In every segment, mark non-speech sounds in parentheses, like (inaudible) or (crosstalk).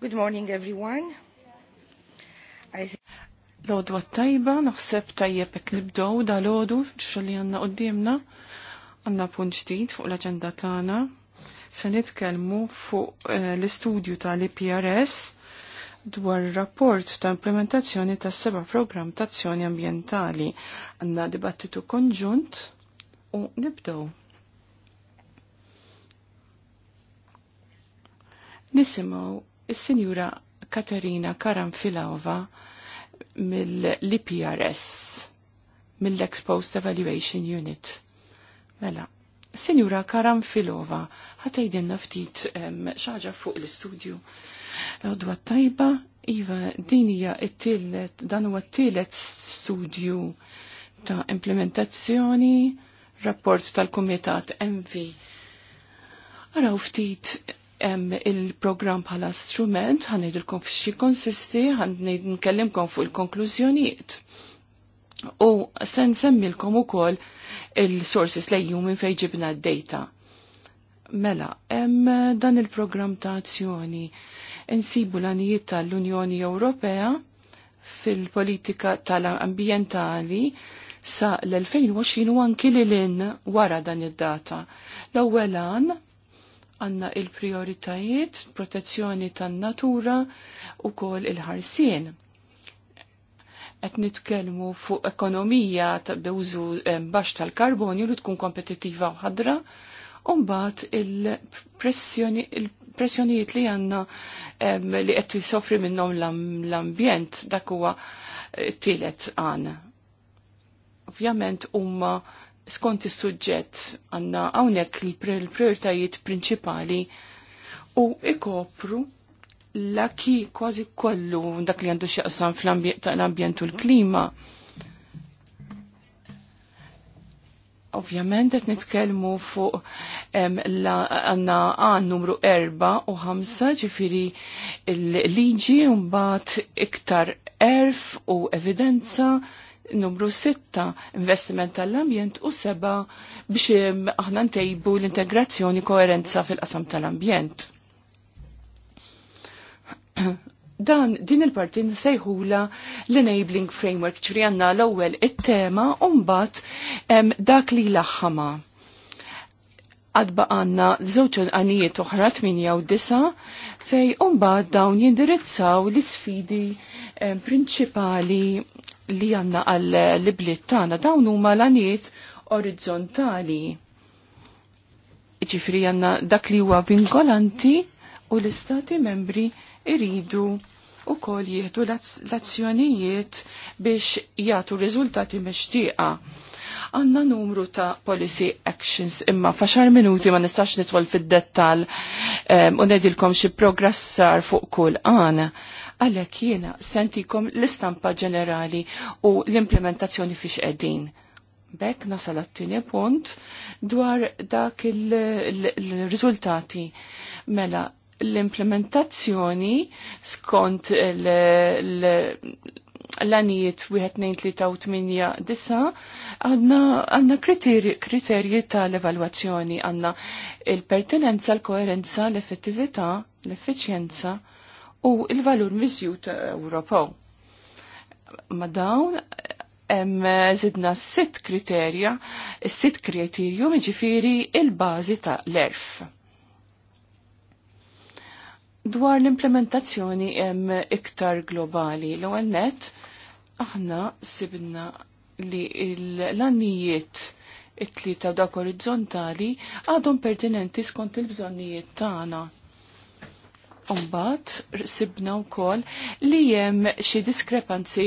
Good morning everyone. L-odwa tajba, naħseb tajjeb ek nibdow dal-odu ċxalli għanna għoddimna għanna punt ġdid fuq l-agenda tagħna. Se nitkellmu fuq eh, l-istudju tal-IPRS dwar rapport ta' implementazzjoni tas seba program ta' azzjoni ambientali. Għanna dibattitu konġunt u nibdow. Nisimaw Is-Sinjura Katerina Karamfilova mill-IPRS, mill-Exposed Evaluation Unit. Mela, Sinjura Karamfilova, ħatajdinna ftit xaġa fuq l-istudju. Għodwa tajba, Iva, dinija it-tillet, dan huwa t-tillet studju ta' implementazzjoni, rapport tal-Kumitat MV. Araw ftit il-program bħala strument, ħanejdilkom f'xi konsisti, ħanejd nkellimkom fuq il-konklużjonijiet. U sen semmilkom ukoll il-sources lejju minn fejn d-data. Mela, hemm dan il-programm ta' azzjoni insibu l-anijiet tal-Unjoni Ewropea fil-politika tal-ambientali sa l-2020 u anki l-in wara dan id-data. L-ewwel għan għanna il-prioritajiet, protezzjoni tan-natura u kol il-ħarsien. Qed nitkellmu fuq ekonomija ta' bewżu baxx tal-karbonju li tkun kompetitiva ħadra, u mbagħad il-pressjonijiet li għandna li qed jisofri minnhom l-ambjent dak huwa eh, tielet għan. Ovvjament huma skont is-suġġett għandna hawnhekk il-prioritajiet prinċipali u ikopru l-aki kważi kollu dak li għandu x'jaqsam fl-ambjent u l-klima. ovvjament qed nitkellmu fuq għandna għan numru 4 u 5 ġifiri l-liġi mbagħad iktar erf u evidenza numru 6 investiment tal-ambjent u 7 biex aħna ntejbu l-integrazzjoni koerenza fil-qasam tal-ambjent. (clears throat) Dan din il-parti nsejħula l-enabling framework ċri għanna l-ewwel it-tema u mbagħad dak li laħħama. Għadba għanna żewġ għanijiet oħra 8 u 9 fej umbad dawn jindirizzaw l-sfidi prinċipali li għanna għal libliet tagħna dawn huma l-għaniet orizzontali. Ġifri għanna dak li huwa vinkolanti u l-istati membri iridu u kol jihdu l-azzjonijiet biex jgħatu riżultati mixtieqa. Għanna numru ta' policy actions imma faxar minuti ma nistax nitwol fid-dettal eh, u nedilkom xi progressar fuq kull għana għalhekk jiena sentikom l-istampa ġenerali u l-implementazzjoni fiex qegħdin. Bek nasal għattini tieni punt dwar dak il-riżultati mela l-implementazzjoni skont l-anijiet 1-2-3-8-9 għanna kriterji tal-evaluazzjoni għanna il-pertinenza, l-koerenza, l-effettività, l-effiċjenza, u il-valur miżjut Ewropew. Ma dawn hemm zidna sitt kriterja, sitt kriterium ġifiri il-bażi ta' l-erf. Dwar l-implementazzjoni hemm iktar globali l net aħna sibna li l-annijiet it-tlieta dak orizzontali għadhom pertinenti skont il-bżonnijiet tagħna Umbat, sibna u kol li jem xie diskrepanzi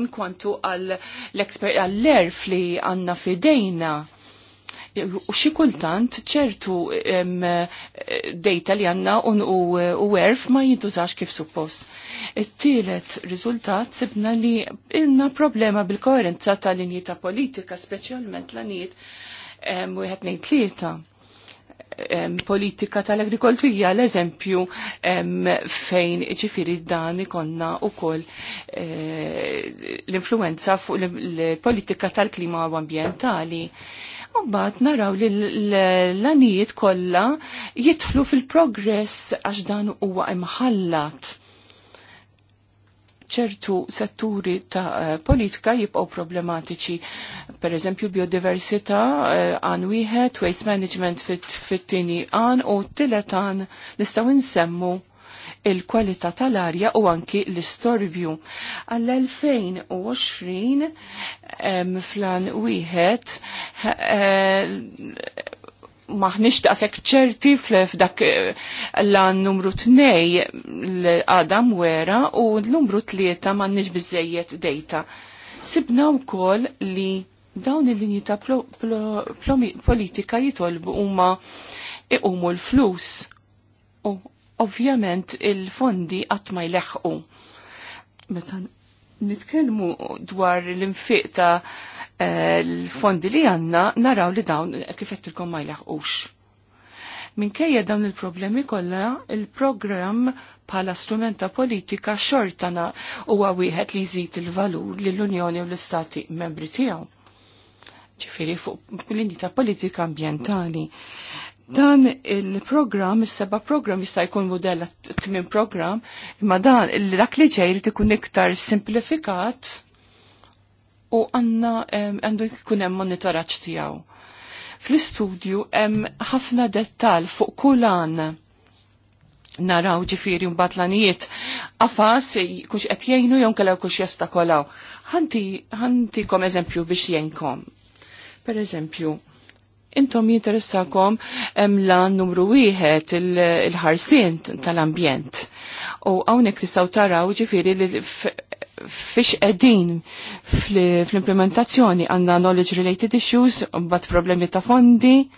mkwantu għall-erf li għanna fidejna. U xie kultant ċertu dejta li għanna u erf ma jintużax kif suppost. It-tielet riżultat sibna li inna problema bil-koerenza tal-linji ta' politika, specialment l-anijiet u jħetnej tlieta politika tal agrikoltura l-eżempju fejn ġifiri dan ikonna u koll eh, l-influenza fuq l-politika tal-klima u ambientali. bat naraw li l-anijiet kollha jidħlu fil-progress għax dan huwa imħallat ċertu setturi ta' eh, politika jibqgħu problematiċi. Per eżempju, biodiversità eh, għan wieħed, waste management fit-tini għan u t tiletan għan nistgħu nsemmu il-kwalità tal-arja u anki l-istorbju. Għall-2020 flan wieħed eh, maħnix daqsek ċerti f'dak eh, lan numru tnej l-Adam wera u l-numru tlieta maħnix bizzejiet dejta. Sibna u kol li dawn il-linji ta' politika jitolbu huma iqumu l-flus u ovvjament il-fondi qatt ma jleħqu. Meta nitkellmu dwar l-infiq ta' l-fondi li għanna naraw li dawn il-kom ma jlaħqux. Minkejja dawn il-problemi kollha, il-programm bħala strumenta politika xortana huwa wieħed li jżid il-valur lill-Unjoni u l-Istati membri tiegħu. Ġifieri fuq l indita ta' politika ambjentali. Dan il-programm, is-seba' program jista' jkun modell tmien program, imma dan dak li ġej ikun iktar simplifikat u għanna għandu jkun hemm monitoraġġ tiegħu. Fl-istudju hemm ħafna dettal fuq kulan naraw ġifiri mbatlanijiet għafas kux qed jgħinu jew kellha kux jastakolaw. Ħantikom eżempju biex jenkom. Per eżempju, intom jinteressakom lan numru wieħed il-ħarsien tal-ambjent. U hawnhekk tistgħu taraw ġifiri li fiex edin fl-implementazzjoni għanna knowledge related issues, bat problemi ta' fondi,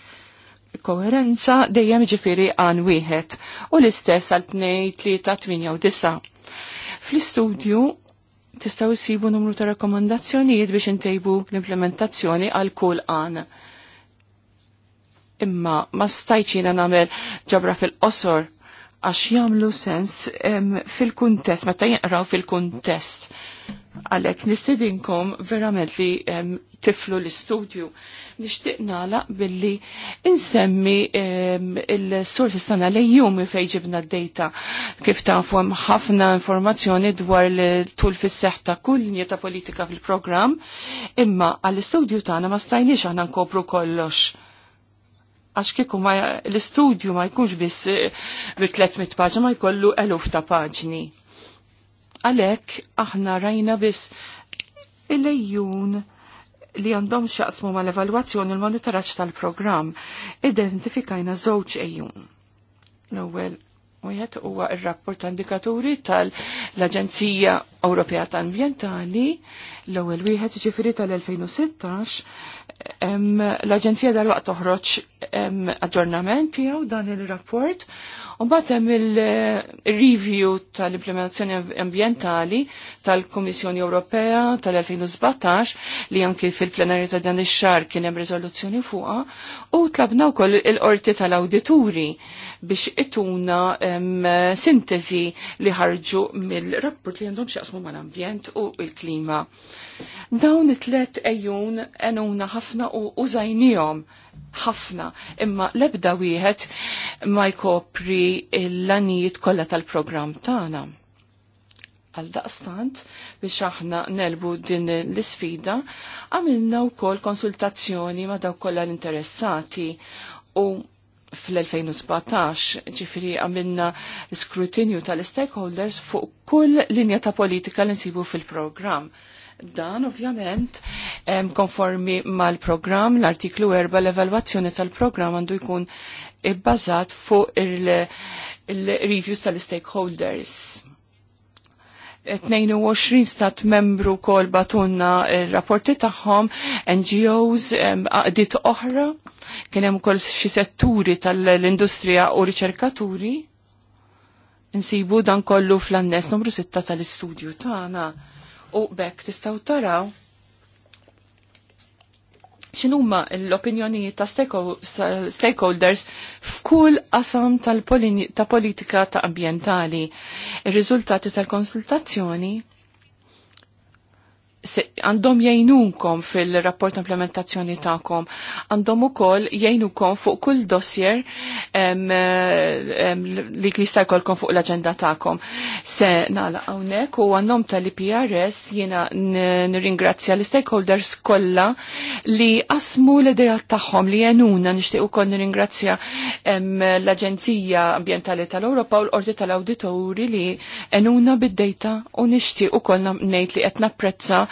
koherenza dejjem ġifiri għan wieħed u l-istess għal 2, 3, 8 u 9. Fl-istudju tistaw sibu numru ta' rakkomandazzjonijiet biex intejbu l-implementazzjoni għal kull għan. Imma ma stajċina namel ġabra fil-qosor għax jagħmlu sens fil-kuntest, meta jinqraw fil-kuntest. Għalhekk nistidinkom verament li tiflu l-istudju. Nixtieq nagħlaq billi insemmi il sources stana li jumi fejn d-dejta kif ta' hemm ħafna informazzjoni dwar l-tul fis-seħħ ta' kull ta' politika fil-programm, imma għall-istudju tagħna ma stajniex aħna nkopru kollox għax kieku ma l-istudju ma jkunx biss eh, bi 300 paġna ma jkollu eluf ta' paġni. Għalek aħna rajna biss il-lejjun li għandhom xaqsmu ma l-evalwazzjoni l-monitoraċ tal-programm identifikajna żewġ ejjun. L-ewwel Wieħed huwa r-rapport indikaturi tal-Aġenzija Ewropea tal-Ambjentali l-ewwel wieħed ġifieri tal-2016 l-Aġenzija dal-waqt toħroġ aġġornament tiegħu dan il-rapport u mbagħad hemm il-review tal-implementazzjoni ambjentali tal-Kummissjoni Ewropea tal-2017 li anke fil-plenarju ta' dan ix-xahar kien hemm riżoluzzjoni fuqha u tlabna wkoll il-qorti tal-awdituri biex ituna sintesi li ħarġu mill-rapport li għandhom x'jaqsmu mal-ambjent u l-klima. Dawn it-tlet ejjun enuna ħafna u użajnijom ħafna, imma lebda wieħed ma jkopri l-lanijiet kollha tal-programm tagħna. Għal daqstant biex aħna nelbu din l-isfida, għamilna wkoll konsultazzjoni ma dawk kollha l-interessati u fl-2017 ġifiri għamilna skrutinju tal-stakeholders fuq kull linja ta' politika li nsibu fil-programm Dan ovvjament konformi mal-programm l-artiklu 4 l-evalwazzjoni tal-programm għandu jkun ibbażat fuq il-reviews il reviews tal stakeholders 22 e, stat membru kol batunna rapporti taħħom, NGOs, għaqdit oħra, kienem kol xi setturi tal-industrija u riċerkaturi. Nsibu dan kollu fl-annes numru 6 tal-istudju tagħna. Ta u bekk tistaw taraw xinuma l-opinjoni ta' stakeholders f'kull qasam ta' politika ta' ambientali. Il-riżultati tal-konsultazzjoni għandhom jajnunkom fil-rapport implementazzjoni ta'kom, għandhom ukoll jajnunkom fuq kull dossier em, em, li kisa jkollkom fuq l-aġenda ta'kom. Se nagħlaq hawnhekk u għannom tal-IPRS jiena nirringrazzja l-stakeholders kollha li asmu l ideja tagħhom li jgħinuna nixtieq ukoll nirringrazzja l-Aġenzija Ambientali tal-Ewropa u l-Qorti tal auditori li għenuna bid-dejta u nixtieq ukoll ngħid li qed napprezza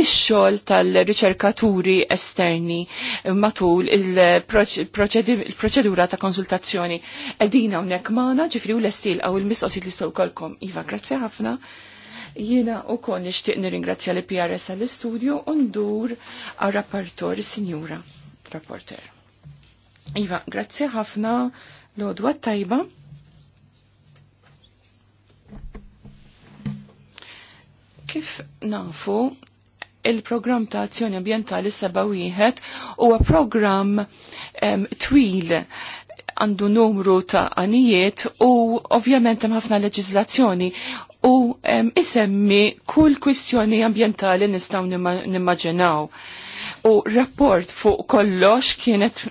ix-xogħol tal-riċerkaturi esterni matul il-proċedura ta' konsultazzjoni. Edina hawnhekk Mana, ġifri u l-estil għaw il-mistoqsijiet li kolkom. Iva, grazzi ħafna. Jiena u kon nixtieq nirringrazzja li PRS għall-istudju u ndur għal-rapportor, sinjura rapporter. Iva, grazzi ħafna l-odwa tajba. kif nafu il-programm ta' azzjoni ambientali seba' wieħed huwa programm twil għandu numru ta' anijiet u ovvjament hemm ħafna leġiżlazzjoni u isemmi kull kwistjoni ambientali nistgħu nimmaġinaw u rapport fuq kollox kienet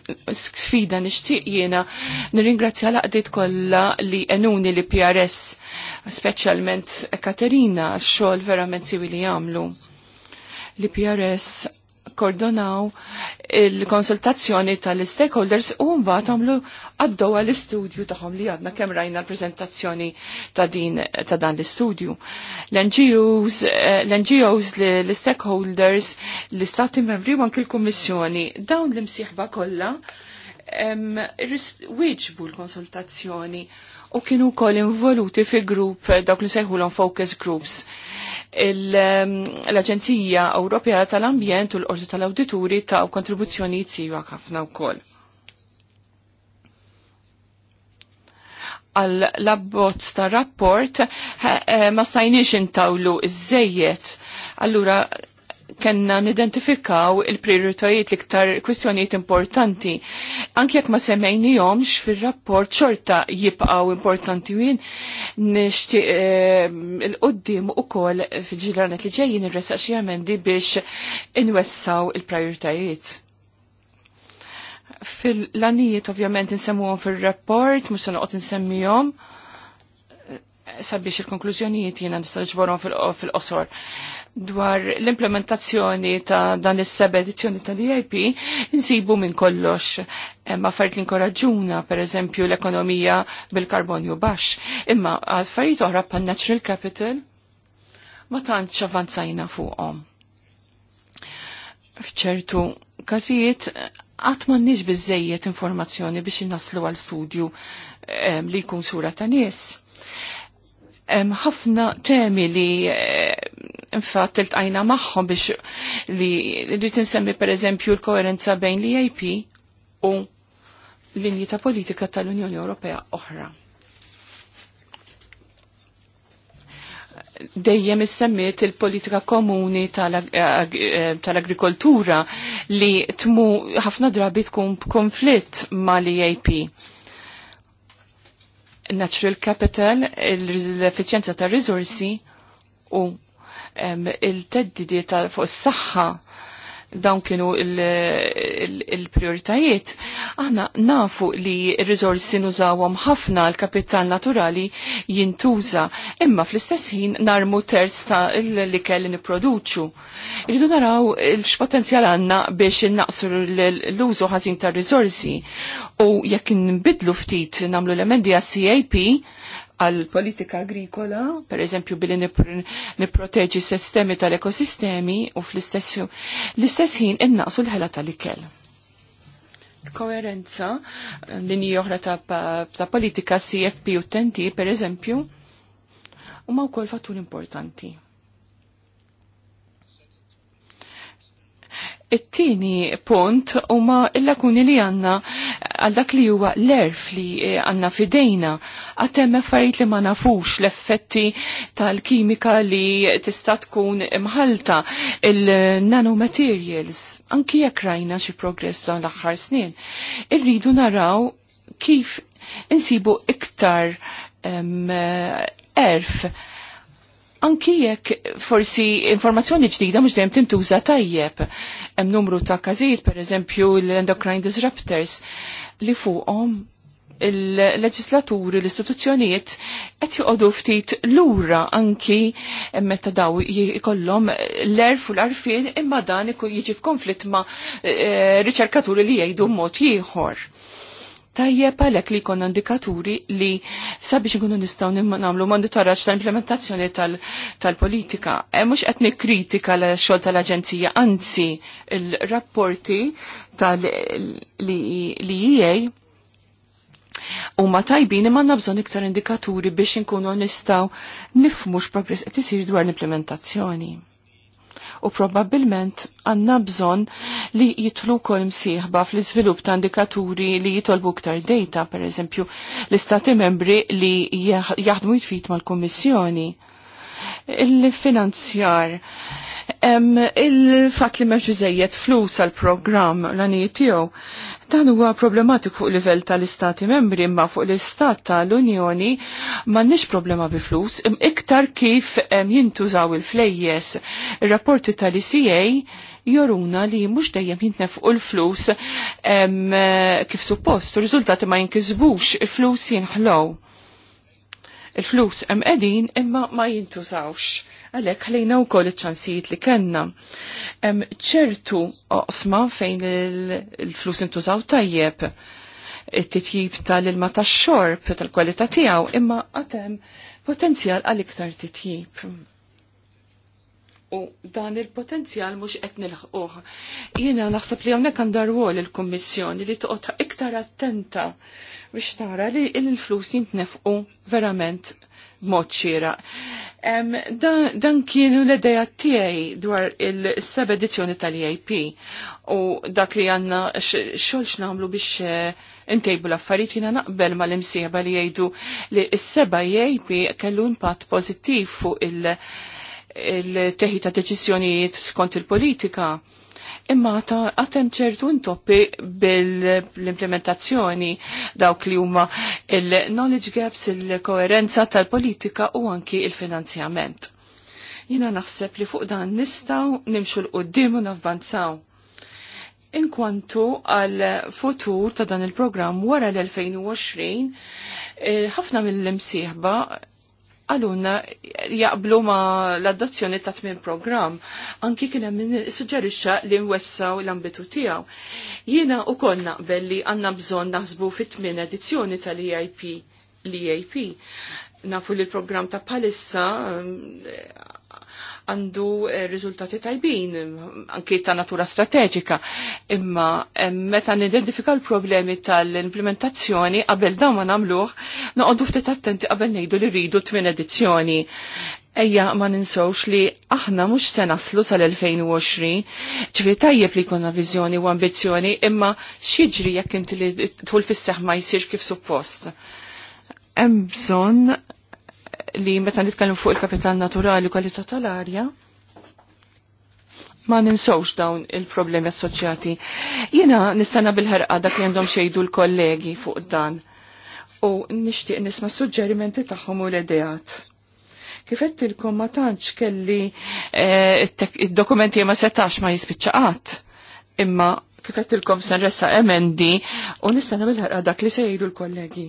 sfida nixtieq jiena nirringrazzja laqdiet kollha li enuni li PRS speċjalment Katerina xogħol verament siwi li jagħmlu li PRS kordonaw il-konsultazzjoni tal-stakeholders u mbagħad għamlu għaddowa l-istudju tagħhom li għadna kemm rajna l-preżentazzjoni ta' din ta' dan l-istudju. L-NGOs, eh, l-NGOs, l-stakeholders, l-istati membri u anke l-Kummissjoni dawn l-imsieħba kollha wieġbu l-konsultazzjoni. Um, u kienu kol involuti fi grupp eh, dawk li sejħulhom focus groups. Ehm, L-Aġenzija Ewropea tal-Ambjent u l-Qorti tal-Awdituri ta' kontribuzzjoni tiegħu ħafna wkoll. għal labbozz ta' rapport eh, eh, ma stajniex intawlu iż-żejjed. Allura kena nidentifikaw il-prioritajiet liktar kwistjonijiet importanti. Anki jekk ma jomx fil-rapport xorta jibqaw importanti wien nishti eh, il-qoddim u kol fil-ġilranet li ġejjin il-resa xiamendi biex inwessaw il-prioritajiet. Fil-lanijiet ovvjament nsemmuhom fil-rapport, mux sanqot nsemmijom, eh, sabiex il-konklużjonijiet jiena nista' ġborhom fil-qosor. Fil dwar l-implementazzjoni ta' dan is seba edizzjoni tal-EIP nsibu minn kollox imma l li nkoraġuna pereżempju l-ekonomija bil-karbonju baxx, imma affarijiet oħra pan natural capital ma tantx avanzajna fuqhom. F'ċertu każijiet qatt m'għandniex bizzejiet informazzjoni biex naslu għal studju ehm, li jkun sura ta' nies ħafna temi li eh, infatti il-tajna maħħom biex li li tinsemmi per eżempju l-koerenza bejn li IP u linji ta' politika tal-Unjoni Ewropea oħra. dejjem issemmiet il-politika komuni eh, tal-agrikoltura li tmu ħafna drabi tkun konflitt ma l-EAP natural capital, l-efficienza ta' risorsi u il-teddidi ta' fuq s-saxħa dawn kienu il-prioritajiet, aħna nafu li r-rizorsi nużawhom ħafna l-kapital naturali jintuża, imma fl-istess ħin narmu terz ta' li kelli niproduċu. Irridu naraw x-potenzjal għanna biex naqsur l-użu ħażin ta' rizorsi u jekk nbidlu ftit namlu l-emendi għas-CAP għal politika agrikola, per eżempju billi niproteġi sistemi tal-ekosistemi u fl-istess l-istess ħin innaqsu l-ħela tal-ikel. Koerenza, linji oħra ta', ta politika CFP u TNT, per eżempju, u ma' u kol fattur importanti It-tieni punt huma illa kuni li għanna għal dak li huwa l-erf li eh, għanna fidejna għatem affarijiet li ma nafux l-effetti tal-kimika li tista' tkun imħalta il-nanomaterials anki jekk rajna xi progress dan l-aħħar snin. Irridu naraw kif insibu iktar um, erf Anki jekk forsi informazzjoni ġdida mhux dejjem tintuża tajjeb. Hemm numru ta' każijiet, pereżempju l-endocrine disruptors li fuqhom il-leġislaturi, l-istituzzjonijiet qed joqogħdu ftit lura anki meta daw jkollhom l-erf u l-arfin imma dan ikun jiġi f'konflitt ma' eh, riċerkaturi li jgħidu mod ieħor tajjeb għalhekk li jkollna indikaturi li sabiex ikunu nistgħu nagħmlu monitoraġġ ta' implementazzjoni tal-politika. Tal e, Mux mhux qed nikkritika l-xogħol tal-Aġenzija, anzi il-rapporti tal jiej U ma tajbini manna bżon iktar indikaturi biex inkunu nistaw nifmux progress qed isir dwar l-implementazzjoni u probabbilment għanna bżon li jitlu kol msieħba fl-izvilup ta' indikaturi li jitolbu ktar data, per eżempju, l-istati membri li jaħdmu jitfit mal-Kommissjoni. Il-finanzjar Il-fat li meċu zejjed flus għal-program l-għani tiegħu dan huwa problematik fuq livell tal-istati membri imma fuq l-istat tal-Unjoni m'għandniex problema bi flus im iktar kif jintużaw il-flejjes. Ir-rapporti tal-ICA joruna li mhux dejjem jintnefqu l-flus kif suppost, riżultati ma jinkisbux, il-flus jinħlow. Il-flus hemm qegħdin imma ma jintużawx Għalek ħalina u koll ċansijiet li kena. ċertu osma fejn il-flus intużaw tajjeb it-titjib tal-ilma tax-xorb tal-kwalità tiegħu imma għatem potenzjal għal iktar titjib. U dan il-potenzjal mhux qed nilħquh. Jiena naħseb li hawnhekk għandha rwol il-Kummissjoni li toqgħod iktar attenta biex tara li l-flus jintnefqu verament b'mod xira. Um, dan, dan kienu l ideja tiegħi dwar il-seb edizzjoni tal-EIP u dak li għanna xol xnamlu biex intejbu eh, l-affarijiet jiena naqbel ma l-imsieba li jgħidu li s-seba EIP kellu impatt pozittiv fuq il teħita il ta' deċiżjonijiet skont il-politika. il politika imma għatem ċertu intoppi bil-implementazzjoni dawk li huma il-knowledge gaps, il-koerenza tal-politika u anki il-finanzjament. Jina naħseb li fuq dan nistaw nimxu l-qoddim u navvanzaw. Inkwantu għal futur ta' dan il-programm wara l-2020, eh, ħafna mill-imsieħba għalunna jaqblu ma l-adozzjoni ta' tmin program. Anki kien hemm suġġerixxa li nwessaw l-ambitu tiegħu. Jiena ukoll naqbel li għandna bżonn naħsbu fit-tmien edizzjoni tal-EIP l-EIP. Nafu li l-program ta' palissa għandu eh, riżultati tajbin, anki ta' natura strateġika. Imma eh, meta nidentifika l-problemi tal-implementazzjoni qabel dawn ma nagħmluh, noqogħdu ftit attenti qabel ngħidu li rridu tmien edizzjoni. Ejja ma ninsawx li aħna mhux se naslu sal-2020, ċvi tajjeb li jkollna viżjoni u ambizzjoni, imma xieġri jekk inti li tħul fis-seħħ ma jsirx kif suppost. Hemm li meta nitkellmu fuq il-kapital naturali u kwalità tal-arja, ma ninsawx dawn il-problemi assoċjati. Jiena nistana bil-ħerqa dak li għandhom xejdu l-kollegi fuq dan u nixtieq nisma' suġġerimenti tagħhom u l-idejat. Kif qedtilkom ma tantx kelli eh, id-dokumenti ma setax ma jispiċċaqat, imma kif qedtilkom se nressaq emendi u nistana bil-ħerqa dak li sejdu l-kollegi.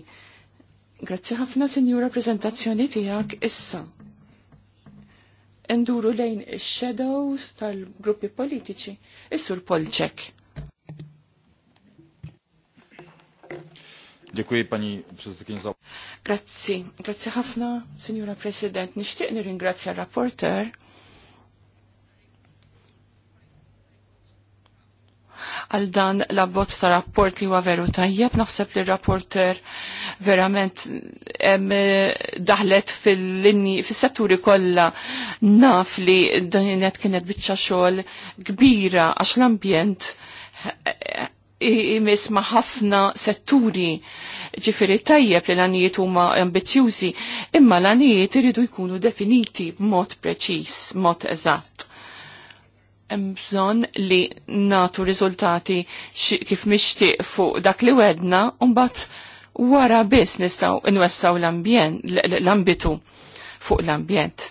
Grazzi ħafna, Sinjura, prezentazzjoni tijak issa. Enduru lejn shadows tal-gruppi politiċi, il-sur Polċek. Dziękuję pani przewodniczący za... Grazzi, grazzi ħafna, Sinjura President. Nixtieq nirringrazzja rapporter għal dan l-abbozz ta' rapport li huwa veru tajjeb. Naħseb li rapporter verament daħlet fil-linji, fil-setturi kollha naf li dan kienet biċċa xogħol kbira għax l-ambjent eh, eh, imis ma' ħafna setturi ġifiri tajjeb li l-għanijiet huma ambizjużi, imma l-għanijiet iridu jkunu definiti b'mod preċis, mod eżatt bżon li natu rizultati kif mixti fuq dak li wedna mbagħad wara bis nistaw nwessaw l-ambitu ambjent l fuq l-ambjent.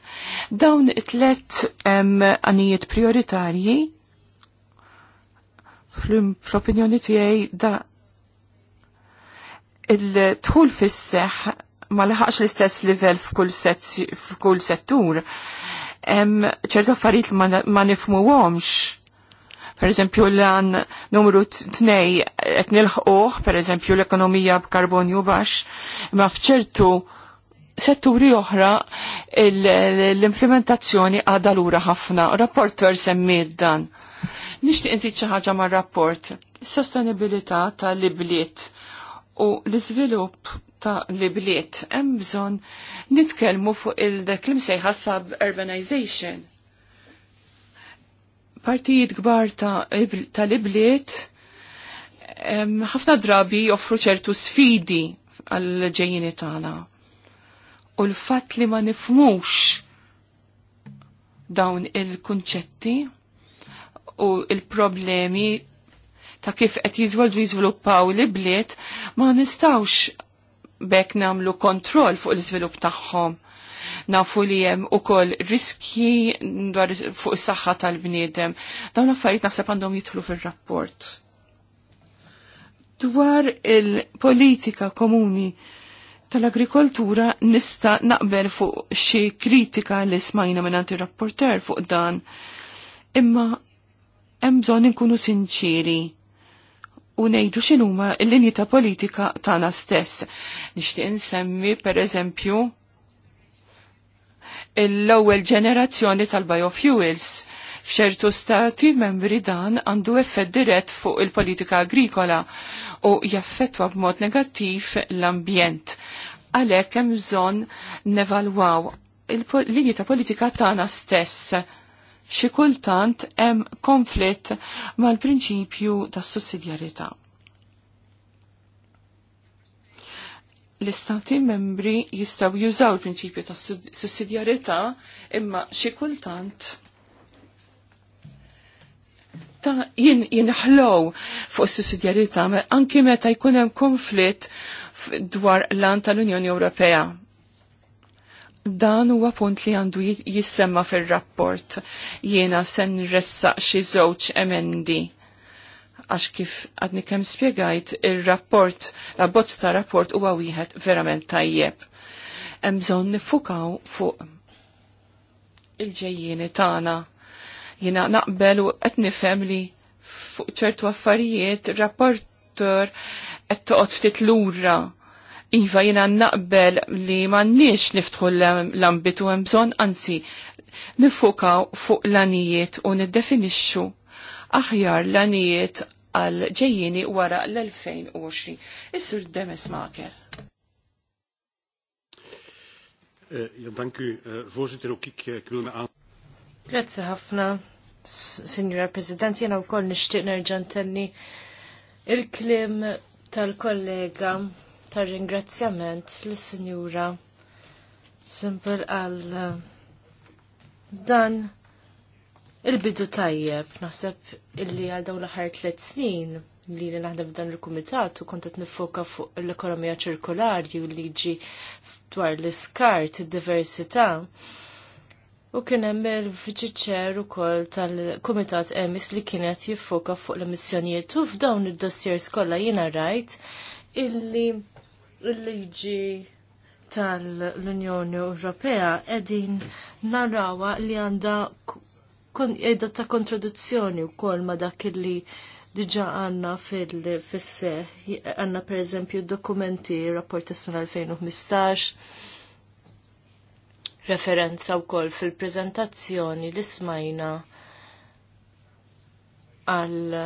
Dawn it-tlet għanijiet prioritarji fl-opinjoni tijaj da il-tħul fis-seħ ma laħax l-istess livell f'kull settur ċertu affarijiet li ma għomx. Per eżempju l-għan numru t-tnej et nilħuħ, per eżempju l-ekonomija b'karbonju bax, ma fċertu setturi oħra l-implementazzjoni għadha lura ħafna. Rapporter semmir dan. Nixtieq inżid xi ħaġa mar-rapport. Sostenibilità tal libliet u l-iżvilupp ta' li bliet. Hemm bżonn nitkellmu fuq il-dak li msejħa sub-urbanization. Partijiet kbar ta' li bliet ħafna drabi joffru ċertu sfidi għal ġejjini tagħna. U l-fatt li ma nifmux dawn il-kunċetti u il-problemi ta' kif qed jiżvolġu jiżviluppaw li bliet ma nistawx bekk namlu kontroll fuq l-iżvilupp tagħhom. Nafu li hemm ukoll riski dwar fuq is-saħħa tal-bniedem. Dawn l-affarijiet naħseb għandhom jidħlu fir-rapport. Dwar il-politika komuni tal-agrikoltura nista naqbel fuq xi kritika li smajna minn ir-rapporter fuq dan. Imma hemm bżonn inkunu sinċiri u nejdu xinuma l-linji ta' politika tana stess. Nishtiq nsemmi, per eżempju, l-ewwel ġenerazzjoni tal-biofuels. F'ċertu stati membri dan għandu effett dirett fuq il-politika agrikola u jaffettwa b'mod negattiv l-ambjent. Għalhekk hemm bżonn nevalwaw il-linji ta' politika tagħna stess xi kultant hemm konflitt mal-prinċipju tas-sussidjarità. L-istati membri jistaw jużaw il-prinċipju tas sussidjarità imma xi kultant ta' jien jinħlow fuq sussidjarità anki meta jkun hemm konflitt dwar l-an tal-Unjoni Ewropea Dan huwa punt li għandu jissemma fil-rapport jiena sen ressa xi żewġ emendi. Għax kif għadni kemm spjegajt il-rapport, la bozz ta' rapport huwa wieħed verament tajjeb. Hemm bżonn nifukaw fuq il-ġejjieni tagħna. Jiena naqbel u qed nifhem li fuq ċertu affarijiet rapporter qed toqgħod ftit lura Iva jina naqbel li ma nix niftħu l-ambitu hemm bżonn anzi nifukaw fuq l-anijiet u niddefinixxu aħjar l-anijiet għal ġejjini wara l-2020. Is-sur Demes Maker. Eh, dank u, kik eh, ook għan. Eh, Grazie ħafna, Signora President, jena u koll nishtiq nerġan tenni il-klim tal-kollega tar ringrazzjament lis sinjura Simpel għal eh, dan il-bidu tajjeb. Naħseb illi għal dawn l-ħar tliet snin li li naħdem f'dan il-kumitat u kontet nifoka fuq l-ekonomija ċirkolari u liġi dwar l-iskart, id-diversità. U kien hemm il-viċiċer ukoll tal-Kumitat Emis li kienet jiffoka fuq l-emissjonijiet u f'dawn id-dossiers kollha jiena rajt illi il-liġi tal-Unjoni Ewropea edin narawa li għanda edha ta' kontraduzzjoni u kol ma dak li diġa għanna fil-fisse għanna per eżempju dokumenti rapport s 2015 referenza u kol fil-prezentazzjoni li smajna għal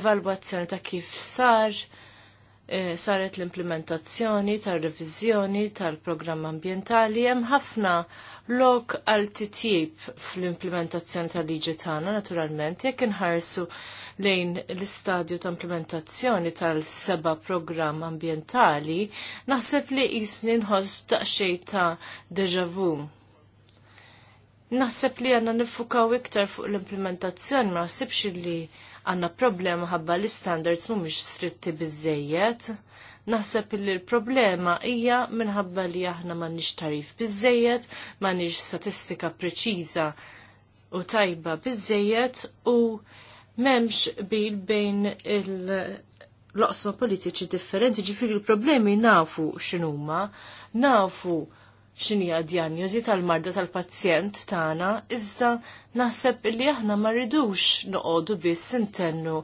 evalwazzjoni ta' kif sar Eh, saret l-implementazzjoni tal revizjoni tal-programm ambientali hemm ħafna lok għal titjib fl-implementazzjoni tal-liġi tagħna naturalment jekk inħarsu lejn l-istadju ta' implementazzjoni tal-seba programm ambientali naħseb li jisni nħoss daqsxejn ta' deja vu. Naħseb li għanna nifukaw iktar fuq l-implementazzjoni, ma naħsibx li għanna problema ħabba li standards mhumiex stritti bizzejiet. Naħseb li l-problema hija minħabba li aħna m'għandniex tarif biżejjed, m'għandniex statistika preċiża u tajba biżejjed u m'hemmx bil bejn il- loqsma politiċi differenti, ġifiri l-problemi nafu x'inhuma, nafu xinija djanjosi tal-marda tal-pazjent tagħna, iżda naħseb li aħna ma rridux noqogħdu biss intennu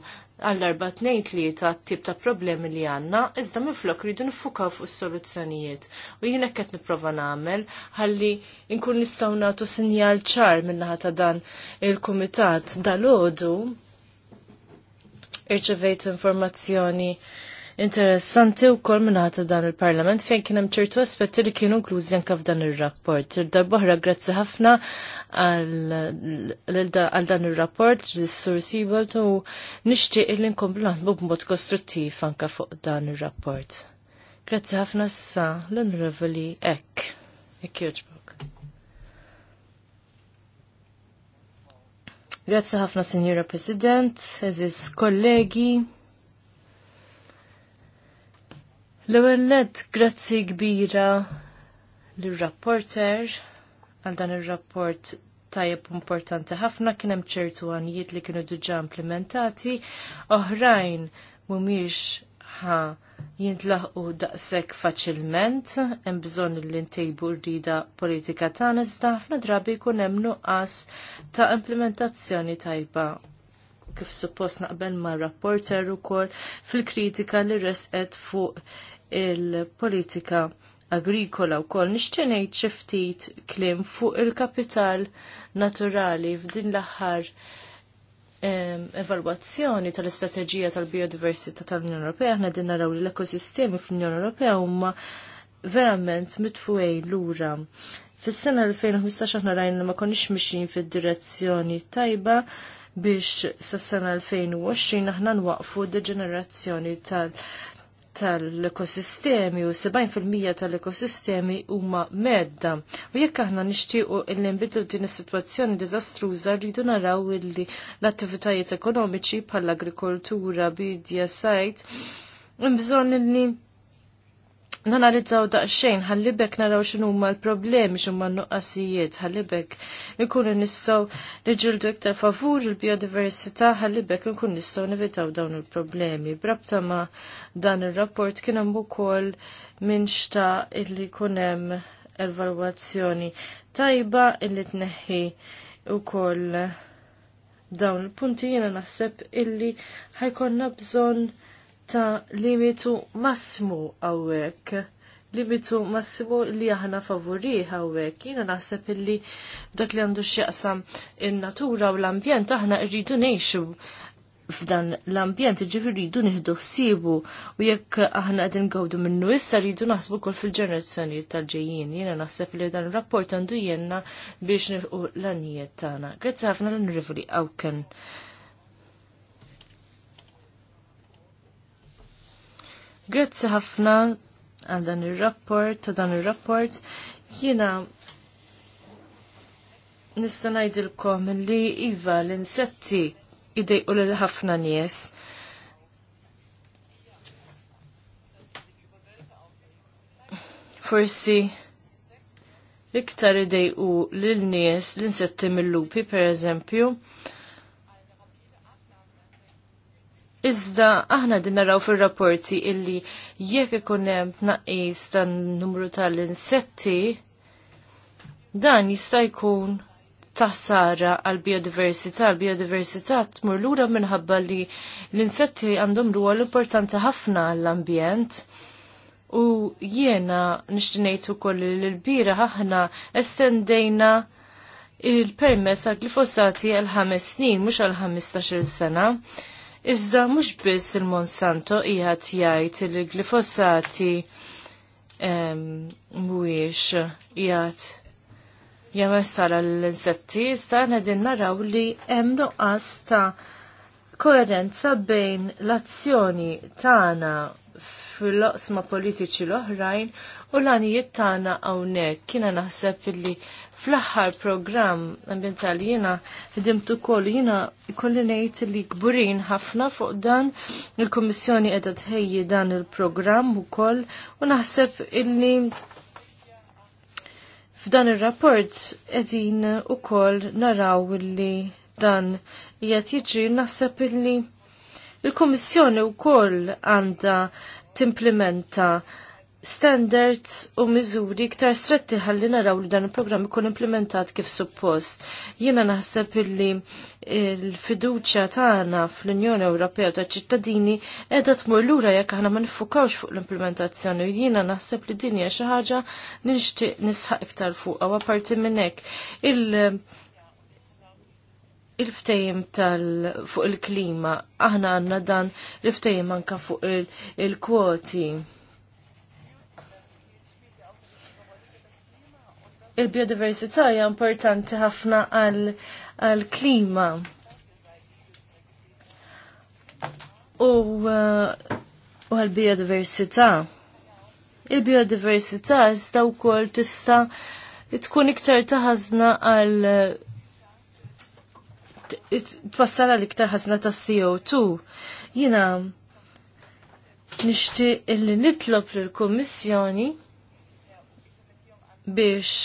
għall-arba ta t tip ta' problemi li għanna, iżda miflok rridu nfukaw fuq is-soluzzjonijiet. U jina kett qed nipprova nagħmel ħalli nkun nistgħu nagħtu sinjal ċar minnaħa ta' dan il-kumitat dalodu irċevejt informazzjoni interessanti wkoll mingħata dan il-Parlament fejn kien hemm ċertu aspetti li kienu inklużi anke f'dan ir-rapport. Darbohra grazzi ħafna għal dan ir-rapport lis-Sur Siebold u nixtieq li nkomplu naħdmu b'mod kostruttiv anke fuq dan ir-rapport. Grazzi ħafna issa l-Onorevoli Ek. Ek joġbu. Grazzi ħafna, Signora President, eżis kollegi. L-ewwel grazzi kbira lir-rapporter għal dan ir-rapport tajjeb importanti ħafna kien hemm ċertu għanijiet li kienu diġà implementati, oħrajn mhumiex ħa jintlaħqu daqshekk faċilment, hemm bżonn li ntejbu rrida politika tagħna iżda ħafna drabi jkun hemm nuqqas ta' implementazzjoni tajba kif suppost naqbel ma' rapporter ukoll fil-kritika li resqet fuq il-politika agrikola wkoll kol ngħid xi ftit kliem fuq il-kapital naturali f'din l-aħħar evalwazzjoni tal-istrateġija tal-biodiversità tal-Unjoni Ewropea aħna din naraw li l-ekosistemi fl-Unjoni Ewropea huma verament mitfuej lura. Fis-sena 2015 aħna rajna ma konniex mixin fid-direzzjoni tajba biex sas-sena 2020 aħna nwaqfu deġenerazzjoni tal- tal-ekosistemi u 70% tal-ekosistemi huma medda. U jekk aħna nixtiequ illi nbidlu din is-sitwazzjoni diżastruża rridu naraw illi l-attivitajiet ekonomiċi bħall-agrikoltura, bidja, sajt, bżonn illi nanalizzaw daqsxejn ħallibek naraw xinu ma l-problemi x'huma n-nuqqasijiet, ħallibek nkunu nistgħu liġildu iktar favur il-biodiversità, ħallibek nkunu nistgħu nevitaw dawn il-problemi. Brabta ma' dan ir-rapport kien hemm ukoll minn xta' illi jkun hemm evalwazzjoni tajba illi tneħħi ukoll dawn il-punti jiena naħseb illi ħajkonna bżonn ta' limitu massimu għawek limitu massimu li aħna favori għawek. Jina naħseb illi dak li għandu xieqsam il-natura u l-ambjent aħna rridu neħxu f'dan l-ambjent ġifiri rridu nieħdu ħsibu u jekk aħna għadin gawdu minnu issa rridu naħsbu kol fil-ġenerazzjoni tal-ġejjin. Jiena naħseb li dan rapport għandu jenna biex nifqu l-anijiet tagħna. Grazzi ħafna l-nrivri Awken. Grazzi ħafna għal dan ir-rapport, ta' dan ir-rapport. Jiena nista' ngħidilkom li iva l-insetti jdejqu lil ħafna nies. Forsi iktar idejqu lil nies l-insetti mill-lupi, per eżempju, Iżda aħna din naraw fir-rapporti illi jekk ikun hemm tnaqqis tan-numru tal-insetti, dan jista' jkun taħsara għal biodiversità għal biodiversità tmur lura minħabba li l-insetti għandhom rwol importanti ħafna għall-ambjent. U jiena nixtinejtu koll l-bira aħna estendejna il-permess għal glifosati għal ħames snin, mux għal ħamistax-il sena. Iżda mhux biss il-Monsanto qiegħed jgħid li glifosati mhuwiex qiegħed jagħmel sara l-insetti, iżda qegħdin naraw li hemm nuqqas ta' koerenza bejn l-azzjoni tagħna fil-loqsma politiċi l-oħrajn u l-għanijiet tagħna hawnhekk. Kiena naħseb illi fl-aħħar programm ambiental jiena fidimtu kol jiena ikolli ngħid li kburin ħafna fuq dan il-Kummissjoni qiegħda tħejji dan il-programm ukoll u naħseb illi f'dan ir-rapport qegħdin ukoll naraw illi dan qiegħed jiġri naħseb illi il-Kummissjoni wkoll għandha timplementa standards u miżuri iktar stretti ħalli naraw li dan il-programm ikun implementat kif suppost. Jiena naħseb illi l-fiduċja tagħna fl-Unjoni Ewropea ta' ċittadini qiegħda tmur lura jekk aħna ma nifukawx fuq l-implementazzjoni. u Jiena naħseb li din hija xi ħaġa nixtieq nisħaq iktar fuqha u apparti minn hekk. Il- il-ftejim tal fuq il-klima, aħna għanna dan il-ftejim anka fuq il-kwoti. Il il-biodiversità hija importanti ħafna għal klima. U uh, għal biodiversità. Il-biodiversità iżda wkoll tista' tkun iktar taħażna għal twassal għal iktar ħażna ta' CO2. Jiena nixtieq illi nitlob lill-Kummissjoni biex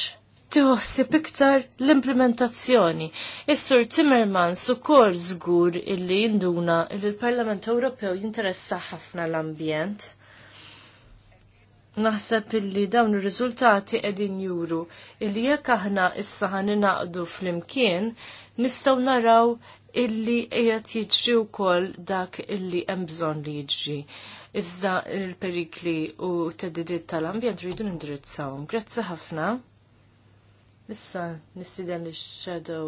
tuħsib iktar l-implementazzjoni. Is-Sur Timmerman ukoll żgur illi jinduna li l-Parlament Ewropew jinteressa ħafna l-ambjent. Naħseb illi dawn ir-riżultati qegħdin juru illi jekk aħna issa ħaninaqdu fl-imkien nistgħu naraw illi qiegħed jiġri wkoll dak illi hemm bżonn li jiġri. Iżda il-perikli u t-teddidiet tal-ambjent rridu nindirizzawhom. Grazzi ħafna. Issa nistiden li shadow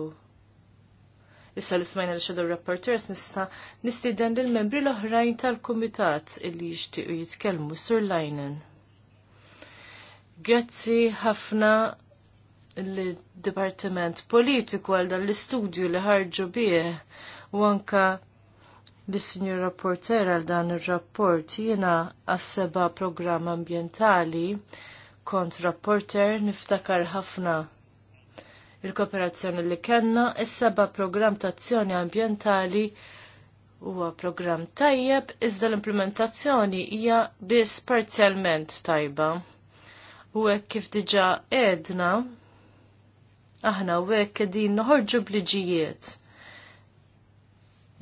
Issa li smajna li shadow reporters nista nistiden li l-membri l-oħrajn tal-komitat illi jishtiqu jitkellmu sur lajnen. Grazzi ħafna l-Dipartiment Politiku għal dan l-istudju li ħarġu bih u anka l-Sinjur Rapporter għal dan il-rapport jiena għasseba program ambientali kont rapporter niftakar ħafna il-kooperazzjoni li kellna, is-seba' programm ta' azzjoni ambjentali huwa programm tajjeb iżda l-implementazzjoni hija biss parzjalment tajba. U hekk kif diġà għedna, aħna u hekk qegħdin noħorġu bliġijiet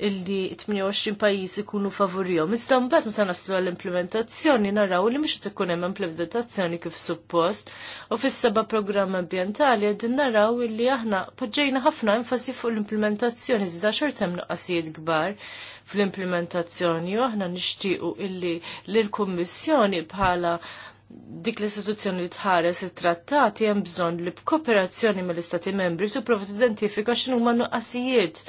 illi 28 pajjiż ikunu favorihom. Iżda mbagħad meta naslu għall-implementazzjoni naraw li mhux qed ikun hemm implementazzjoni kif suppost u fis-seba' programm ambjentali qegħdin naraw illi aħna poġġejna ħafna enfasi fuq l-implementazzjoni iżda xort hemm nuqqasijiet kbar fl-implementazzjoni u aħna nixtiequ illi l-Kummissjoni bħala dik l-istituzzjoni li tħares it-trattati hemm bżonn li b'kooperazzjoni mill-Istati Membri tipprova tidentifika x'inhuma nuqqasijiet,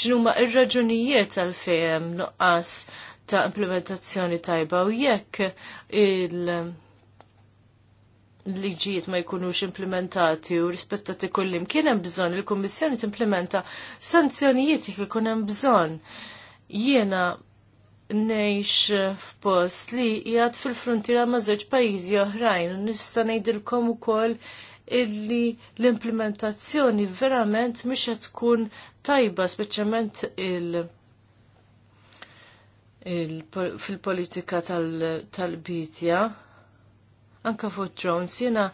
x'inhuma ir-raġunijiet għal fejn nuqqas ta' implementazzjoni tajba u jekk il- liġijiet ma jkunux implementati u rispettati kullim kien hemm bżonn il-Kummissjoni timplementa sanzjonijiet jekk ikun hemm bżonn. Jiena nejx f'post li jgħad fil-frontiera ma' żewġ pajjiżi oħrajn. Nista' ngħidilkom ukoll illi l-implementazzjoni verament mhix qed tkun tajba, speċjalment il- fil-politika tal-bitja, anka fuq drones, jena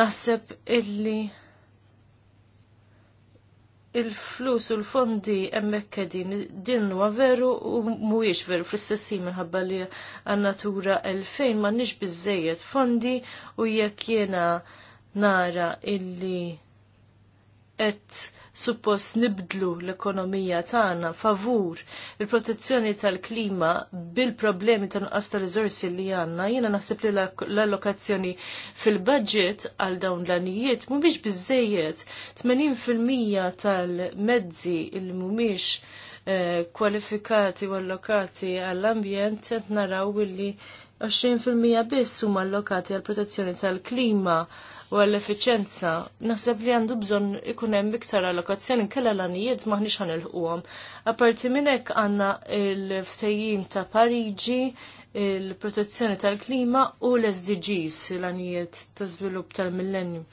naħseb illi il-flus u l-fondi emmek din din huwa veru u mhuwiex veru fl-istess minħabba li għan-natura ma m'għandniex biżejjed fondi u jekk jiena nara illi qed suppost nibdlu l-ekonomija tagħna favur il-protezzjoni tal-klima bil-problemi ta' nuqqas ta' riżorsi li għandna, jiena naħseb li l-allokazzjoni fil-budget għal dawn l-anijiet mhumiex biżejjed 80% tal-mezzi il mhumiex eh, kwalifikati u allokati għall-ambjent qed naraw illi 20% biss huma allokati għall protezzjoni tal-klima u għall-efficienza, naħseb li għandu bżon ikun hemm iktar allokazzjoni kella l-għanijiet maħniex ħanilħuhom. Aparti minn hekk għandna l-ftejjim ta' Pariġi, il-protezzjoni tal-klima u l-SDGs, l-għanijiet ta' żvilupp tal-millennium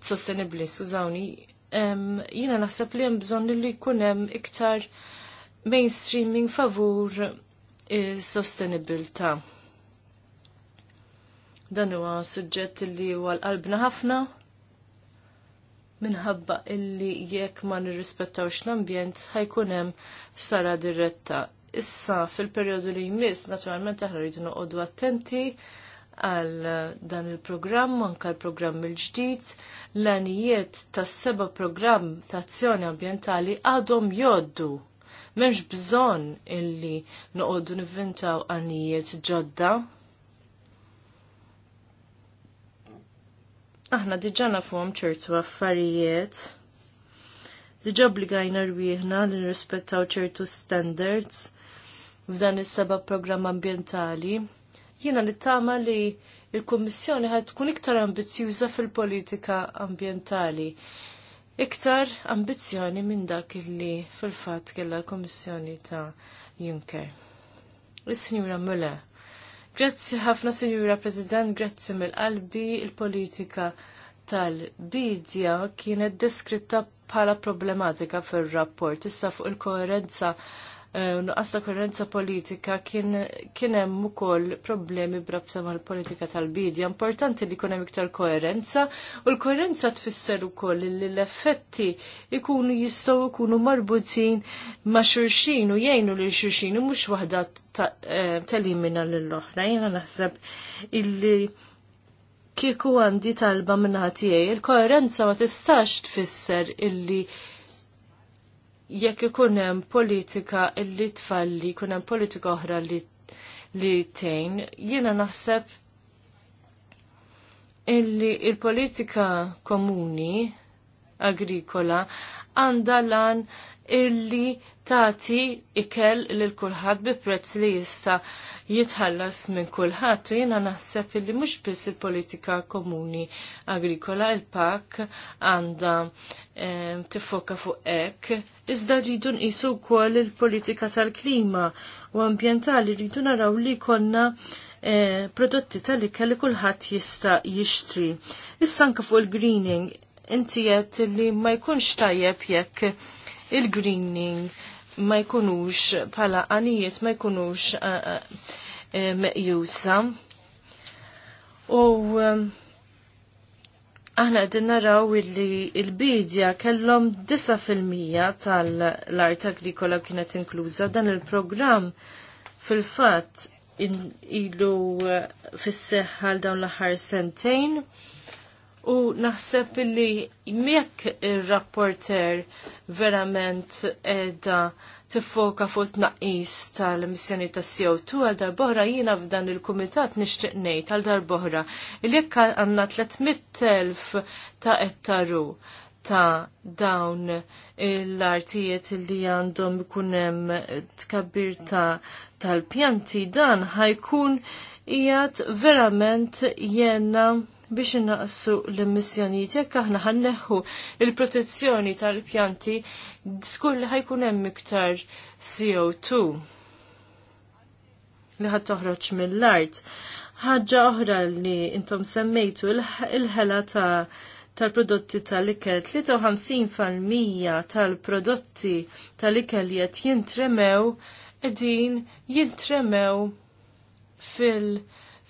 sostenibli, sużawni. Jina naħseb li hemm bżonn li jkun hemm iktar mainstreaming favur sostenibilta' Dan huwa suġġett li huwa l-qalbna ħafna minħabba illi jekk ma nirrispettawx l-ambjent ħajkun hemm sara diretta. Issa fil-perjodu li jmiss naturalment aħna rridu noqogħdu attenti għal dan il-programm, anka l-programm il-ġdid, l-anijiet tas seba programm ta' azzjoni ambjentali għadhom joddu. Memx bżonn illi noqogħdu nivvintaw għanijiet ġodda aħna diġà nafhom ċertu affarijiet. Diġa obbligajna rwieħna li nirrispettaw ċertu standards f'dan is-seba' programm ambjentali. Jiena nittama li il-Kummissjoni ħad tkun iktar ambizzjuża fil-politika ambjentali. Iktar ambizzjoni minn dak li fil-fatt kellha l-Kummissjoni ta' Juncker. Is-Sinjura Muller Grazzi ħafna Sinjura President, grazzi mill-qalbi il-politika tal-bidja kienet deskritta bħala problematika fil-rapport. Issa fuq il-koherenza Eh, nuqqas ta' korrenza politika kien hemm ukoll problemi brabta mal-politika tal-bidja. Importanti li jkun hemm iktar koerenza u l-koerenza tfisser ukoll li l-effetti ikunu jistgħu jkunu marbutin ma' xurxin u jgħinu li xurxin u mhux waħda eh, telimina lill-oħra. Jiena naħseb illi kieku għandi talba minna tiegħi. Il-koerenza ma tistax tfisser illi jekk ikun hemm politika li tfalli, ikun hemm politika oħra li li tejn, jiena naħseb illi il-politika komuni agrikola għandha lan illi tagħti ikel lil kulħadd bi prezz li jista' jitħallas minn kulħadd u jiena naħseb li mhux biss il-politika komuni agrikola il-pak għandha tiffoka fuq hekk, iżda rridu nqisu wkoll il-politika tal-klima u ambjentali rridu naraw li konna eh, prodotti tal-ikka li kullħat jista jixtri. Issa anke fuq il-greening, inti qed li ma jkunx tajjeb jekk il-greening ma jkunux bħala għanijiet ma jkunux eh, eh, eh, meqjusa. U aħna għedin naraw illi il-bidja kellhom 9% tal-art agrikola kienet inkluża dan il-programm fil-fatt ilu fis-seħħal dawn l-aħħar sentejn U naħseb li mekk il-rapporter verament edha tifoka fuq naqis tal missjoni ta' CO2 għal darbohra jina f'dan il-kumitat nixtieq ngħid għal darbohra il jekk għandna 300,000 ta' ettaru ta' dawn l-artijiet li għandhom ikun hemm tkabbir ta' tal-pjanti dan ħajkun qiegħed verament jenna biex innaqsu l-emissjonijiet jekk aħna ħanneħħu il-protezzjoni tal-pjanti skur li ħajkun hemm iktar CO2 li ħad toħroġ mill-art. Ħaġa oħra li intom semmejtu il-ħela ta' tal-prodotti tal-ikel 53% tal-prodotti tal-ikel jett jintremew edin jintremew fil-djar.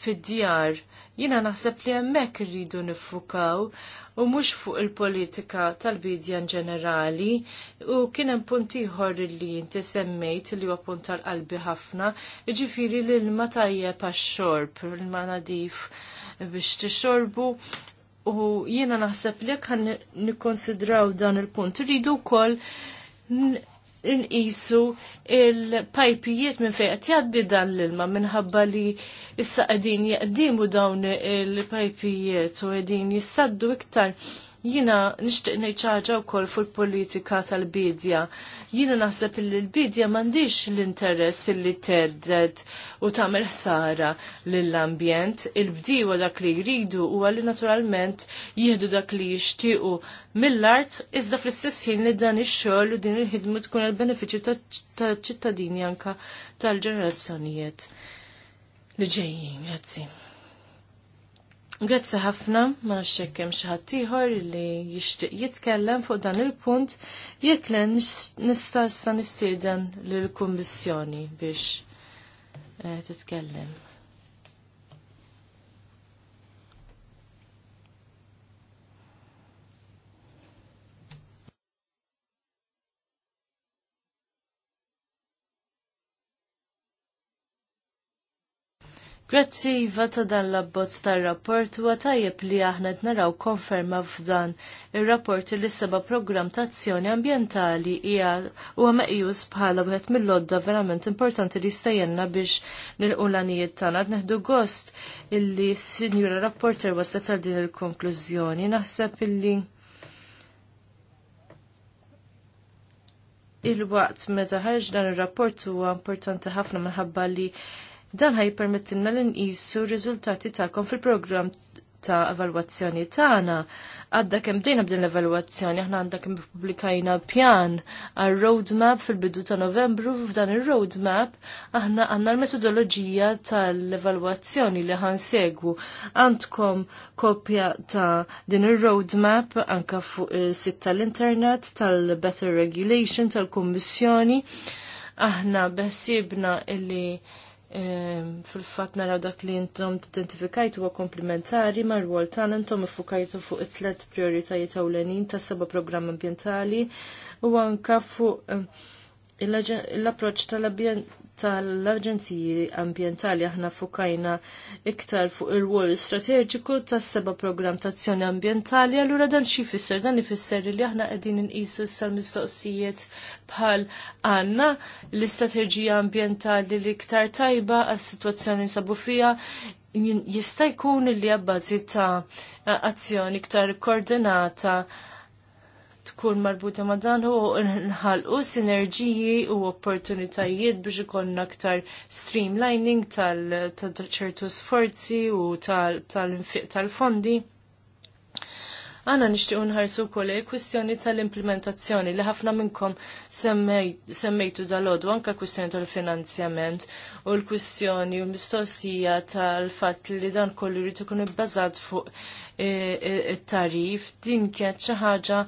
Fil Jina naħseb li hemmhekk irridu nifukaw u mhux fuq il-politika tal-bidja ġenerali u kien hemm punt ieħor li inti semmejt li huwa punt tal-qalbi ħafna, jiġifieri li l-ma tajjeb għax-xorb, l-ma nadif biex tixorbu u jiena naħseb li jekk nikkonsidraw dan il-punt irridu wkoll Inqisu il-pajpijiet minn fejn qed jgħaddi dan l-ilma minħabba li issa qegħdin jaqdimu dawn il-pajpijiet u qegħdin jissaddu iktar Jina nishtiq nejċaġa u koll fuq politika tal-bidja. Jina naħseb il l-bidja mandiġ l-interess li teddet u tamer ħsara l-ambjent. Il-bdiwa dak li jridu u għalli naturalment jihdu dak li jishtiqu mill-art iżda fl-istess ħin li dan ix-xogħol u din il-ħidmu tkun għal-benefiċċju tal-ċittadini anka tal-ġenerazzjonijiet li ġejjin. Grazzi. Grazzi ħafna, ma nafx hemm xi ħadd ieħor li jixtieq jitkellem fuq dan il-punt jekk le nista' issa nistieden lill-Kummissjoni biex eh, titkellem. Grazzi Iva ta' dan l-abbozz tar-rapport huwa tajjeb li aħna t naraw konferma f'dan ir-rapport li seba' programm ta' azzjoni ambjentali hija huwa meqjus bħala għet mill-lodda verament importanti li stajenna biex nilqu l-għanijiet għad neħdu gost illi s-sinjura rapporter waslet għal din il-konklużjoni. Naħseb illi il-waqt meta ħarġ dan ir-rapport huwa importanti ħafna minħabba li Dan ħaj permettimna li nqisu r-riżultati tagħkom fil-programm ta' evalwazzjoni tagħna. Għadda kemm bdejna b'din l-evalwazzjoni, aħna għandha kemm publikajna pjan għal roadmap fil-bidu ta' Novembru f'dan ir-roadmap aħna għandna l-metodoloġija tal-evalwazzjoni li segwu. Għandkom kopja ta' din ir-roadmap anka fuq is-sit tal-internet tal-Better Regulation tal-Kummissjoni. Aħna beħsibna illi fil-fat naraw dak li intom t-identifikajt huwa komplementari ma' rwol tan intom ifukajtu fuq it-tlet prioritajiet ewlenin ta' seba programm ambientali u anka fuq l-approċ tal-Aġenziji Ambientali aħna fukajna iktar fuq il-wol strateġiku tas seba program ta' azzjoni ambientali, allura dan xi jfisser dan ifisser li aħna qegħdin inqisu s mistoqsijiet bħal għandna l-istrateġija ambientali li iktar tajba għas-sitwazzjoni sabu fija jista' jkun li għabbażi ta' azzjoni iktar koordinata tkun marbuta ma' dan u nħalqu sinerġiji u opportunitajiet biex ikonna aktar streamlining tal-ċertu sforzi u tal tal-fondi. Għana nishtiqu nħarsu kol il-kwistjoni tal-implementazzjoni li ħafna minnkom semmejtu dal odu anka kwistjoni tal-finanzjament u l-kwistjoni u mistoqsija tal-fat li dan kollu jrid ikun ibbażat fuq eh, eh, it-tarif din kienet xi ħaġa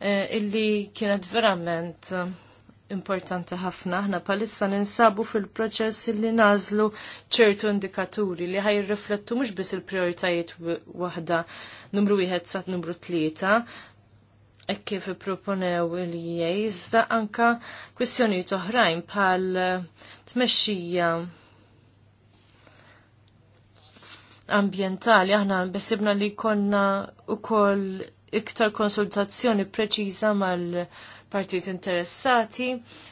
Eh, illi kienet verament eh, importanti ħafna. Aħna palissa ninsabu fil-proċess illi nażlu ċertu indikaturi li ħaj riflettu mhux biss il-prioritajiet waħda numru wieħed sa numru tlieta, E kif ipproponew li jgħiżda anka kwistjonijiet oħrajn bħal eh, tmexxija ambientali aħna besibna li konna ukoll iktar konsultazzjoni preċiża mal-partit interessati,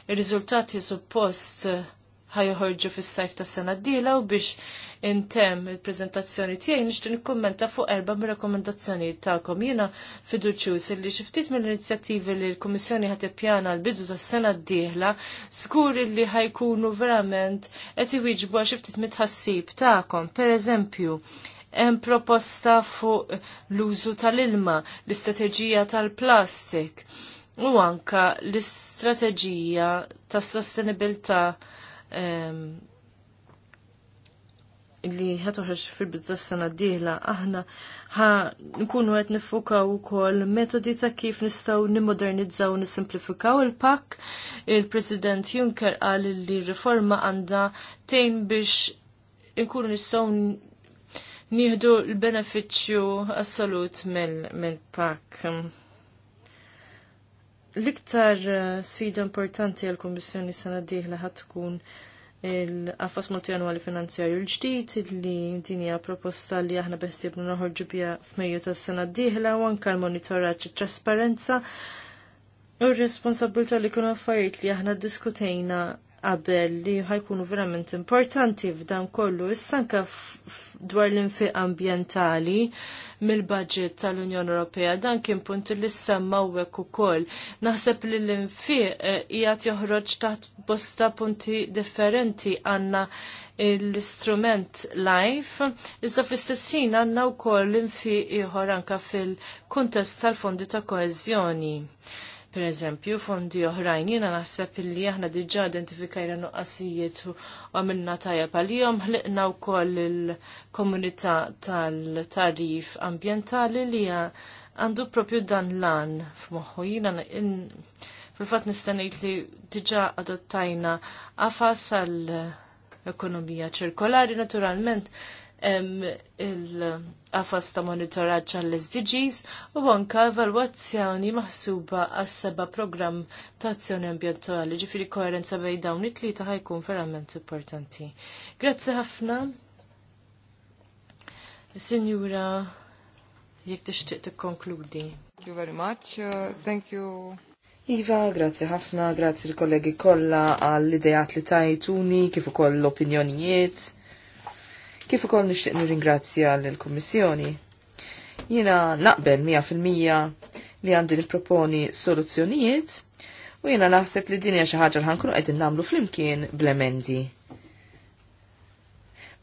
ir-riżultati suppost ħajħorġu fis-sajf tas sena d-dila u biex intem il-prezentazzjoni tiegħi nixtieq nikkummenta fuq erba' mir-rakkomandazzjonijiet tagħkom. Jiena fiduċjuż li xi ftit mill-inizjattivi li l-Kummissjoni ħad ippjana l-bidu tas-sena d-dieħla skur li ħajkunu verament qed iwieġbu għal xi ftit mitħassib tagħkom. Pereżempju, hemm proposta fuq l-użu tal-ilma, l-istrateġija tal-plastik u anka l-istrateġija tas sostenibilità um, li ħatoħroġ fil-bidu tas sena d-dieħla aħna ħa nkunu qed nifukaw ukoll metodi ta' kif nistgħu nimmodernizzaw u nisimplifikaw il pak Il-President Juncker qal li r-riforma għandha tejn biex nkunu nistgħu nieħdu l-benefiċċju assolut mill-pak. L-iktar eh, sfida importanti għal-Kommissjoni sena diħla tkun il-qafas multijanwali finanzjarju l-ġdijt li dinja proposta li aħna beħsibna noħorġu bija f'Mejju tas-sena d-dieħla u anka l-monitoraġġ trasparenza u r-responsabilta li kienu affarijiet li aħna diskutejna qabel li ħajkunu verament importanti f'dan kollu. Issanka dwar l-infiq ambientali mill-budget tal-Unjoni Ewropea dan kien punt li semmawek ukoll. Naħseb li l-infiq eh, qiegħed joħroġ taħt bosta punti differenti għandna l-istrument live, iżda fl-istess ħin għandna wkoll l-infiq ieħor anke fil-kuntest tal-fondi ta' koeżjoni per eżempju, fondi oħrajn. jina naħseb illi aħna diġa identifikajna nuqqasijiet u għamilna tajja għalijom, ħliqna u koll il-komunità tal-tarif ambientali li għandu propju dan lan f'moħħu. jina. fil-fat nistanejt li diġa adottajna għafas għal ekonomija ċirkolari, naturalment il-qafas ta' monitoraġġ għall-SDGs u anka evalwazzjoni maħsuba għas seba programm ta' azzjoni ambjentali, ġifiri koerenza bej dawn it-tlieta ħajkun verament importanti. Grazzi ħafna. Sinjura, jekk tixtieq tikkonkludi. Thank you very much. Uh, thank you. Iva, grazzi ħafna, grazzi l-kollegi kollha għall-idejat li tajtuni kif ukoll l-opinjonijiet Kif ukoll nixtieq nirringrazzja lill-Kummissjoni. Jiena naqbel 100% li għandi nipproponi soluzzjonijiet u jiena naħseb li din hija xi ħaġa li ħankunu qegħdin nagħmlu flimkien blemendi.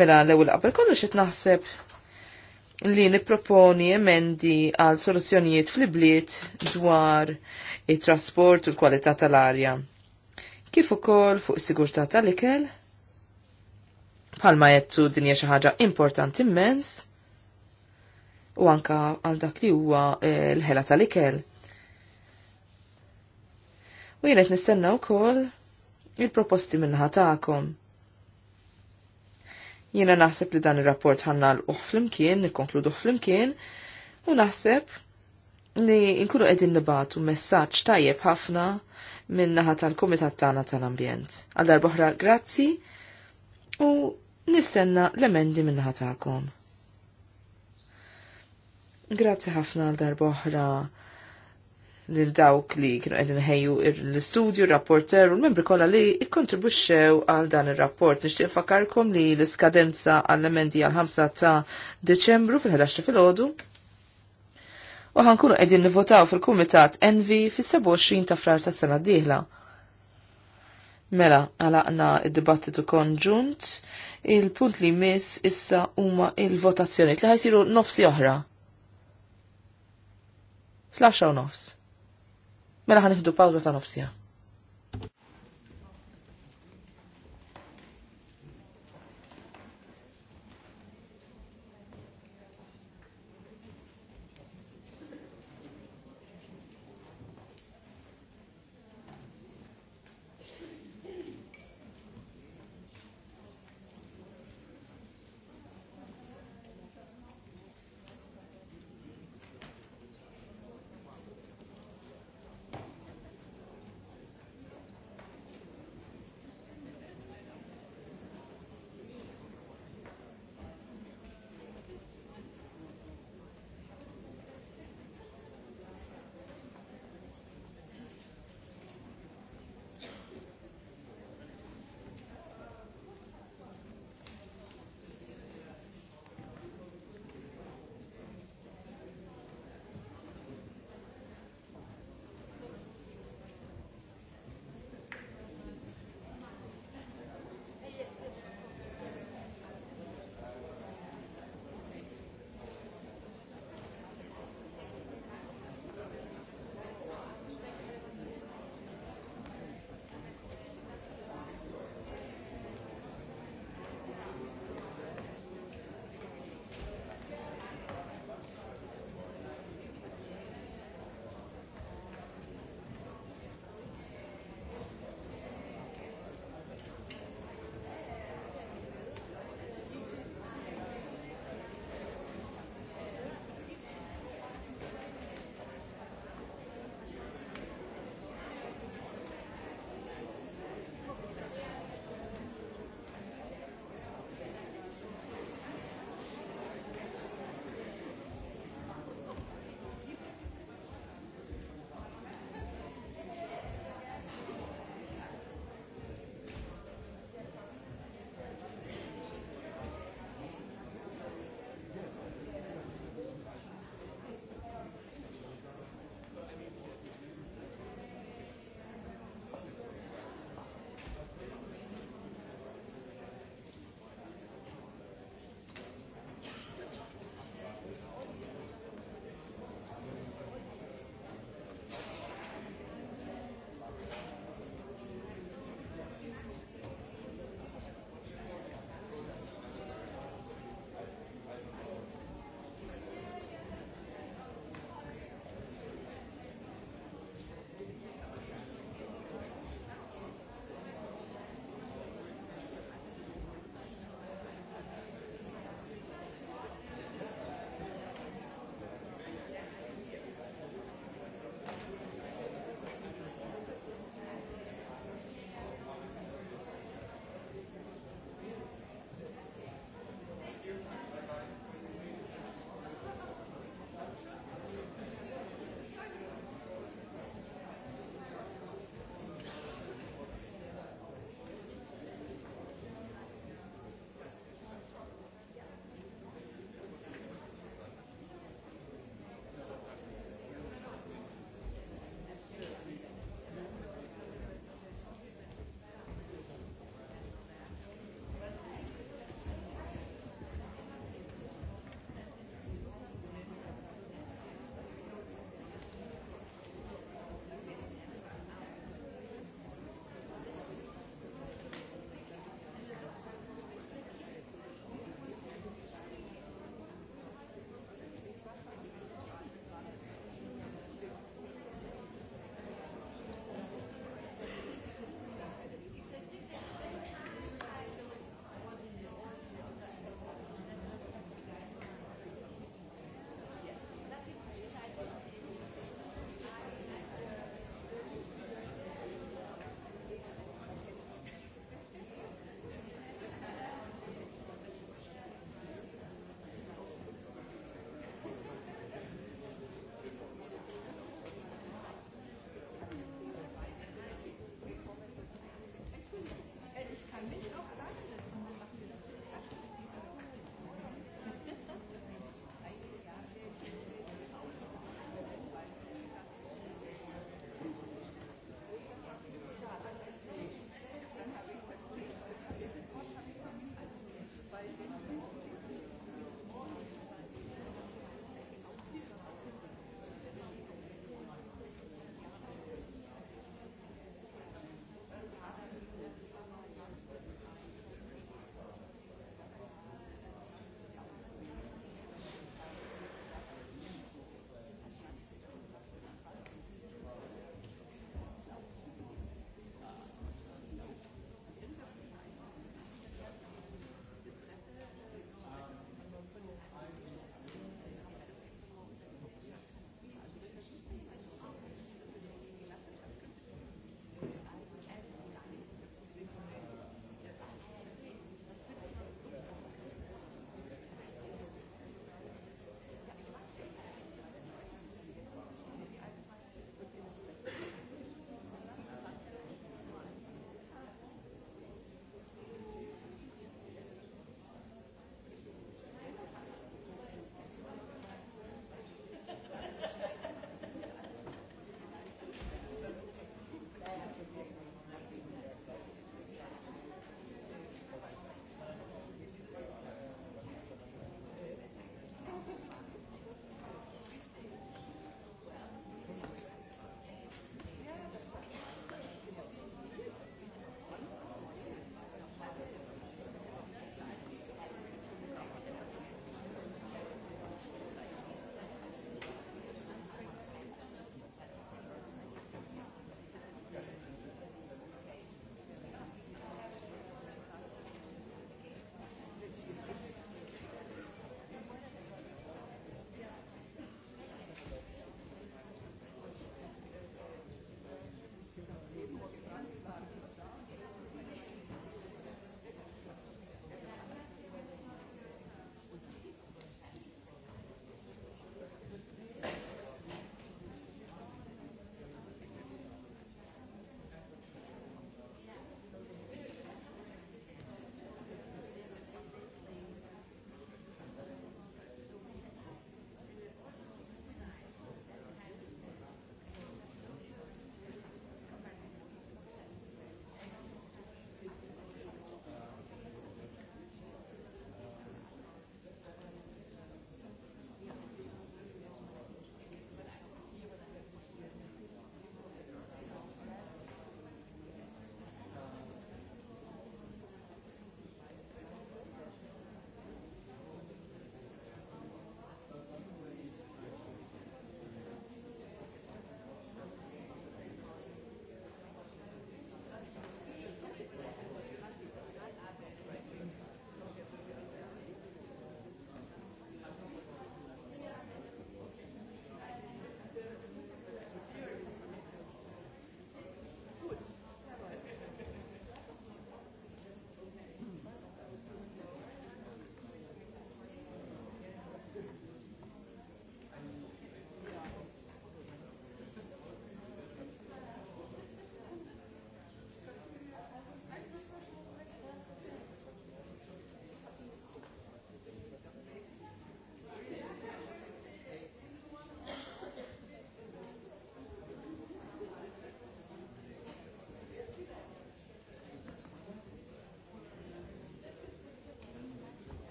Mela l-ewwel qabel kollox qed naħseb li nipproponi emendi għal soluzzjonijiet fl-ibliet dwar it-trasport u l-kwalità tal-arja. Kif ukoll fuq is-sigurtà tal-ikel Palma jettu dinja xi ħaġa importanti immens u anka għal dak li huwa eh, l-ħela tal-ikel. U jenet nistenna wkoll il-proposti minnaħa tagħkom. Jiena naħseb li dan ir-rapport ħannal uħ flimkien, nikkonkludu flimkien, u naħseb li nkunu qegħdin nibatu messaġġ tajjeb ħafna minnaħa tal-Kumitat tagħna tal-Ambjent. Għal darba grazzi u Nistenna l-emendi minnaħatakom. Grazzi ħafna għal darba oħra lil dawk li kienu qegħdin ħeju l-istudju, rapporter u l-membri kollha li ikkontribwixxew għal dan ir-rapport. Nixtieq fakarkom li l-iskadenza għall-emendi għal 5 ta' Deċembru fil-11 filgħodu. U ħankunu qegħdin nivotaw fil-Kumitat Envi fis-27 ta' frar tas sena d-dieħla. Mela, għalaqna id-dibattitu konġunt Il-punt li miss issa huma il-votazzjoni li ħajsiru nofsi oħra. Flaxa u nofs. Mela ħaniħdu pawza ta' nofsija.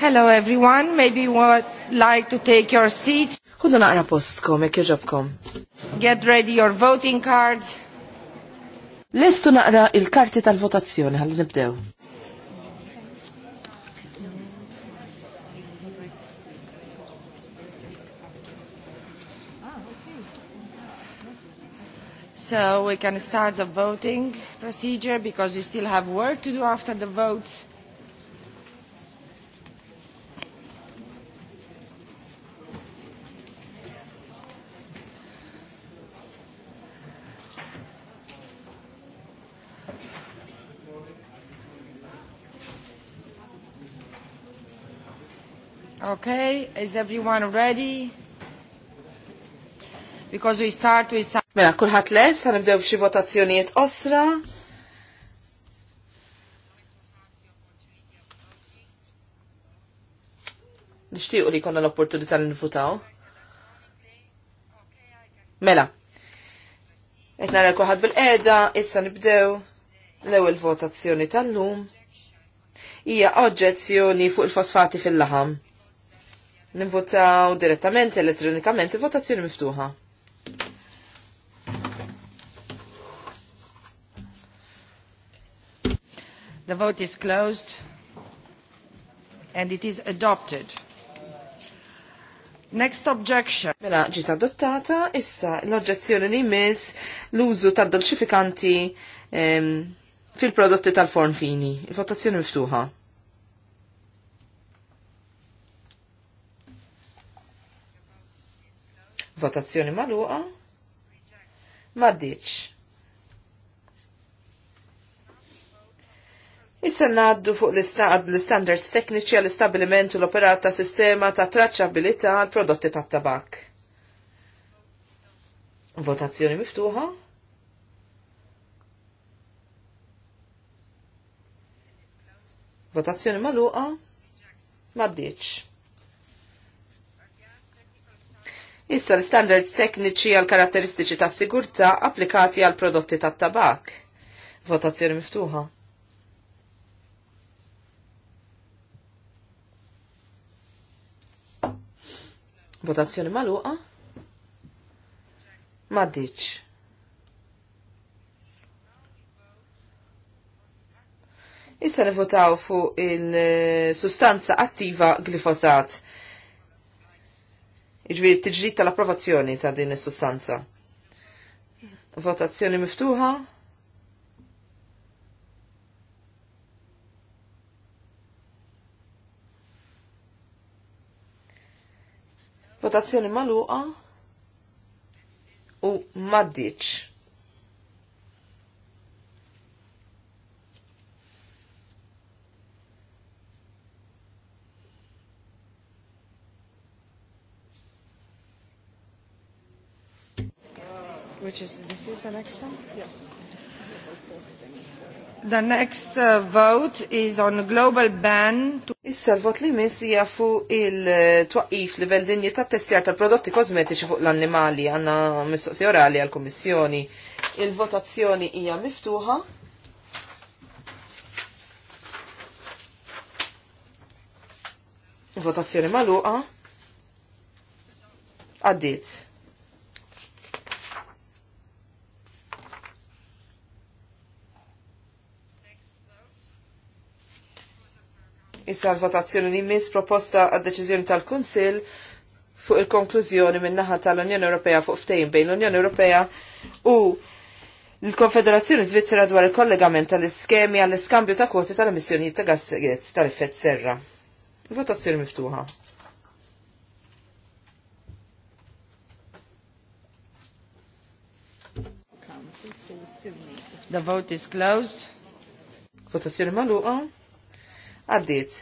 Hello everyone, maybe you would like to take your seats. Kunna naqra postkom, jek joġobkom. Get ready your voting cards. Listu naqra il-karti tal-votazzjoni, għalli nibdew. So we can start the voting procedure because we still have work to do after the votes. Okay, is everyone ready? Because we start with some... Mela, kullħat les, għanibdew bċi votazzjonijiet osra. Nishtiqu li konna l-opportunità li nifutaw. Mela, qed nara kulħadd bil eda issa nibdew l-ewwel votazzjoni tal-lum hija oġġezzjoni fuq il-fosfati fil-laħam. Nivvotaw direttament elettronikament il-votazzjoni miftuħa. The vote is closed and it is adopted. Next objection. Mela ġiet adottata, issa l-oġġezzjoni li l-użu ta' dolċifikanti ehm, fil-prodotti tal-forn fini. Il-votazzjoni miftuħa. Votazzjoni maluqa. Maddiċ. Issa naddu fuq l-standards tekniċi għall-istabiliment u l operata sistema ta' traċċabilità għal prodotti ta' tabak. Votazzjoni miftuħa? Votazzjoni maluqa? Maddiċ. Issa l-standards tekniċi għal karatteristiċi ta' sigurta applikati għal prodotti ta' tabak. Votazzjoni miftuħa. Votazzjoni maluqa? Maddiċ. Issa nivotaw fuq il-sustanza attiva glifosat Iġviri t-ġrid tal-approvazzjoni ta' din is-sustanza. Votazzjoni miftuħa. Votazzjoni maluqa u maddiċ. Which is, this is the next one? Yes. The next uh, vote is on global ban. To... Issa l-vot li mis hija fuq il-twaqif livell dinji ta' testjar ta' prodotti kosmetiċi fuq l-annimali għanna mistoqsi orali għal komissjoni Il-votazzjoni hija miftuħa. Votazzjoni maluqa. Għaddit. Issa l-votazzjoni li mis proposta għad deċiżjoni tal-Kunsill fuq il-konklużjoni min-naħa tal-Unjoni Ewropea fuq ftejn bejn l-Unjoni Ewropea u l-Konfederazzjoni Svizzera dwar il-kollegament tal-iskemi għall-iskambju ta' kwoti tal-emissjonijiet ta' gassijiet tal-effett serra. Votazzjoni miftuħa. The vote is closed. Votazzjoni maluqa. Għaddiet.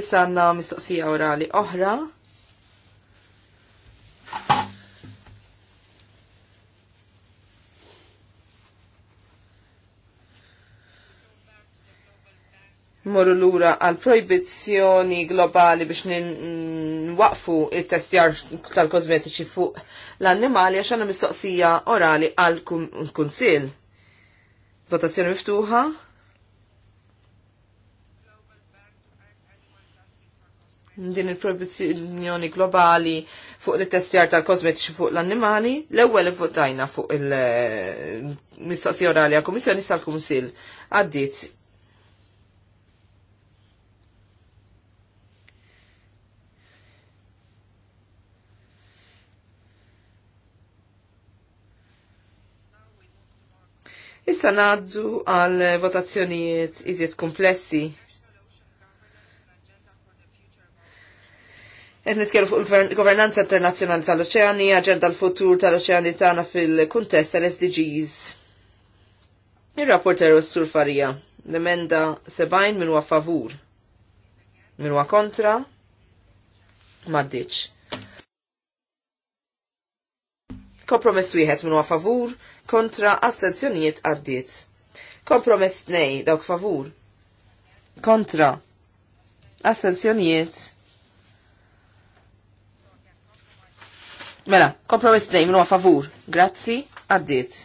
Issa għanna mistoqsija orali oħra morru lura għal proibizzjoni globali biex waqfu il-testjar tal-kosmetiċi fuq l-annimali għax għanna mistoqsija orali għal kunsil. Votazzjoni miftuħa? din il-proibizjoni globali fuq il-testjar tal-kosmetiċi fuq l-annimali, l-ewwel votajna fuq il-mistoqsija eh, orali għal-Kummissjoni sal kunsil Għaddit Issa naddu għal votazzjonijiet iżjed komplessi. Qed nitkellu fuq il-governanza internazzjonali tal-oċeani, aġenda l-futur tal-oċeani tagħna fil-kuntest tal-SDGs. Ir-rapporter Sur Farija, l-emenda 70 minn huwa favur. Min huwa kontra? Maddiċ. Kompromess wieħed minn huwa favur, kontra astenzjonijiet għaddiet. Kompromess nej, dawk favur kontra astenzjonijiet Mela, kompromess nej, minu favur. Grazzi, għaddiet.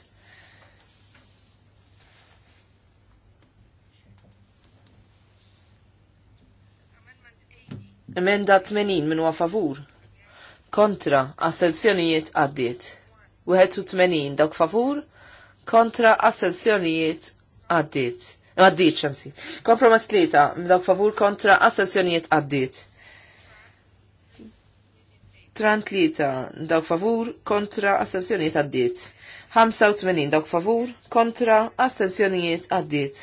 Emenda 80 minu favur. Kontra, astenzjonijiet għaddiet. 81 dawk favur kontra assenzjonijiet għaddit. Għaddit ċansi. Kompromess tlieta dawk favur kontra assenzjonijiet għaddit. Tran tlieta dawk favur kontra assenzjonijiet għaddit. 85 dawk favur kontra assenzjonijiet għaddit.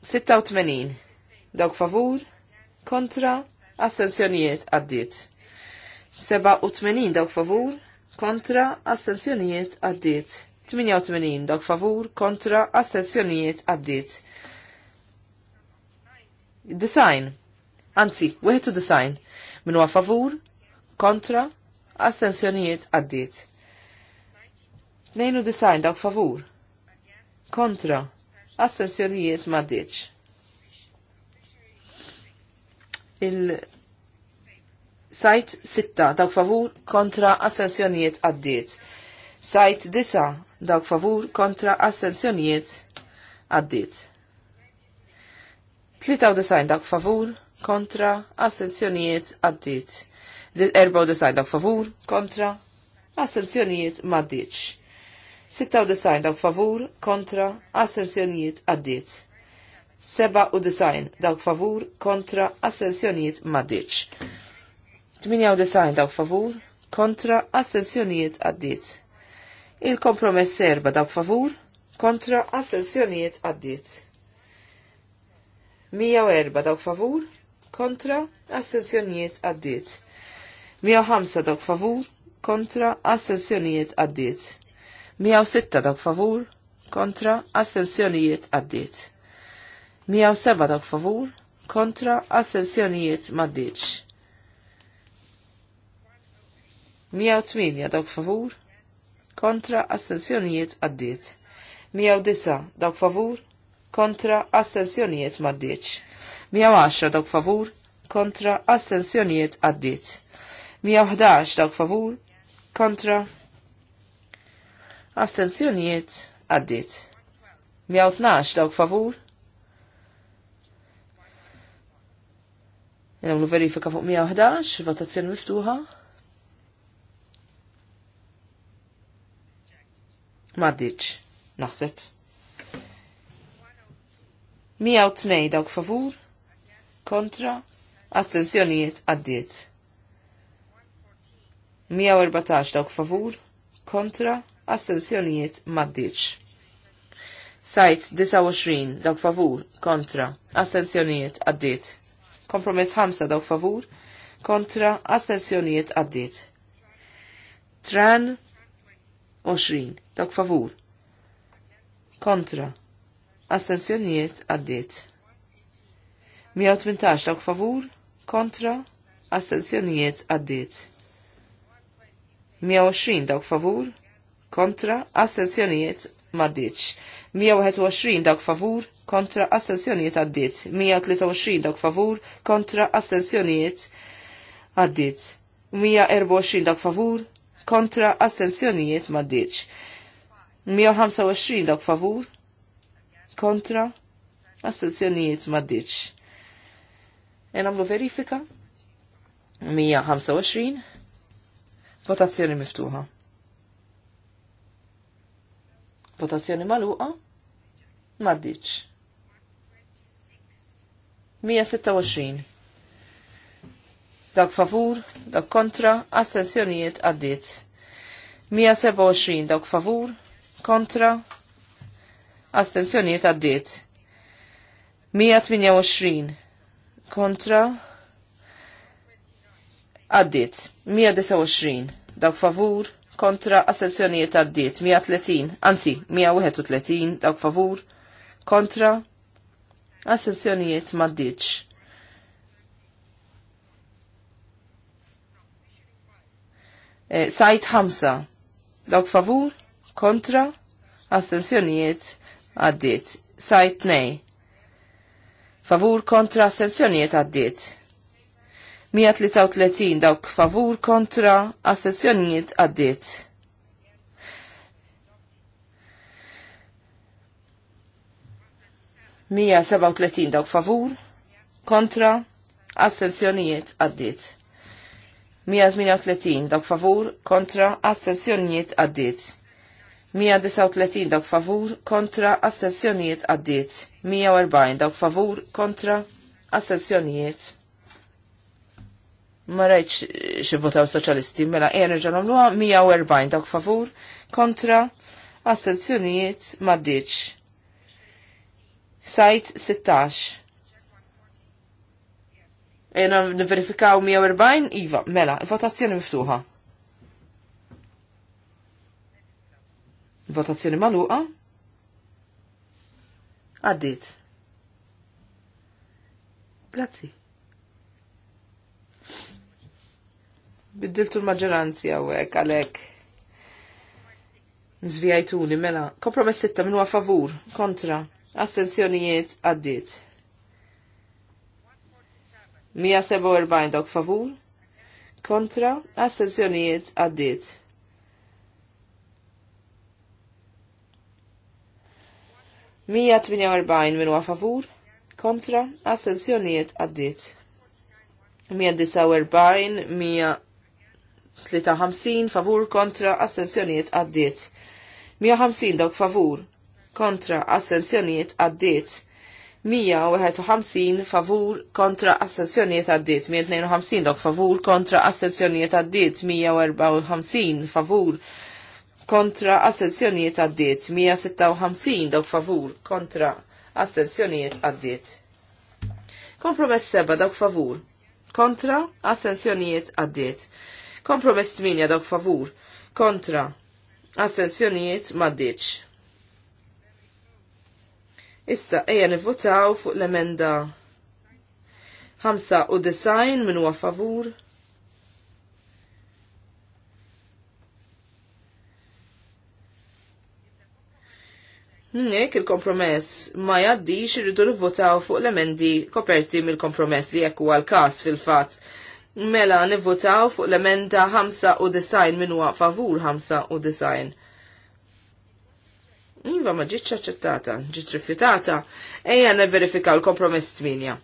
86 dawk favur kontra astensjonijiet għaddit. 87 dawk favur kontra astensjonijiet għaddiet. 88 dawk favur kontra astensjonijiet għaddit. Design. Anzi, wieħed design. Min huwa favur kontra astensjonijiet għaddiet. 92 dawk favur kontra astensjonijiet ma' il Sajt 6 dawk favur kontra assenzjonijiet għaddiet. Sajt 9 dawk favur kontra assenzjonijiet għaddiet. 93 dawk favur kontra assenzjonijiet għaddiet. 94 dawk favur kontra assenzjonijiet maddiċ. 96 dawk favur kontra assenzjonijiet għaddiet. 97 dawk favur kontra assenzjonijiet maddiċ. 98 daw favur, kontra assenzjonijiet għaddit. Il-kompromess erba daw favur, kontra assenzjonijiet għaddit. 104 daw favur, kontra assenzjonijiet għaddit. 105 daw favur, kontra assenzjonijiet għaddit. 106 daw favur, kontra assenzjonijiet għaddit. 107 daw favur, kontra assenzjonijiet maddiċ. 108 dawk favur kontra astensjonijiet għaddiet. 109 dawk favur kontra astensjonijiet maddiċ. 110 dawk favur kontra astensjonijiet għaddiet. 111 dawk favur kontra astensjonijiet għaddiet. 112 dawk favur Nagħmlu verifika fuq 111, votazzjoni miftuħa. Maddiċ, naħseb. 102 dawk favur, kontra, astensjonijiet għaddiet. 114 dawk favur, kontra, astensjonijiet maddiċ. Sajt 29 dawk favur, kontra, astensjonijiet għaddiet. Kompromess 5 dawk favur, kontra, astensjonijiet għaddiet. Tran 20. Dak favur. Kontra. Astenzjonijiet għaddit. 118 dak favur. Kontra. Astenzjonijiet għaddit. 120 dak favur. Kontra. Astenzjonijiet maddiċ. 121 dak favur. Kontra. Astenzjonijiet għaddit. 123 dak favur. Kontra. Astenzjonijiet għaddit. 124 dak favur kontra astensjonijiet ma ditx. 125 dawk favur kontra astensjonijiet ma En Enamlu verifika? 125 Votazzjoni miftuħa. Votazzjoni maluqa? Ma ditx. 126 dak favur, dak kontra, astensjonijiet għaddit. 127 dak favur, kontra, astensjonijiet għaddit. 128 kontra, għaddit. 129 dak favur, kontra, astensjonijiet għaddit. 130, anzi, 131 dak favur, kontra, astensjonijiet maddiċ. Eh, sajt ħamsa. Dawk favur, kontra, astensjonijiet, għaddit. Sajt nej. Favur kontra astensjonijiet għaddit. 133 dawk favur kontra astensjonijiet għaddit. Mija 137 dawk favur kontra astensjonijiet għaddit. 138 dak favur kontra astensjonijiet għaddiet. 139 dak favur kontra astensjonijiet għaddiet. 140 dak favur kontra astensjonijiet. Ma rajtx xivvotaw soċalisti, mela jen rġan 140 dak favur kontra astensjonijiet maddiċ. Sajt 16 Jena niverifikaw 140, iva, mela, votazzjoni miftuħa. Votazzjoni maluqa. Għaddit. Grazzi. Biddiltu l-maġġoranzi għawek għalek. Nżvijajtuni, mela. Kompromess sitta minn favur, kontra. Astenzjonijiet għaddit. 147 dawk favur kontra astenzjonijiet għaddit. Mija 148 minn favur kontra astenzjonijiet għaddiet. 149, 153 favur kontra astenzjonijiet għaddiet. 150 dawk favur kontra astenzjonijiet għaddit. 151 favur kontra astensjoniet għaddit, 152 dok favur kontra astensjoniet għaddit, 154 favur kontra astensjoniet għaddit, 156 dok favur kontra astensjoniet għaddit. Kompromess seba dok favur kontra astensjoniet għaddit. Kompromess 8 dok favur kontra astensjoniet maddiċ. Issa eja nivvotaw fuq l-emenda 95 minn huwa favur. Minnek il-kompromess ma jaddix irridu nivvotaw fuq l-emendi koperti mill-kompromess li jekk huwa l-każ fil-fatt. Mela nivvotaw fuq l-emenda 95 minn huwa favur 95. Iva ma ġietx aċċettata, ġiet eja Ejja verifika l-kompromess t-minja.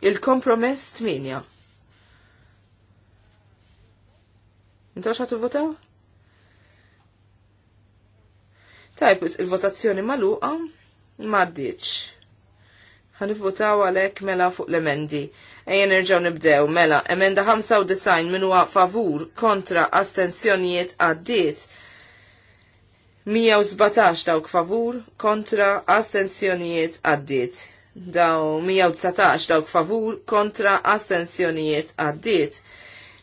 Il-kompromess t-minja. Intax ħatu votaw? Tajpus, il-votazzjoni maluqa ma ddiċ ħanifvotaw għalek mela fuq l-emendi. Ejja nerġaw nibdew, mela, emenda 95 huwa favur kontra astensjonijiet għaddiet. 117 dawk favur kontra astensjonijiet għaddiet. Daw 119 dawk favur kontra astensjonijiet għaddiet.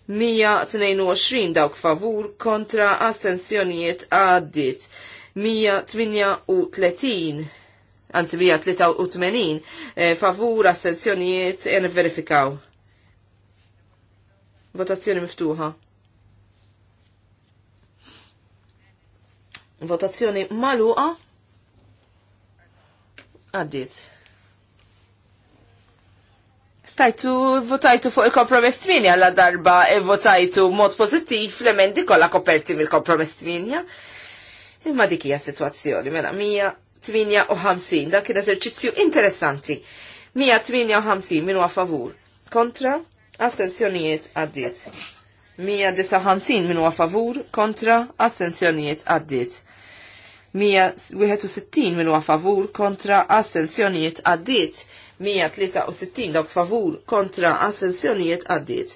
122 dawk favur kontra astensjonijiet għaddiet. 138 anzi 183 eh, favur astenzjonijiet jen verifikaw. Votazzjoni miftuħa. Votazzjoni maluqa. Għaddit. Stajtu votajtu fuq il-kompromess tminja għalla darba e votajtu mod pozittiv l-emendi kolla koperti mill-kompromess tminja. Imma dik hija situazzjoni mela mija 158, dak kien eżerċizzju interessanti. 158 minu a favur, kontra, astensjonijiet għaddiet. 159 minu a favur, kontra, astensjonijiet għaddiet. 161 minu a favur, kontra, astensjonijiet għaddiet. 163 dawk favur, kontra, astensjonijiet għaddiet.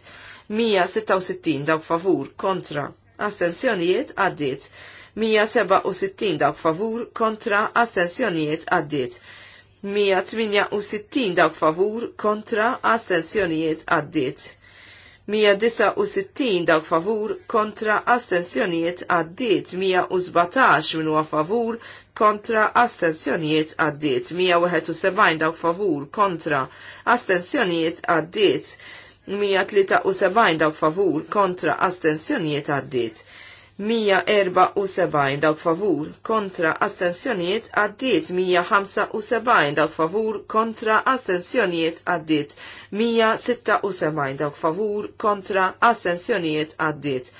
166 dawk favur, kontra, astensjonijiet għaddiet. 167 dawk favur kontra astensjonijiet għaddiet. 168 dawk favur kontra astensjonijiet għaddiet. 169 dawk favur kontra astensjonijiet għaddiet 117 minn huwa favur kontra astensjonijiet għaddiet 171 dawk favur kontra astensjonijiet għaddiet 173 dawk favur kontra astensjonijiet għaddiet 174 dawk favur kontra astensjoniet għaddiet 175 dawk favur kontra astensjoniet għaddiet 176 dawk favur kontra astensjoniet għaddiet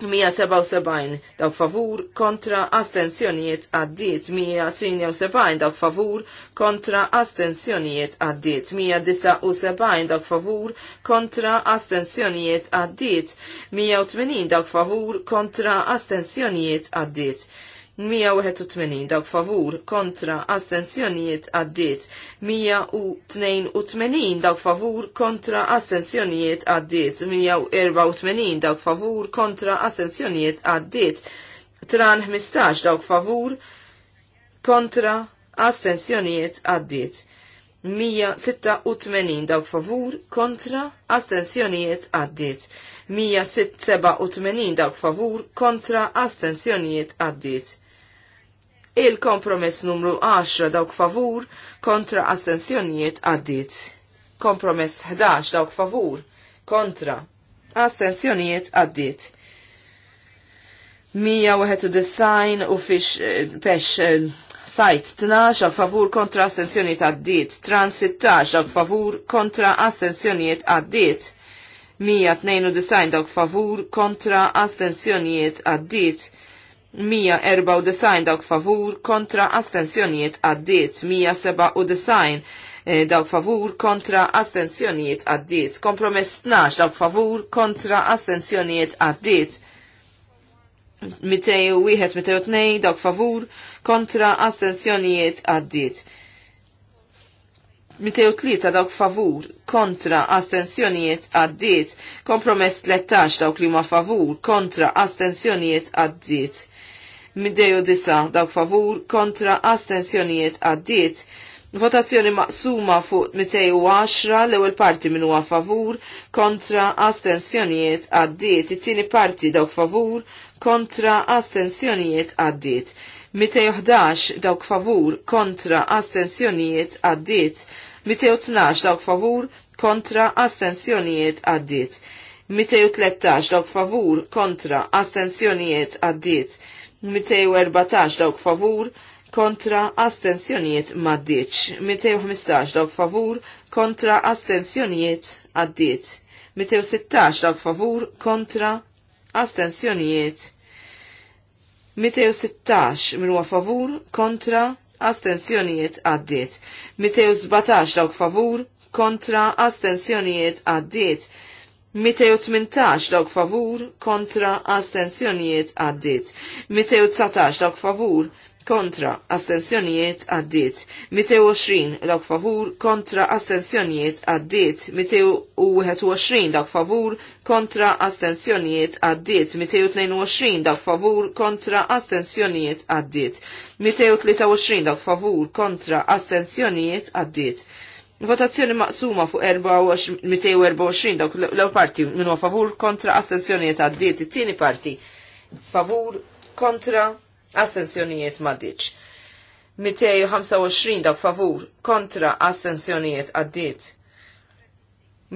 177 dawk favur kontra astensjonijiet għaddiet 177 dawk favur kontra astensjonijiet għaddiet 179 dawk favur kontra astensjonijiet għaddiet 180 dawk favur kontra astensjonijiet għaddiet 181 dawk favur kontra astensjonijiet għaddiet 182 dawk favur kontra astensjonijiet għaddiet 184 dawk favur kontra astensjonijiet għaddiet tran 15 dawk favur kontra astensjonijiet għaddiet 186 dawk favur kontra astensjonijiet għaddiet. 187 dawk favur kontra astensjonijiet għaddiet. Il-kompromess numru 10 dawk favur kontra astensjonijiet għaddit. Kompromess 11 dawk favur kontra astensjonijiet għaddit. 191 u fix eh, pex eh, sajt 12 għal favur kontra astensjonijiet għaddit. Trans 16 dawk favur kontra astensjonijiet għaddit. 192 dawk favur kontra astensjonijiet għaddit. 194 dawk favur kontra astensjonijiet għaddiet 197 eh, dawk favur kontra astensjonijiet għaddiet. Kompromess 12 dawk favur kontra astensjonijiet għaddiet. 201-202 dawk favur kontra astensjonijiet għaddiet. 203 dawk favur kontra astensjonijiet għaddiet. Kompromess 13 dawk li ma favur kontra astensjonijiet għaddiet middejo disa dawk favur kontra astensjonijiet għaddiet. Votazzjoni maqsuma fuq 210 l-ewwel parti minn huwa favur kontra astensjonijiet għaddiet. It-tieni parti dawk favur kontra astensjonijiet għaddiet. 211 dawk favur kontra astensjonijiet għaddiet. 212 dawk favur kontra astensjonijiet għaddiet. 213 dawk favur kontra astensjonijiet għaddiet. 214 dawk favur kontra astensjonijiet maddiċ. 215 dawk favur kontra astensjonijiet għaddiet. 216 dawk favur kontra astensjonijiet. 216 minn favur kontra astensjonijiet għaddiet. 217 dawk favur kontra astensjonijiet għaddiet. 218 dawk favur kontra astensjonijiet għaddit. 219 dawk favur kontra astensjonijiet għaddit. 220 dawk favur kontra astensjonijiet għaddit. 221 dawk favur kontra astensjonijiet għaddit. 222 dawk favur kontra astensjonijiet għaddit. 223 dawk favur kontra astensjonijiet għaddit. Votazzjoni maqsuma fuq 224 dawk l-ewwel parti minnu favur kontra astensjonijiet għaddiet, it-tieni parti favur kontra astenzjonijiet maddiċ. 225 dawk favur kontra astenzjonijiet għaddiet.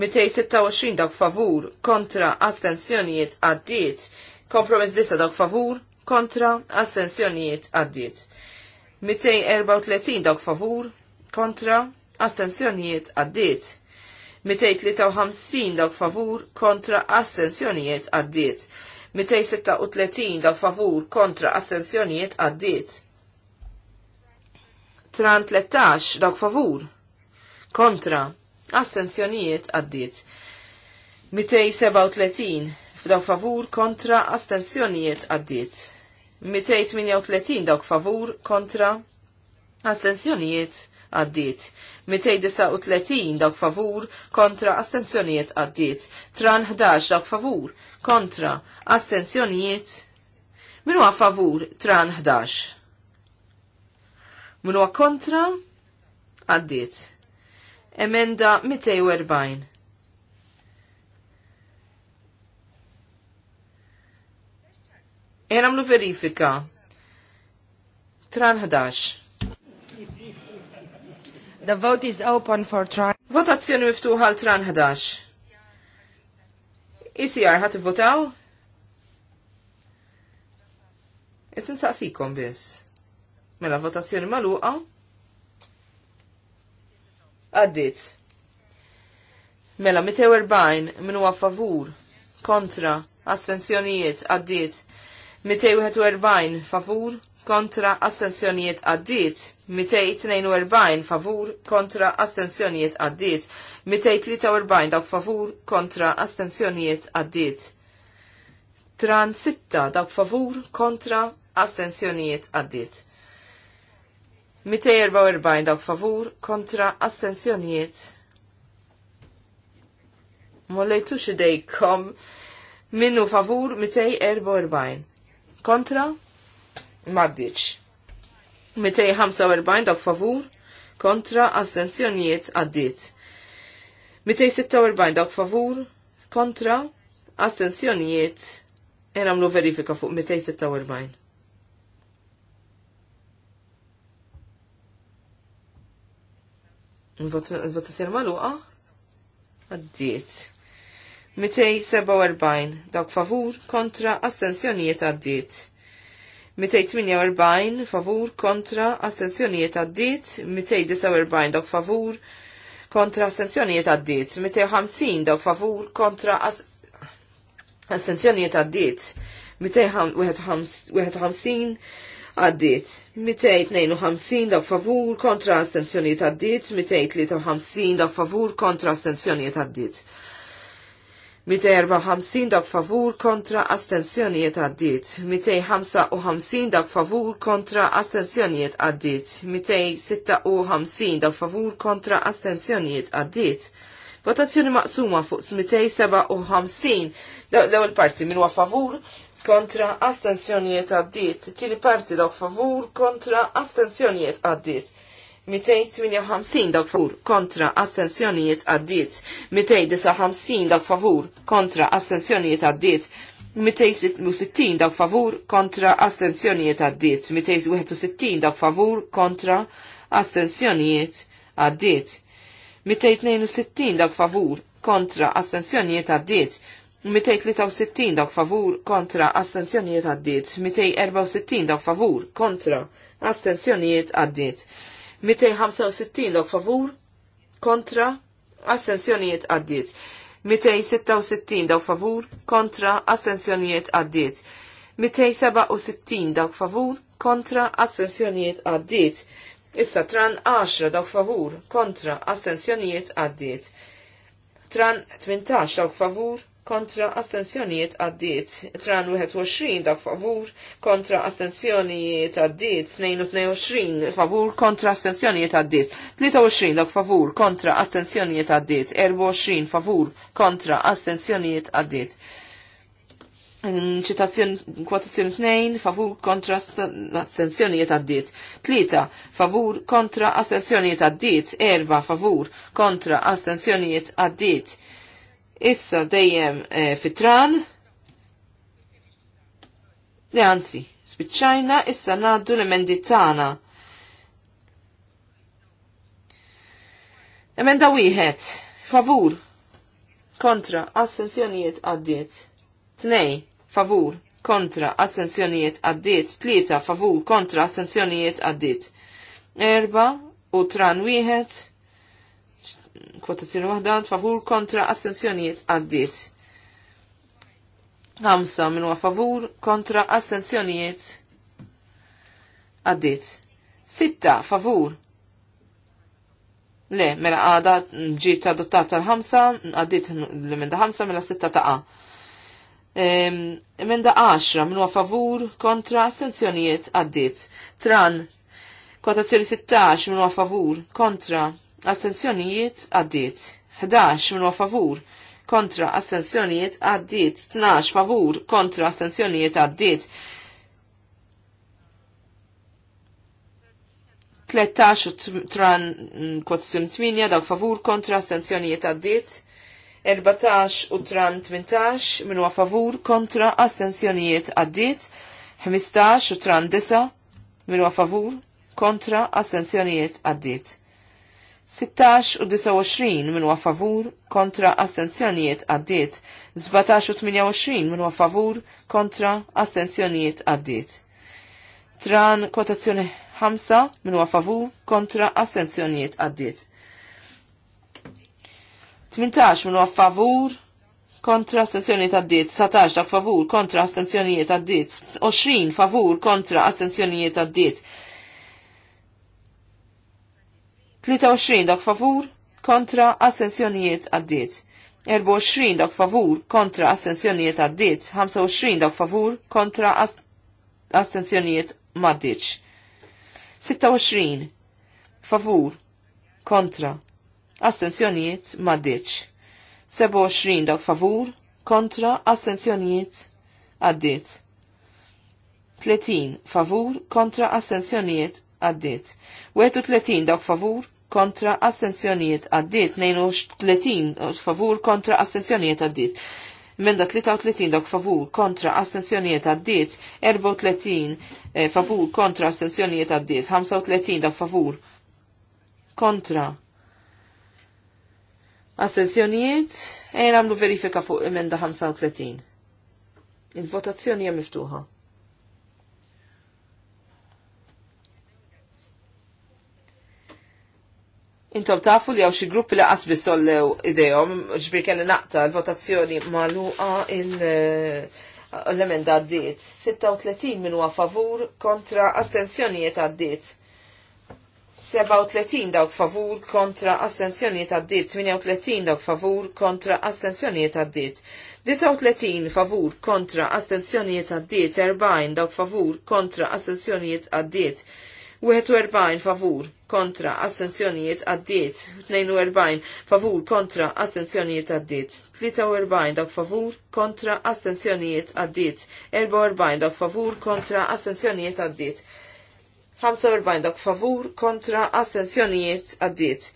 226 dawk favur kontra astenzjonijiet għaddiet. Kompromess disa dawk favur kontra astenzjonijiet għaddiet. 234 dawk favur kontra astensjonijiet għaddiet. 253 dawk favur kontra astensjonijiet għaddiet. 236 dawk favur kontra astensjonijiet għaddiet. 313 dawk favur kontra astensjonijiet għaddiet. 237 f'dawk favur kontra astensjonijiet għaddiet. 238 dawk favur kontra astensjonijiet għaddit. 239 dawk favur kontra astenzjonijiet għaddit. Tran 11 dawk favur kontra astenzjonijiet. Minu għa favur tran 11. Minu kontra għaddit. Emenda 240. Jena mlu verifika. Tran The vote is open for tran. Votazzjoni miftuħa għal tran 11. ECR, ħat votaw? Et nsaqsikom biss. Mela votazzjoni maluqa? Għaddit. Mela 240 min huwa favur, kontra, astensjonijiet, għaddit. 241 favur, kontra astensjonijiet għaddit, 242 favur kontra astensjonijiet għaddit, 243 dawk favur kontra astensjonijiet għaddit. Tran 6 dawk favur kontra astensjonijiet għaddit. 244 dawk favur kontra astensjonijiet. Mollejtux idejkom minnu favur 244. Kontra maddiċ. 245 dak favur kontra astenzjonijiet għaddit. 246 dak favur kontra astenzjonijiet eramlu verifika fuq 246. Il-votazzjoni maluqa? Għaddit. 247 dak favur kontra astenzjonijiet għaddiet. 248 favur kontra astenzjonijiet għaddit, 249 dok favur kontra astenzjonijiet għaddit, 250 dok favur kontra astenzjonijiet għaddit, 251 għaddit, 252 dok favur kontra astenzjonijiet għaddit, 253 dok favur kontra astenzjonijiet għaddit. 254 dak favur kontra astensjonijiet għaddit, 255 dak favur kontra astensjonijiet għaddit, 256 dak favur kontra astensjonijiet għaddit. Votazzjoni maqsuma fuq 257 l-ewwel parti minn favur kontra astenzjonijiet għaddit, tieni parti dak favur kontra astensjonijiet għaddit. 258 dak favur kontra astensjonijiet għaddiet, 259 dak favur kontra astensjonijiet għaddiet, 260 dak favur kontra astensjonijiet għaddiet, 261 dak favur kontra astensjonijiet għaddiet, 262 dak favur kontra astensjonijiet għaddiet, 263 dak favur kontra astensjonijiet għaddiet, 264 dak favur kontra astensjonijiet għaddiet. 265 log favur kontra astensjonijiet għaddiet. 266 dawk favur kontra astensjonijiet għaddiet. 267 dawk favur kontra astensjonijiet għaddiet. Issa tran 10 dawk favur kontra astensjonijiet għaddiet. Tran 18 dawk favur kontra astensjonijiet għaddiet. Tran 21 dak favur kontra astensjonijiet għaddiet. 22 favur kontra astensjonijiet għaddiet. 23 dak favur kontra astensjonijiet għaddiet. 24 favur kontra astensjonijiet għaddiet. Citazzjoni, kwotazzjoni 2 favur kontra astensjonijiet għaddiet. 3 favur kontra astensjonijiet għaddiet. 4 favur kontra astensjonijiet għaddiet. Issa dejjem eh, fitran. Le anzi, spiċċajna issa naddu l-emendi tagħna. Emenda wieħed, favur, kontra, assenzjonijiet għaddiet. Tnej, favur, kontra, assenzjonijiet għaddiet. Tlieta, favur, kontra, assenzjonijiet għaddiet. Erba, u tran wieħed, Kwotazzjoni waħda favur kontra astenzjonijiet għaddiet. Ħamsa minn huwa favur kontra astenzjonijiet għaddiet. Sitta favur. Le, mela għada ġiet adottata l-ħamsa, għaddiet l-emenda ħamsa mela sitta taqa. Emenda 10 minn huwa favur kontra astenzjonijiet għaddiet. Tran, kwotazzjoni 16 minn huwa favur kontra astenzjonijiet għaddiet. 11 minn favur kontra astenzjonijiet għaddiet. 12 favur kontra astenzjonijiet għaddiet. 13 tran mm, kotsim 8 daw favur kontra astenzjonijiet għaddiet. 14 u tran 18 minn favur kontra astenzjonijiet għaddiet 15 u tran 9 minn favur kontra astenzjonijiet għaddiet. 16 u 29 minn favur kontra astenzjonijiet għaddiet. 17 u 28 minn favur kontra astenzjonijiet għaddiet. Tran kotazzjoni 5 minn favur kontra astenzjonijiet għaddiet. 18 minn favur kontra astenzjonijiet għaddiet. 17 dak favur kontra astenzjonijiet għaddiet. 20 favur kontra astenzjonijiet għaddiet. 23 dak favur kontra assenzjonijiet għaddiet. 24 dak favur kontra assenzjonijiet għaddiet. 25 dak favur kontra astenzjonijiet maddiċ. 26 favur kontra astenzjonijiet maddiċ. 27 dak favur kontra assenzjonijiet għaddiet. 30 favur kontra astenzjonijiet għaddiet. 31 dak favur kontra astenzjonijiet għaddit, 32 uh, favur kontra astenzjonijiet għaddit. Menda 33 dak favur kontra astenzjonijiet għaddit, 34 eh, favur kontra astenzjonijiet għaddit, 35 dak favur kontra astenzjonijiet, e namlu verifika fuq emenda 35. Il-votazzjoni hija miftuħa. Intom tafu li għaw xie gruppi li għasbi sollew idejom, ġbir kelli naqta l-votazzjoni maluqa eh, l-emenda għaddit. 36 minn huwa favur kontra astensjonijiet għaddit. 37 dawk favur kontra astensjonijiet għaddit. 38 dawk favur kontra astensjonijiet għaddit. 39 favur kontra astensjonijiet għaddiet, 40 dawk favur kontra astensjonijiet għaddiet, 41 favur kontra astenzjonijiet għaddiet, 42 favur kontra astenzjonijiet għaddiet, 43 dak favur kontra astenzjonijiet għaddiet, 44 dak favur kontra astenzjonijiet għaddiet, 45 dak favur kontra astenzjonijiet għaddiet,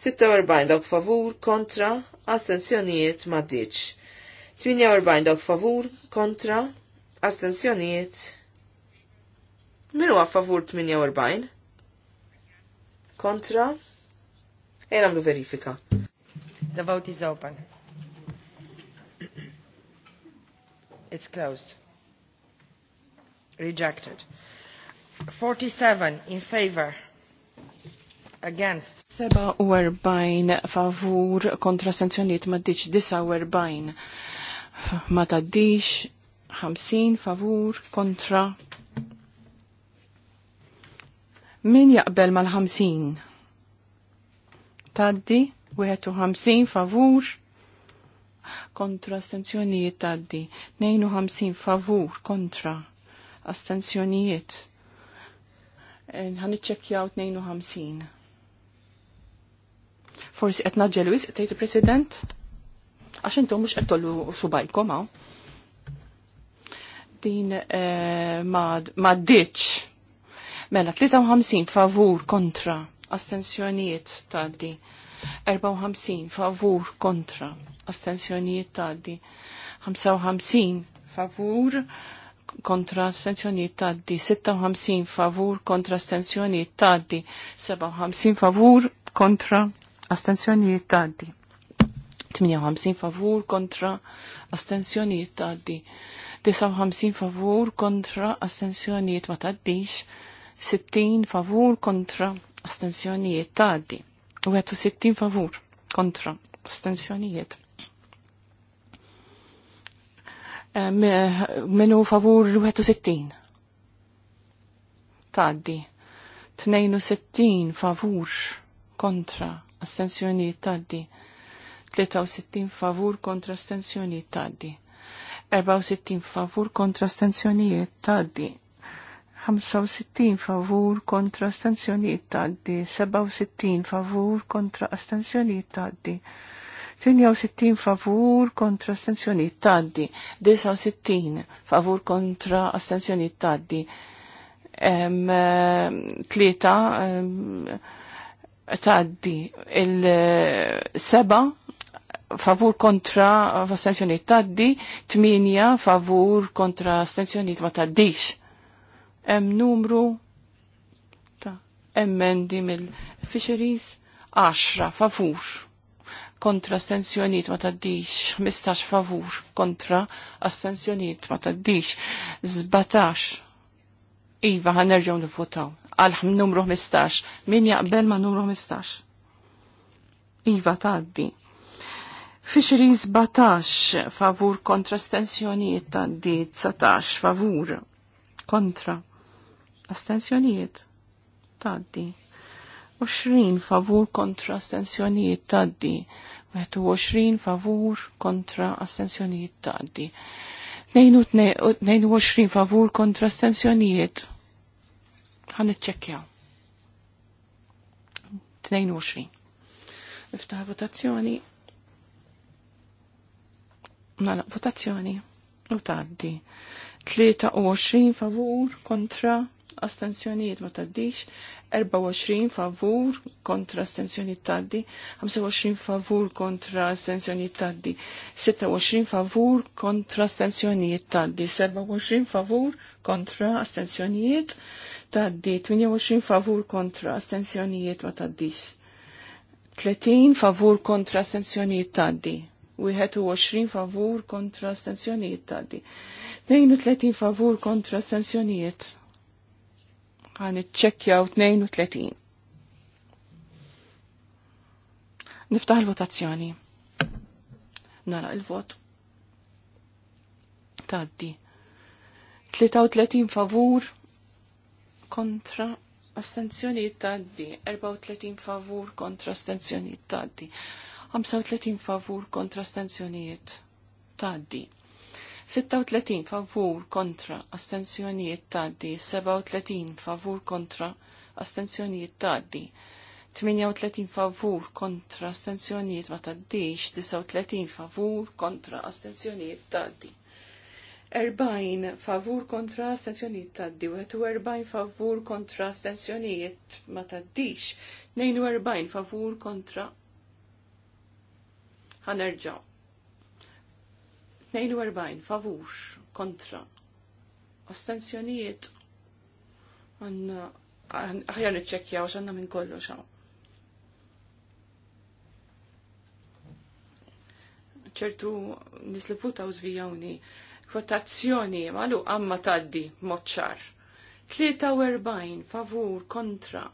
46 dak favur kontra astenzjonijiet maddiċ, 48 dak favur kontra astenzjonijiet Minu għaffavur 48? Kontra? Ejna għamlu verifika. The vote is open. It's closed. Rejected. 47 in favor. Against. erbajn favur kontra sanzjoniet ma diċ disa erbajn. ma taddix 50 favur kontra Min jaqbel mal-50? Taddi, 51 favur, kontra astenzjonijiet taddi, 52 favur kontra astenzjonijiet. Eh, Ħanitċekjaw 52. Forsi qed naġġelu wisq tgħid il-President? Għax intom mhux qed tollu subajkom hawn. Din eh, ma' ditx Mela 53 favur kontra astensjonijiet taddi. 54 favur kontra astensjonijiet taddi. 55 favur kontra astensjonijiet taddi. 56 favur kontra astensjonijiet taddi. 57 favur kontra astensjonijiet taddi. 58 favur kontra astensjonijiet taddi. 59 favur kontra astensjonijiet ma taddix. 60 favur kontra astensjonijiet taddi. 60 favur kontra astensjonijiet. Eh, Minu favur 61. Taddi. 62 favur kontra astensjonijiet taddi. 63 favur kontra astensjonijiet taddi. 64 favur kontra astensjonijiet taddi. 65 favur kontra astensjonijiet taddi, 67 favur kontra astensjonijiet taddi, 68 favur kontra astensjonijiet taddi, 69 favur kontra astensjonijiet taddi, 3 taddi il-seba favur kontra astensjonijiet taddi, 8 favur kontra astensjonijiet ma taddix hemm numru ta' emmendi mill-fisheries 10 favur kontra astensjoniet ma taddix, 15 favur kontra astensjoniet ma taddix, 17 Iva, ħanerġaw nivvotaw. Għal numru 15. Min jaqbel ma numru 15? Iva, taddi. Fixri 17 favur kontra stensjonijiet taddi, 19 favur kontra astensjonijiet taddi. 20 favur kontra astensjonijiet taddi. 21 favur kontra astensjonijiet taddi. 22 favur kontra astensjonijiet. Għan iċċekja. 22. Iftaħ votazzjoni. Nara, votazzjoni. U taddi. 23 favur kontra astenzjonijiet ma taddix, 24 favur kontra astenzjonijiet taddi, 25 favur kontra astenzjonijiet taddi, 26 favur kontra astenzjonijiet taddi, 27 favur kontra astenzjonijiet taddi, 28 favur kontra astenzjonijiet ma taddix, 30 favur kontra astenzjonijiet taddi. 20 favur kontra astenzjonijiet taddi. 32 favur kontra astenzjonijiet għan iċċekjaw 32. Niftaħ il-votazzjoni. Nara il-vot. Taddi. 33 favur kontra astenzjonijiet taddi. 34 favur kontra astenzjonijiet taddi. 35 favur kontra astenzjoni taddi. 36 favur kontra astensjonijiet taddi, 37 favur kontra astensjonijiet taddi, 38 favur kontra astensjonijiet ma taddix, 39 favur kontra astenzjonijiet taddi. 40 favur kontra astensjonijiet taddi, 41 favur kontra astensjonijiet ma taddix, 42 favur kontra ħanerġaw. 42 favur kontra ostensjonijiet għanna aħjar niċċekkjaw għanna minn kollox hawn. ċertu nislifu ta' użvijawni kvotazzjoni malu għamma taddi moċċar. 43 favur kontra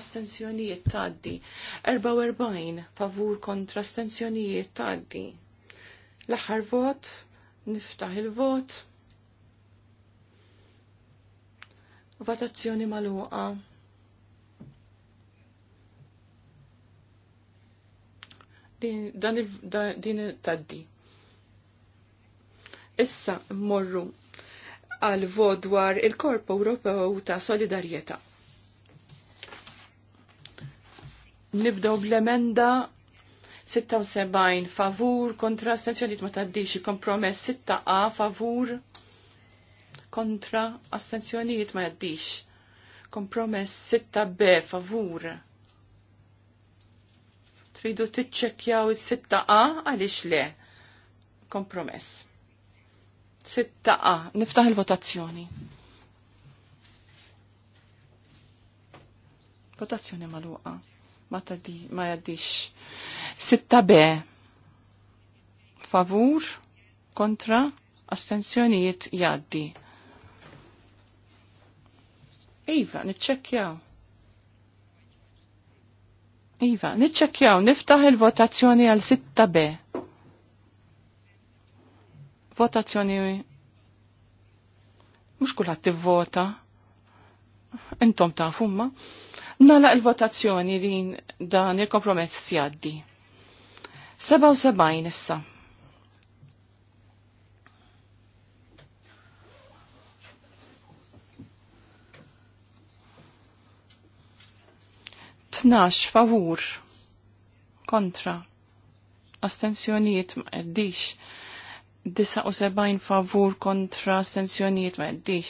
astensjonijiet taddi, 44 favur kontra astensjonijiet taddi. L-aħħar vot Niftaħ il-vot. Votazzjoni maluqa. Din, taddi. Issa morru għal vot dwar il-Korp Ewropew ta' Solidarjetà. Nibdew bl-emenda 76 favur kontra astenzjoniet ma taddix il-kompromess 6a favur kontra astenzjoniet ma jaddix. Kompromess 6b favur. Tridu tiċċekjaw il-6a għalix le. Kompromess. 6a. Niftaħ il-votazzjoni. Votazzjoni maluqa ma tadi, ma jaddix. Sitta B. Favur, kontra, astensjonijiet jaddi. Iva, nitċekjaw. Iva, nitċekjaw, niftaħ il-votazzjoni għal 6 B. Votazzjoni mux kulħat t-vota. Intom ta' fumma. Nala il-votazzjoni li dan il-kompromess jaddi. 77 issa. Tnax favur kontra astensjonijiet ma' eddix. 79 favur kontra astensjonijiet ma' eddix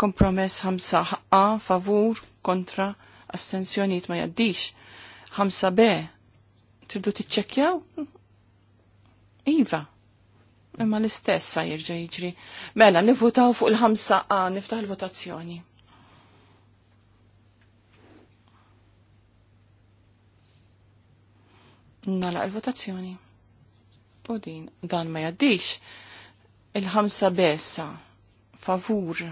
kompromess ħamsa ħaqqa favur kontra astensjoniet ma jaddix. 5 be, tridu tiċċekjaw? Iva, imma l-istess jirġa jiġri. Mela, nivvutaw fuq il-5A, niftaħ il-votazzjoni. Nala il-votazzjoni. U din, dan ma jaddix. Il-5 besa, favur,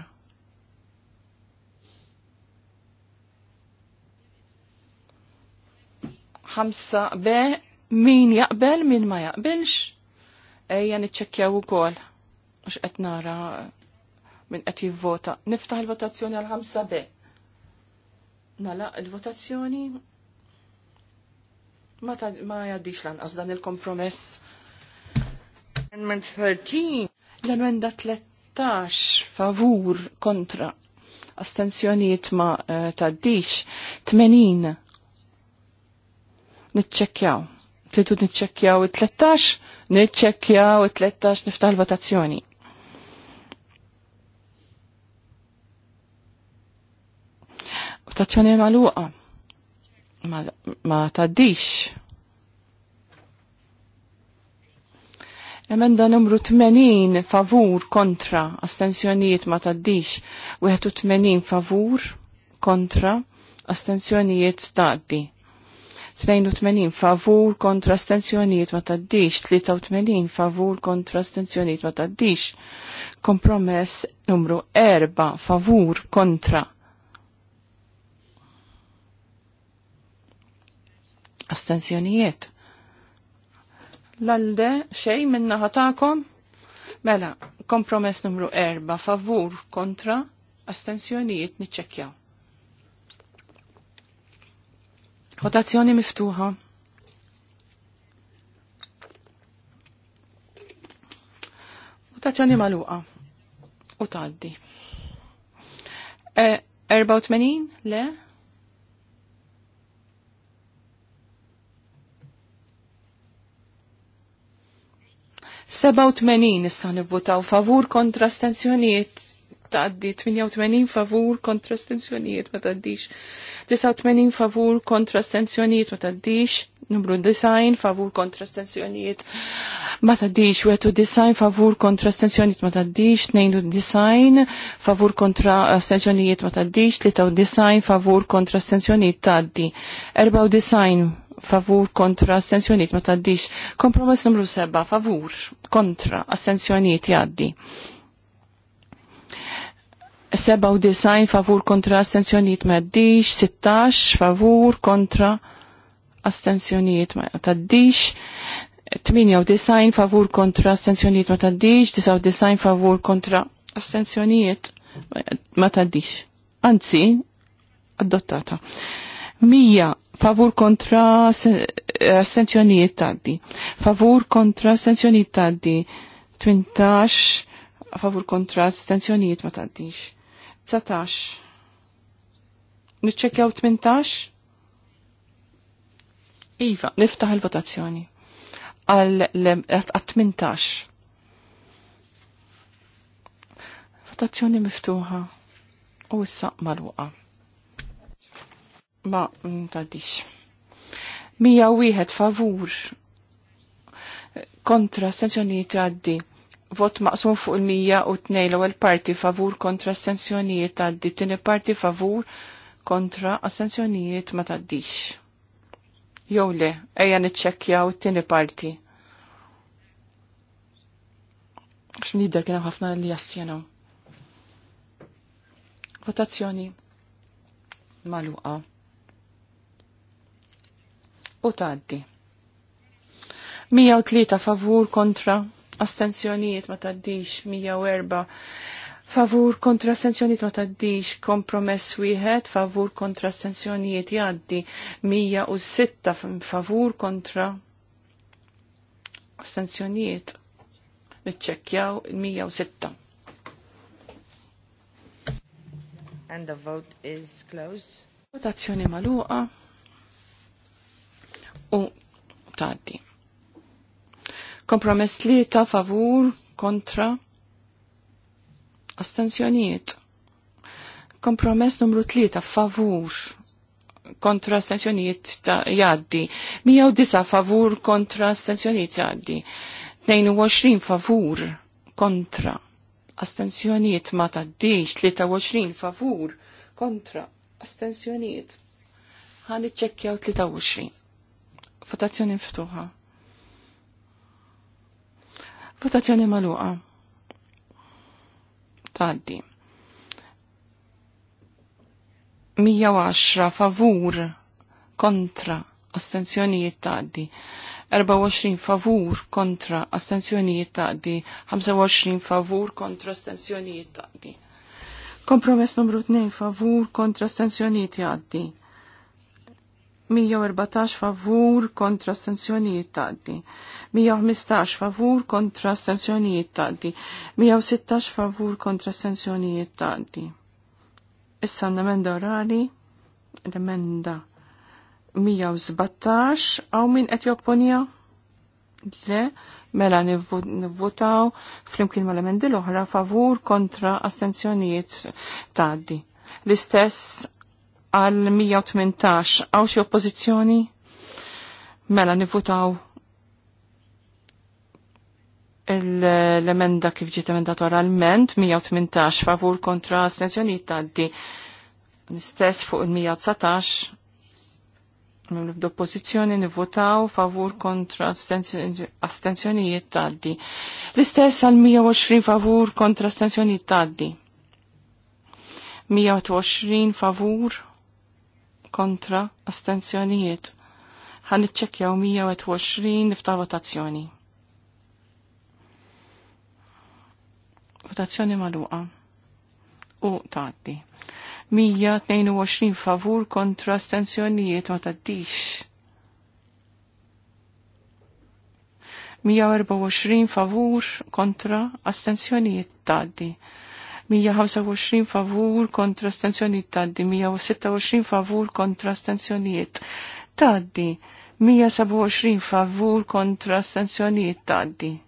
ħamsa be min jaqbel min ma jaqbilx ejja niċċekkjaw ukoll għax qed nara min qed jivvota. Niftaħ il-votazzjoni għal ħamsa be. Nala il-votazzjoni ma, ma jaddix lanqas dan il-kompromess. Amendment 13. L-emenda 13 favur kontra astenzjoniet ma uh, taddix 80 niċċekkjaw. Tridu niċċekkjaw it-13, niċċekkjaw it-13 niftaħ l-votazzjoni. Votazzjoni maluqa. Ma, ma taddix. Emenda numru 80 favur kontra astensjonijiet ma taddix, 81 favur kontra astensjonijiet taddi. 82 favur kontra stenzjoniet ma taddix, 83 favur kontra stenzjoniet ma taddix, kompromess numru 4 favur kontra astenzjonijiet. L-alde xej minna ħatakom? Mela, kompromess numru 4 favur kontra astenzjonijiet niċċekjaw. Votazzjoni miftuħa. Votazzjoni maluqa. U taddi. E, 84 le? Seba' utmenin issa nivvotaw favur kontra stenzjoniet tgħaddi 88 favur kontra stenzjoniet ma tgħaddix 89 favur kontra stenzjoniet ma tgħaddix numru design favur kontra stenzjoniet ma taddix, wetu design favur kontra stenzjoniet ma tgħaddix nejnu design favur kontra stenzjoniet ma tgħaddix tlitaw design favur kontra stenzjoniet tgħaddi erbaw design favur kontra astensjoniet ma taddix. Kompromess numru seba' favur kontra astensjoniet jaddi. 97 favur kontra astensjoniet jaddix, 16 favur kontra astensjoniet ma taddix, 98 favur kontra astensjoniet ma taddix, 99 favur kontra astensjoniet ma taddix. Anzi, adottata. 100 favur kontra astensjoniet taddi, favur kontra astensjoniet taddi, 20 favur kontra astensjoniet ma taddix. 19. Nitċekjaw 18? Iva, niftaħ il-votazzjoni. Għal 18. Votazzjoni miftuħa. U issa maluqa. Ma, n-taddix. Mm, Mija wieħed favur kontra sensjoni għaddi vot maqsum fuq il-102 l-ewwel parti favur kontra astensjonijiet għaddi, tieni parti favur kontra astensjonijiet ma taddix. Jew le, ejja niċċekkjaw it-tieni parti. X'nider kien ħafna li jastjenaw. Votazzjoni maluqa. U tgħaddi. 103 favur kontra astensjonijiet ma taddix 104 favur kontra astensjonijiet ma taddix kompromess wieħed favur kontra astensjonijiet jgħaddi 106 favur kontra astensjonijiet u 106 And the vote is closed. Votazzjoni maluqa u tgħaddi. Kompromess li ta' favur kontra astensjonijiet. Kompromess numru tlieta favur kontra astensjonijiet ta' jaddi. 109 favur kontra astensjonijiet jaddi. 22 favur kontra astensjonijiet ma diġ 23 favur kontra astensjonijiet. Għan iċċekkjaw 23. Votazzjoni mftuħa. Votazzjoni maluqa. Taddi. 110 favur kontra astenzjonijiet taddi. 24 favur kontra astenzjonijiet taqdi, 25 favur kontra astenzjonijiet taqdi. Kompromess numru 2 favur kontra astenzjonijiet jaqdi. 114 favur kontra stenzjonijiet taddi. 115 favur kontra stenzjonijiet taddi. 116 favur kontra stenzjonijiet taddi. Issa n-emenda orali, l-emenda 117, għaw minn qed jopponija? Le, mela nivvotaw flimkien mal-emendi l-oħra favur kontra astenzjonijiet taddi. L-istess għal 118 għaw xie oppozizjoni mela nivutaw l-emenda kif ġiet l-ment 118 favur kontra astenzjonijiet tgħaddi l-istess fuq il-119 minn l-oppozizjoni nivvotaw favur kontra astenzjonijiet taddi. L-istess għal 120 favur kontra astenzjonijiet taddi. 120 favur kontra astenzjonijiet. Għan iċċekjaw 120 nifta votazzjoni. Votazzjoni maluqa. U taħdi. 122 favur kontra astenzjonijiet ma taddix. 124 favur kontra astenzjonijiet taddi. 125 favur kontra stenzjoniet taddi, 126 favur kontra stenzjoniet taddi, 127 favur kontra stenzjoniet taddi.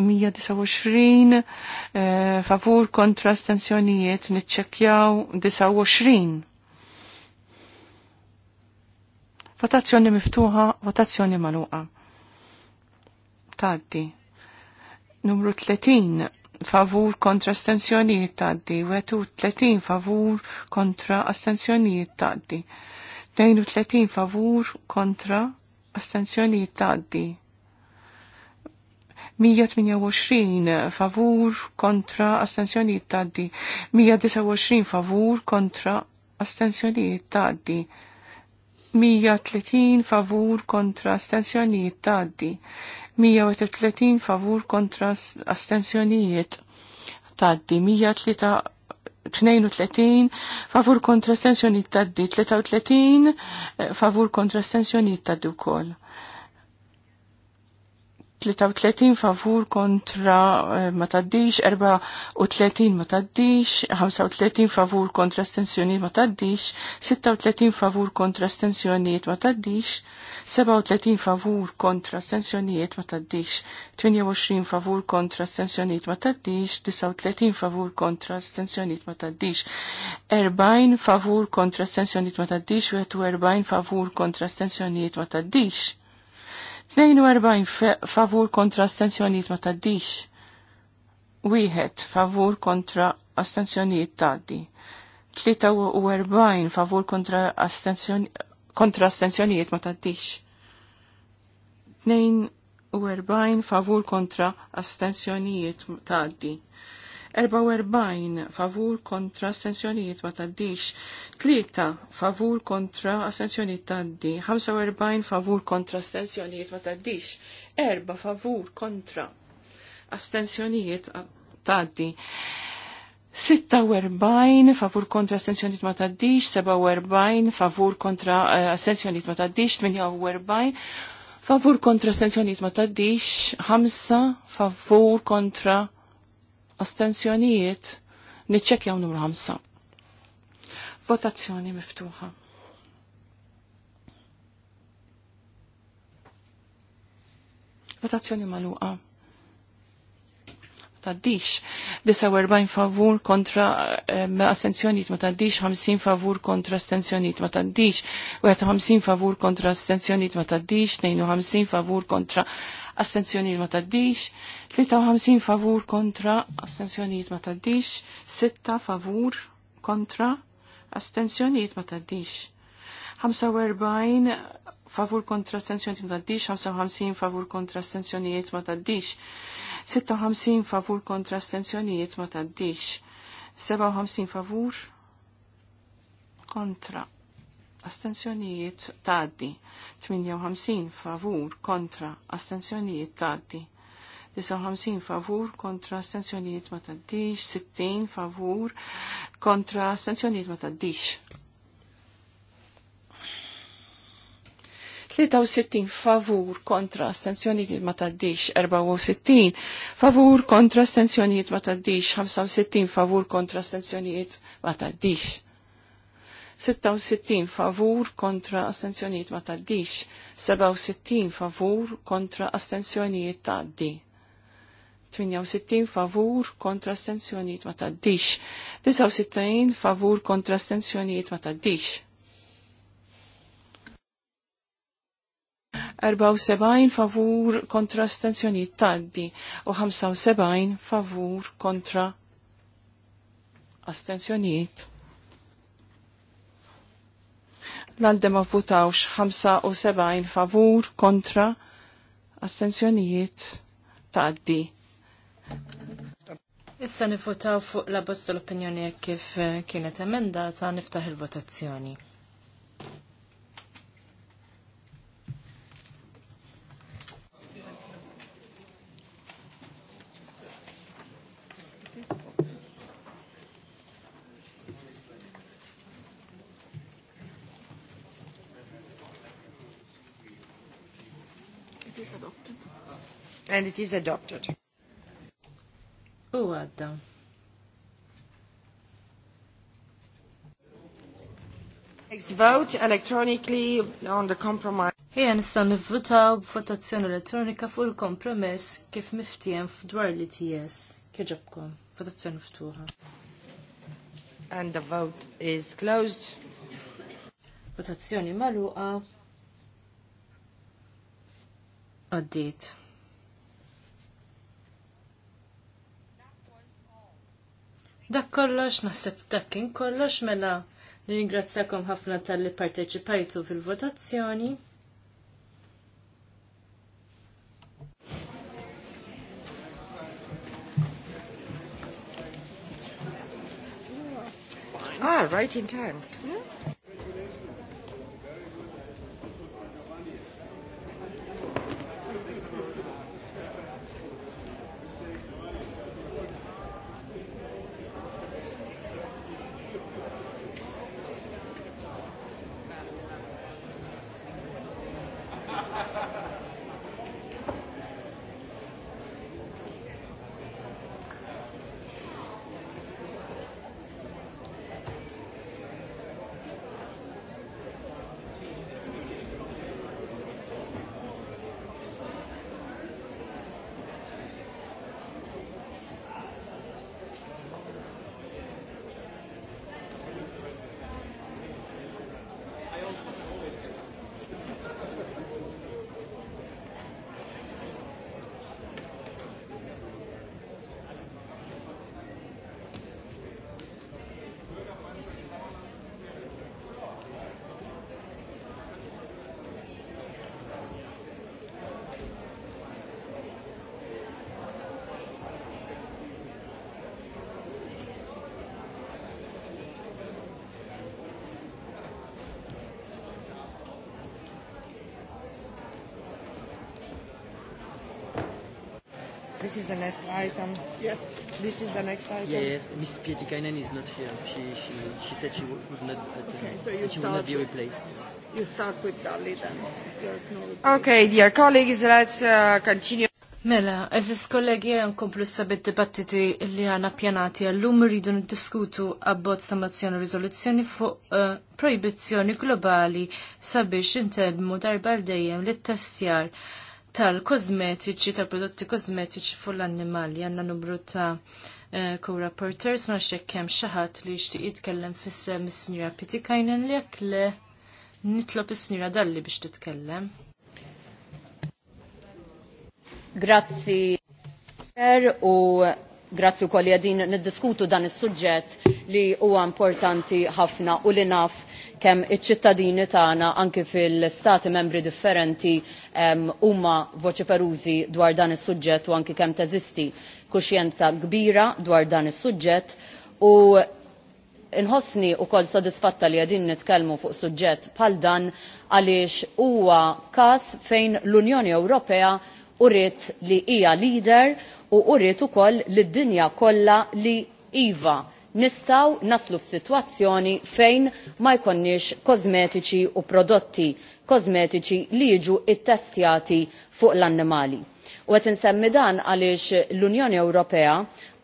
129 favur kontra stenzjonijiet niċċekjaw 29. Votazzjoni miftuħa, votazzjoni maluqa. Taddi. Numru 30 favur kontra astenzjonijiet taddi, 30 favur kontra astenzjonijiet taddi, 32 favur kontra astenzjonijiet taddi. 128 favur kontra astenzjonijiet taddi, 129 favur kontra astenzjonijiet taddi, 130 favur kontra astenzjonijiet taddi, 130 favur kontra astensjonijiet taddi 132 favur kontra astensjonijiet taddi 33 eh, favur kontra astensjonijiet taddi u koll. 33 favur kontra eh, ma taddix, 34 ma taddix, 35 favur kontra stenzjoni ma taddix, 36 favur kontra stensjonijiet ma taddix, 37 favur kontra stensjonijiet ma taddix, 28 favur kontra stensjonijiet ma taddix, 39 favur kontra stensjonijiet ma taddix, 40 favur kontra stensjonijiet ma taddix, 40 favur kontra stensjonijiet ma taddix. 42 favur kontra astenzjoniet ma taddix. Wieħed favur kontra astenzjoniet taddi. 43 favur kontra astenzjoniet kontra astenzjonijiet ma taddix. 42 favur kontra astenzjonijiet taddi. 44 favur kontra astensjonijiet ma taddix, 3 favur kontra astensjonijiet taddi, 45 favur kontra astensjonijiet ma taddix, 4 favur kontra astensjonijiet taddi. 46 favur kontra astensjoniet ma taddix, 47 favur kontra astensjonijiet ma taddix, 48 favur kontra eh, astensjoniet ma taddix, 5 favur kontra Astenzjonijiet niċċekjaw numru ħamsa. Votazzjoni miftuħa. Votazzjoni maluqa. Taddix. 49 favur kontra eh, astenzjonijiet ma taddix, 50 favur kontra astenzjonijiet ma taddix, 51 favur kontra astenzjonijiet ma taddix, 52 favur kontra astenzjonijiet ma taddix, 53 favur kontra, astenzjonijiet ma taddix, 6 favur kontra, astenzjonijiet ma taddix. 45 favur kontra astenzjonijiet ma taddix, 55 favur kontra astenzjonijiet ma taddix, 56 favur kontra astenzjonijiet ma taddix, 57 favur kontra astensjonijiet taddi. 58 favur kontra astensjonijiet taddi. 59 favur kontra astensjonijiet ma taddix, 60 favur kontra astensjonijiet ma taddix. 63 favur kontra astensjonijiet ma taddix, 64 favur kontra astensjonijiet ma taddix, 65 favur kontra astensjonijiet ma taddix. 66 favur kontra astensjonijiet ma taddix, 67 favur kontra astensjonijiet taddi. 68 favur kontra astensjonijiet ma taddix, 69 favur kontra astensjonijiet ma taddix. 74 favur kontra astensjonijiet taddi u 75 favur kontra astensjonijiet l-għalde ma votawx 75 favur kontra astensjonijiet taddi. Issa nifutaw fuq la bosta l-opinjoni kif eh, kienet emendata niftaħ il-votazzjoni. and it is adopted. U Next vote electronically on the compromise. Ejja nissan nivvutaw b'votazzjoni elettronika fuq il-kompromess kif miftiem f'dwar li TS. Kieġobkom, votazzjoni ftuħa. And the vote is closed. Votazzjoni magħluqa. Addit. Dak kollox, naħseb dak kien kollox mela nirringrazzjakom ħafna tal-li parteċipajtu fil-votazzjoni. Ah, right in time. Yeah. This is the next item. Yes. This is the next item. Yeah, Yes, Miss Pietikainen is not here. She, she, she said she would not, but, uh, okay, so you she start would not be replaced. You start with Dali then. No okay, dear colleagues, let's uh, continue. Mela, eżis kollegi għan nkomplu sabit dibattiti li għana pjanati għallum rridu diskutu abbozz ta' mazzjoni rizoluzzjoni fuq uh, proibizzjoni globali sabiex intemmu darba l-dejjem li t-testjar tal-kosmetiċi, tal-prodotti kosmetiċi fuq l-annimali għandna numru ta' eh, co-rapporters ma xekk hemm xi ħadd li xtiq jitkellem fis-sem is Pitikajnen li jekk li nitlob is-Sinjura Dalli biex titkellem. Grazzi u grazzi wkoll li għadin niddiskutu dan is-suġġett li huwa importanti ħafna u li naf kemm iċ-ċittadini tagħna anke fil-stati membri differenti huma voċiferużi dwar dan is-suġġett u anke kemm teżisti kuxjenza kbira dwar dan is-suġġett u inħossni u kol sodisfatta li għadin nitkelmu fuq suġġett pal dan għaliex huwa kas fejn l-Unjoni Ewropea urrit li hija leader u urrit ukoll lid-dinja kollha li iva nistgħu naslu f'sitwazzjoni fejn ma jkonniex kosmetiċi u prodotti kosmetiċi li jiġu ttestjati fuq l-annimali. U qed insemmi dan għaliex l-Unjoni Ewropea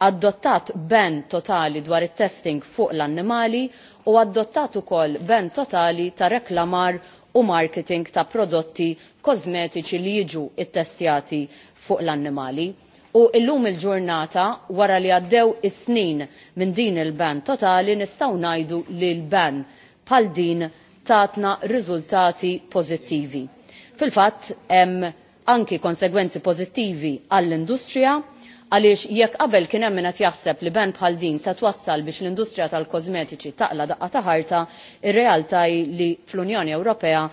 adottat ben totali dwar it-testing fuq l-annimali u adottat ukoll ben totali ta' reklamar u marketing ta' prodotti kosmetiċi li jiġu it-testjati fuq l-annimali. U illum il-ġurnata wara li għaddew is-snin minn din il-ban totali nistgħu ngħidu li l-ban bħal din tatna riżultati pożittivi. Fil-fatt hemm anki konsegwenzi pożittivi għall-industrija għaliex jekk qabel kien hemm qed jaħseb li ben bħal din se twassal biex l-industrija tal-kosmetiċi taqla daqqa ta' ħarta, ir-realtà li fl-Unjoni Ewropea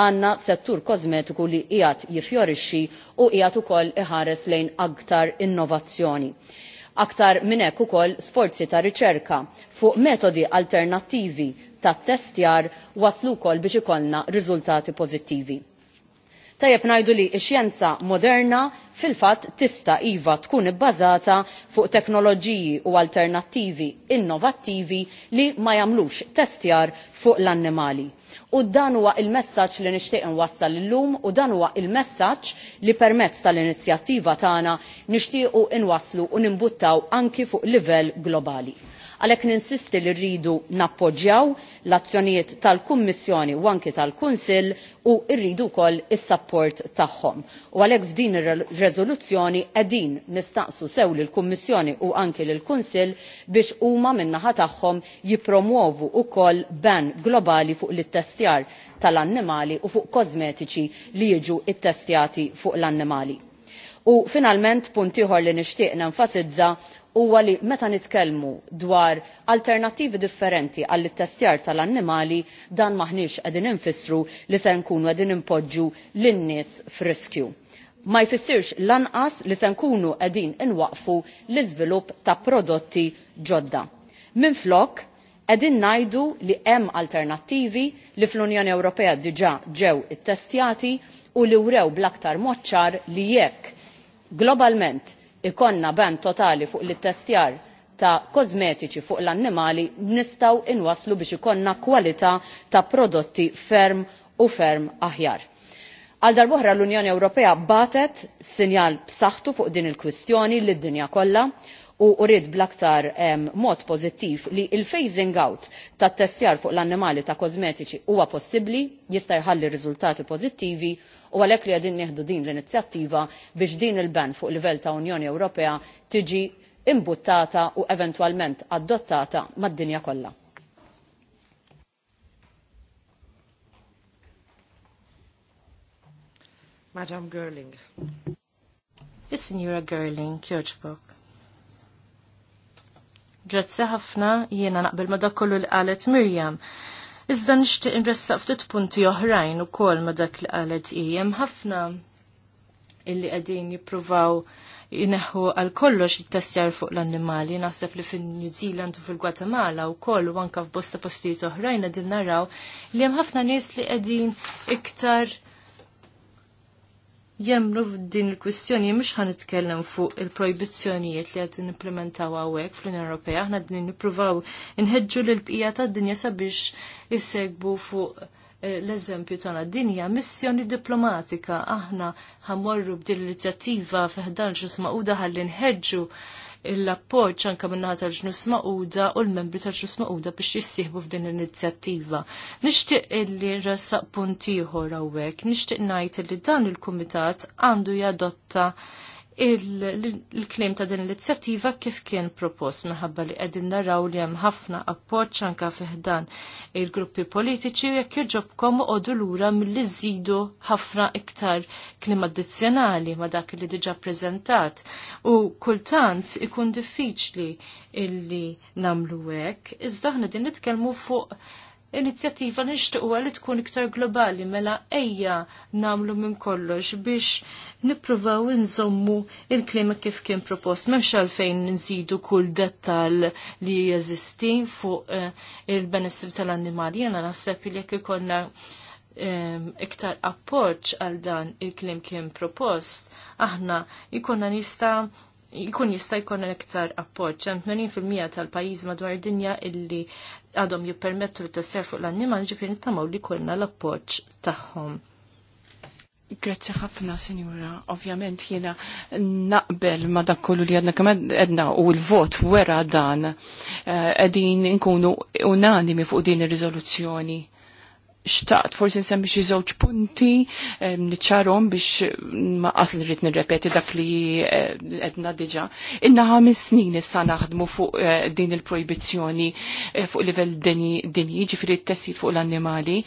għanna settur kozmetiku li qiegħed jifjorixxi u qiegħed ukoll iħares lejn aktar innovazzjoni aktar minn hekk ukoll sforzi ta' riċerka fuq metodi alternattivi ta' testjar waslu wkoll biex ikollna riżultati pożittivi tajjeb ngħidu li xjenza moderna fil-fatt tista' iva tkun ibbażata fuq teknoloġiji u alternattivi innovattivi li ma jagħmlux testjar fuq l-annimali. U dan huwa il-messaġġ li nixtieq nwassal illum u dan huwa il-messaġġ li permezz tal-inizjattiva tagħna nixtiequ inwasslu u nimbuttaw anki fuq livell globali. Għalhekk ninsisti li rridu nappoġġjaw l-azzjonijiet tal-Kummissjoni u anki tal-Kunsill u rridu wkoll is-support tagħhom. U għalhekk f'din ir-reżoluzzjoni qegħdin nistaqsu sew lill-Kummissjoni u anki lill-Kunsill biex huma min-naħa tagħhom jippromuovu wkoll ban globali fuq l-ittestjar tal-annimali u fuq kosmetiċi li jiġu ittestjati fuq l-annimali. U finalment punt ieħor li nixtieq nenfasizza huwa li meta nitkellmu dwar alternattivi differenti għall testjar tal-annimali dan maħniex qegħdin infissru li se nkunu qegħdin impoġġu lin-nies f'riskju. Ma jfissirx lanqas li se nkunu qegħdin inwaqfu l-iżvilupp ta' prodotti ġodda. Minflok qegħdin ngħidu li hemm alternattivi li fl-Unjoni Ewropea diġà ġew it-testjati u li wrew bl-aktar moċċar li jekk globalment ikonna ban totali fuq l testjar ta' kosmetiċi fuq l-annimali nistgħu inwasslu biex ikonna kwalità ta' prodotti ferm u ferm aħjar. Għal darbohra l-Unjoni Ewropea batet sinjal b'saħħtu fuq din il-kwistjoni lid-dinja kollha u urid blaktar mod pożittiv li il-phasing out tat testjar fuq l-annimali ta' kosmetiċi huwa possibbli jista' jħalli riżultati pożittivi u għalhekk li qegħdin nieħdu din l-inizjattiva biex din il-ban fuq livell ta' Unjoni Ewropea tiġi imbuttata u eventwalment adottata mad-dinja kollha. Madam Gerling. is Signora Gerling, Kirchbrook. Grazzi ħafna jiena naqbel ma dak kollu li qalet Mirjam. Iżda nixtieq nressaq ftit punti oħrajn ukoll ma dak li qalet hi hemm ħafna illi qegħdin jippruvaw jneħħu għal kollox jittestjar fuq l-annimali, naħseb li fin New Zealand u fil-Gwatemala u koll u anka f'bosta postijiet oħrajn qegħdin naraw li hemm ħafna nies li qegħdin iktar jemlu f'din il-kwistjoni mhux ħan nitkellem fuq il-projbizzjonijiet li qed nimplementaw hawnhekk fl-Unjoni Ewropea, aħna din nippruvaw inħeġġu lil bqija tad-dinja sabiex issegbu fuq eh, l-eżempju tagħna dinja missjoni diplomatika aħna ħamorru b'din l-inizjattiva fiħdan ġus maquda ħalli nħeġġu l-appoġġ anke min-naħa tal-ġnus maquda u l-membri tal-ġnus maquda biex jissieħbu f'din l-inizjattiva. Nixtieq illi nressaq punt ieħor hawnhekk, nixtieq ngħid li dan il-kumitat għandu jadotta il-klim ta' din l-inizjattiva kif kien propost minħabba li qegħdin naraw li hemm ħafna appoġġ anke fiħdan il-gruppi politiċi jekk jogħġobkom għodu lura milli żidu ħafna iktar klim addizzjonali ma' dak li diġà preżentat u kultant ikun diffiċli illi nagħmlu hekk iżda aħna din nitkellmu fuq inizjattiva nixtiequ li tkun iktar globali mela ejja namlu minn kollox biex nippruvaw nżommu il-klima kif kien propost. M'hemmx għalfejn nżidu kull dettal li jeżisti fuq eh, il-benestri tal-annimali. Jena naħseb li jekk ikonna eh, iktar appoġġ għal dan il-klim kien propost, aħna ikonna nista' jkun jista' jkun iktar appoġġ. Hemm 80% tal-pajjiż madwar id-dinja illi għadhom jippermettu li tasser fuq l-annimal ġifiri nittamaw li kolna l-appoċ tagħhom. Grazzi ħafna, signora. Ovvjament jiena naqbel ma dakollu li għadna kemm edna u l-vot wera dan eh, qegħdin nkunu unanimi fuq din ir-riżoluzzjoni xtaqt forsi nsemmi xi żewġ punti niċċarhom biex mm, ma qasl li nirrepeti dak li qedna eh, diġà. Inna ħames snin issa naħdmu fuq eh, din il-projbizzjoni eh, fuq livell dinji, ġifieri t tessit fuq l-annimali.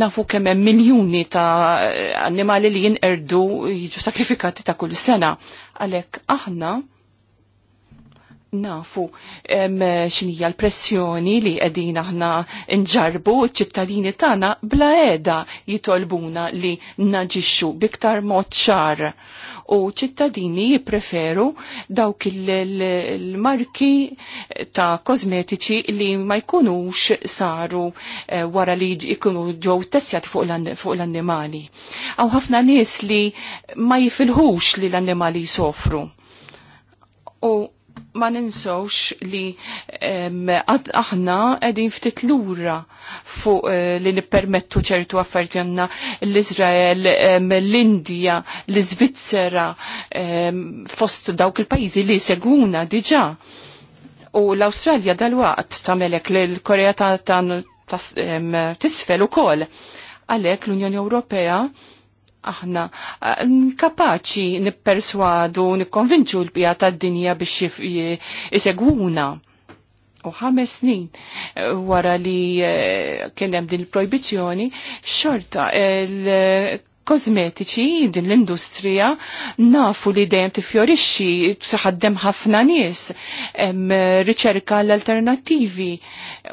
Nafu kemm hemm miljuni ta' annimali li jinqerdu jiġu sakrifikati ta' kull sena. Għalhekk aħna nafu xinija l-pressjoni li edin aħna nġarbu ċittadini tagħna bla edha jitolbuna li naġixxu biktar mod ċar. U ċittadini jippreferu dawk il-marki ta' kozmetiċi li ma jkunux saru eh, wara li jkunu ġew tessjat fuq l-annimali. Aw ħafna nies li ma jifilħux li l-annimali jsofru. U ma ninsawx li aħna għedin ftit lura fuq eh, li nippermettu ċertu affarijiet għanna l-Izrael, l-Indija, l-Iżvizzera, fost dawk il-pajjiżi li seguna diġà. U l-Awstralja dal-waqt tamelek l-Korea ta' tisfel ukoll. Għalhekk l-Unjoni Ewropea aħna kapaċi nipperswadu, nikkonvinċu l-bija tad-dinja biex jisegwuna. U ħames snin e, wara li e, kien hemm din il projbizjoni xorta l kosmetiċi din l-industrija nafu li dejjem tifjorixxi tħaddem ħafna nies hemm riċerka l-alternattivi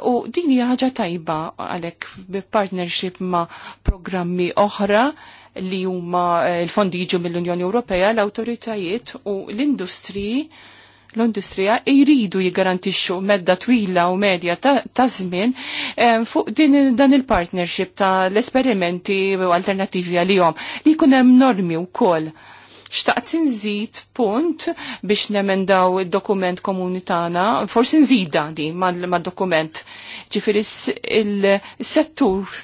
u din hija ħaġa tajba għalhekk partnership ma' programmi oħra li huma eh, l-fondi jiġu mill-Unjoni Ewropea, l-awtoritajiet u l-industri l-industrija jridu jiggarantixxu medda twila u medja ta' żmien eh, fuq din dan il-partnership ta' l-esperimenti u alternativi għalihom li jkun hemm normi wkoll xtaqt nżid punt biex nemendaw il-dokument komuni tagħna, forsi nżida di mad-dokument. Ġifieri il-settur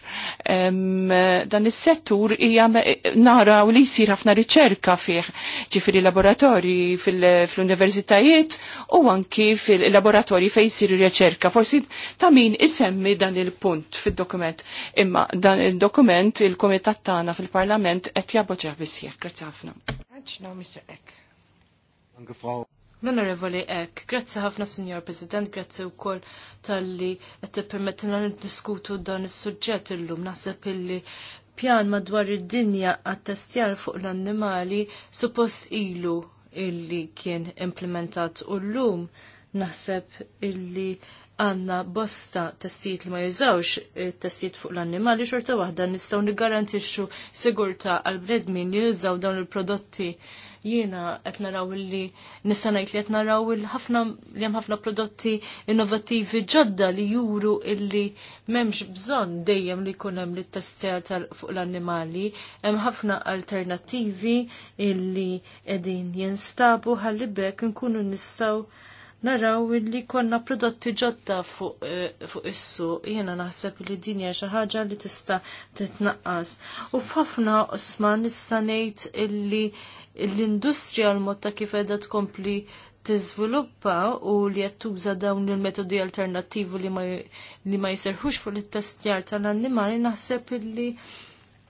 dan is-settur hija nara u li jsir ħafna riċerka fih, ġifieri laboratorji fl-universitajiet u anki fil-laboratorji fejn jsir riċerka. Forsi ta' min isemmi dan il-punt fid-dokument. Imma dan il-dokument il-komitat tagħna fil-Parlament qed jabboġġa bisjek. Grazzi ħafna much. Now, Mr. Eck. Thank you, Frau. Menorevoli Eck, grazie ħafna Signor President, grazie u kol tal-li għette permettina diskutu dan il is il-lum, Nasib illi pjan madwar il dinja għattestjar fuq l-annimali suppost ilu illi kien implementat u l-lum. Naħseb illi għanna bosta testijiet li ma jużawx eh, testijiet fuq l-annimali xorta waħda nistaw nigarantixxu sigurta għal bnedmin li jużaw dawn il-prodotti jiena qed naraw li nista' ngħid li qed naraw ħafna li hemm ħafna prodotti innovattivi ġodda li juru illi m'hemmx bżonn dejjem li jkun hemm littestjar fuq l-annimali, hemm ħafna alternattivi illi qegħdin jinstabu ħalli bekk nkunu nistgħu naraw li konna prodotti ġodda fuq eh, fu issu jiena naħseb li din hija xi ħaġa li tista' titnaqqas. U f'ħafna osma nista' ngħid illi l-industrija l-mod ta' kif qiegħda tkompli tiżviluppa u li qed tuża dawn il-metodi alternattivi li ma, li ma jserħux fuq it-testjar tal-annimali naħseb illi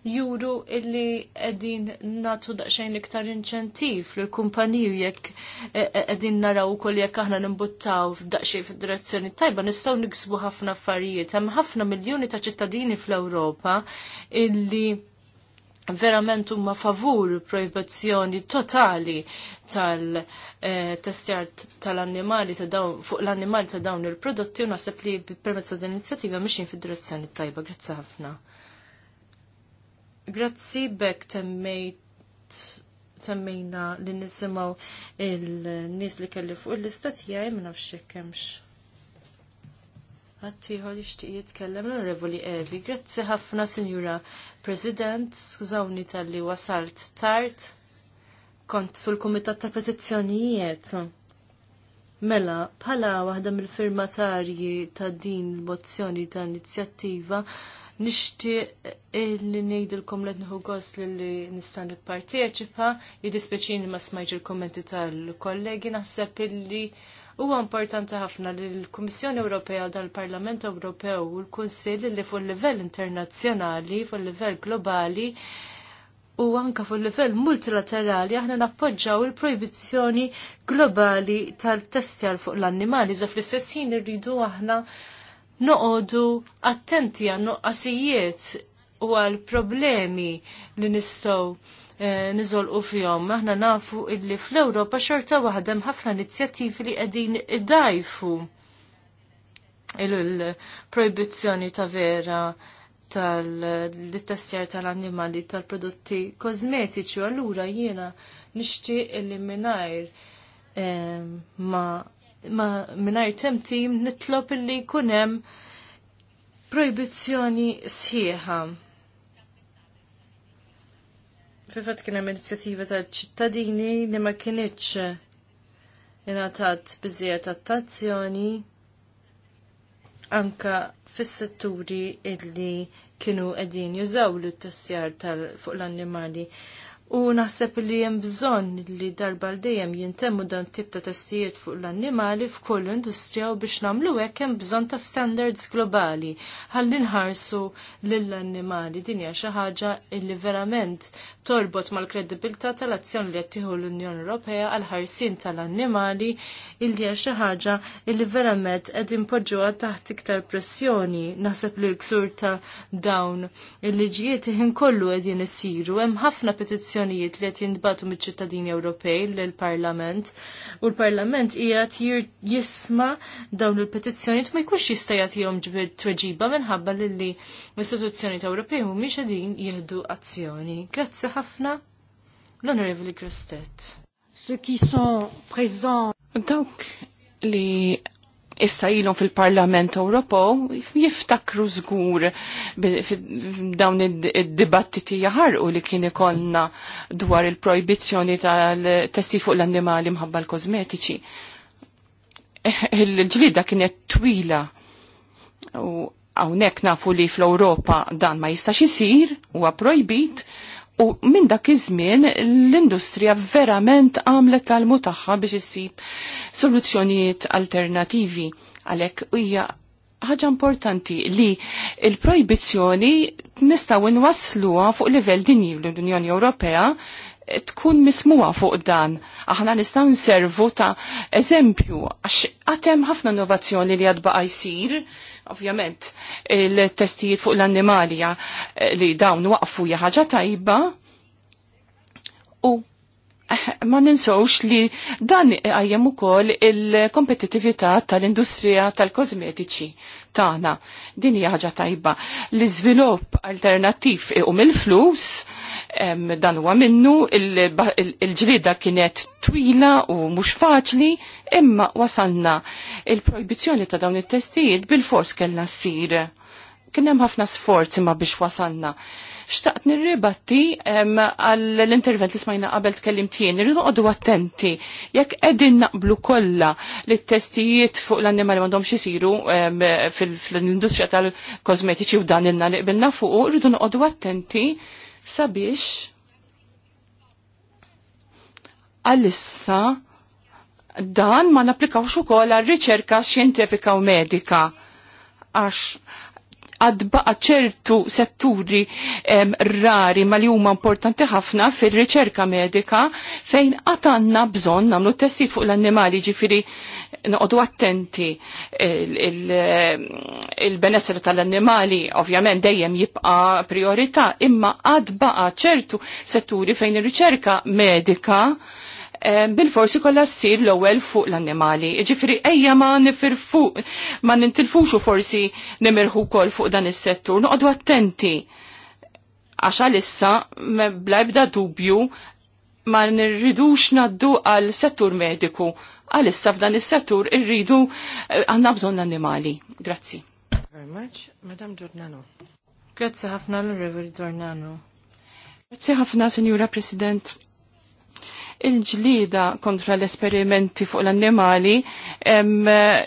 juru illi edin natu daqxajn iktar inċentiv l kumpaniju jekk edin e, naraw kol jekk aħna nimbuttaw f'daqxej f'direzzjoni tajba nistaw niksbu ħafna affarijiet. Hemm ħafna miljoni ta' ċittadini fl-Ewropa illi verament huma favur proibizzjoni totali tal-testjar e, tal-annimali fuq l-annimali ta' dawn il-prodotti u naħseb li permezz ta' din l-inizjattiva mixin fid-direzzjoni tajba. Grazzi ħafna. Grazzi bek temmejt temmejna li nisimaw il-nis li kelli fuq l-istat jgħaj minna fxek kemx. Għattiħol ixtiq jitkellem l-Revoli Evi. Grazzi ħafna, Sinjura President, skużawni tal-li wasalt tard. Kont fil-Kumitat ta' Petizzjonijiet. Mela, bħala waħda mill-firmatarji ta' din l-mozzjoni ta' inizjattiva, nixtieq li l li nħu gost li nista' nipparteċipa, jidispeċin ma smajġ il-kommenti tal-kollegi naħseb li Huwa importanti ħafna li l-Kummissjoni Ewropea dal-Parlament Ewropew u l-Kunsill li fuq livell internazzjonali, fuq livell globali u anka fuq livell multilaterali aħna nappoġġaw il-projbizzjoni globali tal-testjar fuq l-annimali, za fl-istess irridu aħna noqodu attenti għan noqqasijiet u għal problemi li nistow eh, nizol u fjom. Aħna nafu illi fl-Ewropa xorta waħdem ħafna inizjattivi li qegħdin idajfu il-proibizzjoni ta' vera tal-testjar tal-animali tal-prodotti kozmetiċi. Allura jiena nixtieq illi minajr eh, ma' ma mingħajr temtim nitlob illi jkun hemm proibizzjoni sħiħa. Fifat kien hemm inizjattiva tal-ċittadini li ma kienitx ingħatat biżejjed attazzjoni anka fis-setturi illi kienu qegħdin jużaw l-tessjar tal fuq l-annimali. U naħseb li hemm bżonn li darba l dejjem jintemmu dan tip ta' testijiet fuq l-annimali f'kull industrija u biex nagħmlu hekk hemm bżonn ta' standards globali ħalli nħarsu lill-annimali. Din hija xi ħaġa li verament torbot mal-kredibilità tal-azzjoni li qed l-Unjoni Ewropea għal ħarsien tal-annimali illi hija xi ħaġa li verament qed impoġġuha taħt iktar pressjoni naħseb li l-ksur ta' dawn il-liġijiet iħin kollu qegħdin isiru hemm ħafna petizzjonijiet li qed jintbatu miċ-ċittadini Ewropej lill-Parlament u l-Parlament qiegħed jisma' dawn il-petizzjonijiet ma jkunx jista' jagħtihom ġbir tweġiba minħabba li l ta' Ewropej mhumiex qegħdin jieħdu azzjoni. Grazzi ħafna l-Onorevoli Grostet. Ceux qui sont présents. Dawk li issa ilhom fil-Parlament Ewropew jiftakru żgur dawn id-dibattiti jaħarqu li kien ikollna dwar il-projbizzjoni tal-testi fuq l-annimali mħabba l-kosmetiċi. Eh, il-ġlida kienet twila u hawnhekk nafu li fl-Ewropa dan ma jistax isir huwa projbit U minn dak iż-żmien l-industrija verament għamlet tal-mu tagħha biex issib soluzzjonijiet alternativi. Għalhekk hija ħaġa importanti li il-projbizzjoni nistgħu nwassluha fuq livell dinji l-Unjoni Ewropea tkun mismuwa fuq dan. Aħna nistaw nservu ta' eżempju, għax għatem ħafna innovazzjoni li għadba jisir, ovvjament, il-testijiet fuq l-annimalja eh, li dawn waqfu jaħġa tajba, u eh, ma ninsowx li dan għajjem ukoll il-kompetitività tal-industrija tal-kosmetiċi tagħna. Din hija ħaġa tajba. L-iżvilupp alternattiv u mill-flus dan huwa minnu, il-ġlida kienet twila u mhux faċli, imma wasalna il-projbizzjoni ta' dawn it-testijiet bil-fors kellna ssir. Kien hemm ħafna sforzi ma biex wasalna. Xtaqt nirribatti għall-intervent li smajna qabel tkellim tieni, rridu għoddu attenti, jekk qegħdin naqblu kollha li t-testijiet fuq l-annimali m'għandhomx isiru fl industrija tal-kosmetiċi u dan inna li qbilna fuq, rridu noqogħdu attenti sabiex għalissa dan ma naplikawx ukoll għal riċerka xjentifika u medika għax għadbaqa ċertu setturi em, rari ma li huma importanti ħafna fil-riċerka medika fejn għatanna bżon namlu testi fuq l-annimali ġifiri noqdu attenti il-benessere il, il tal-annimali ovvjament dejjem jibqa priorità imma għadbaqa ċertu setturi fejn ir-riċerka medika Eh, bil-forsi kollha ssir l-ewwel fuq l-annimali. Ġifieri ejja ma fuq, ma nintilfuxu forsi nimirħu wkoll fuq dan is-settur. Noqogħdu attenti għax għalissa blajbda dubju ma nirridux naddu għal settur mediku. Għalissa f'dan is-settur irridu eh, għandna bżonn annimali. Grazzi. Very much, Madam Giornano. Grazzi ħafna l rever Giornano. Grazzi ħafna, Signora President il-ġlida kontra l-esperimenti fuq l-annimali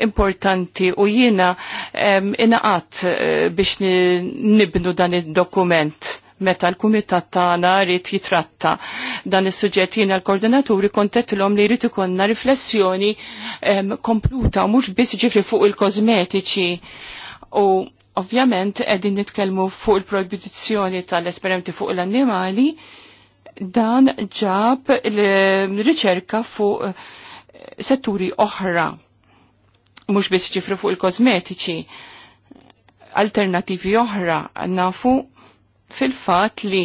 importanti u jiena inaqat eh, biex nibnu dan il-dokument meta l-kumitat tagħna rid jitratta dan is-suġġett jiena l-koordinaturi kontettilhom li jrid ikollna riflessjoni kompluta mhux biss ġifri fuq il-kosmetiċi u ovvjament qegħdin nitkellmu fuq il-proibizzjoni tal-esperimenti fuq l-annimali Dan ġab l-riċerka fuq eh, setturi oħra, mux biss ċifru fuq il-kosmetiċi, alternativi oħra, nafu fil-fat li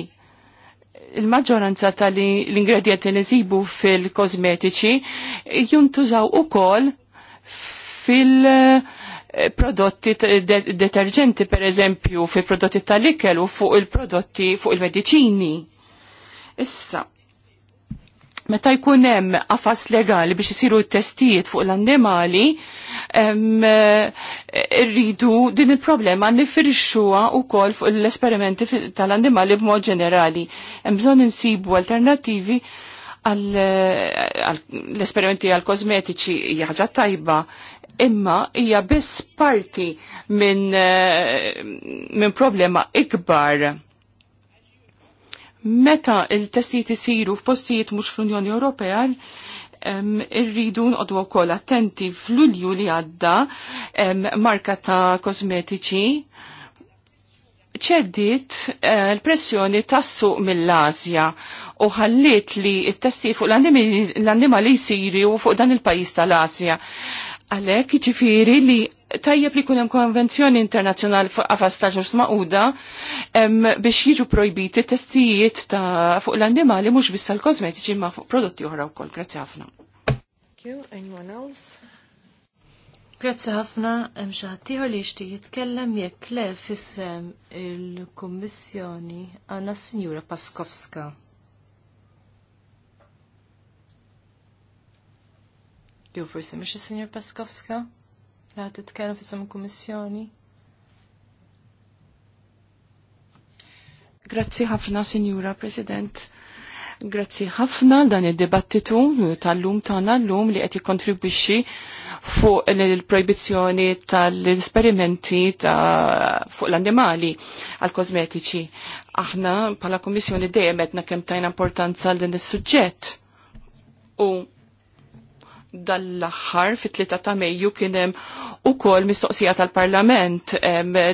il-maġġoranza tal-ingredienti li nsibu fil-kosmetiċi juntużaw ukoll fil-prodotti detergenti per eżempju, fil-prodotti tal-ikel u fuq il-prodotti fuq il-mediċini. Issa, meta jkun hemm qafas legali biex isiru t testijiet fuq l-annimali, rridu din il-problema nifirxuha wkoll fuq l-esperimenti tal-annimali b'mod ġenerali. Hemm bżonn insibu alternattivi għall-esperimenti għal-kosmetiċi hija ħaġa tajba, imma hija biss parti minn eh, min problema ikbar meta il-testijiet isiru f'postijiet mhux fl-Unjoni Ewropea irridu nqodu wkoll attenti fl-Ulju li għadda marka ta' kosmetiċi ċeddit eh, l-pressjoni tassu mill azja u ħallit li t-testijiet fuq l-annimali u fuq dan il-pajis tal azja Għalek ġifiri li tajjeb li kunem konvenzjoni internazjonali fuq qafas ta' ġurs maquda biex jiġu projbiti testijiet ta' fuq l-annimali mhux biss l-kosmetiċi ma' fuq prodotti oħra wkoll. Grazzi ħafna. Grazzi ħafna, hemm xi li xti jitkellem jekk le fissem il-Kummissjoni għandna s-Sinjura Paskowska. Jo forsi mhix signor sinjur Paskowska? li ħat titkellem fissam kummissjoni. Grazzi ħafna, Sinjura President. Grazzi ħafna dan id-dibattitu tal-lum tagħna llum li qed jikkontribwixxi fuq il-projbizzjoni tal-esperimenti ta' fuq l-annimali għal-kosmetiċi. Aħna bħala Kummissjoni dejjem qed kemm tajna importanza l din is-suġġett. U dal ħar fit-3 ta' Mejju kien hemm ukoll mistoqsija tal-Parlament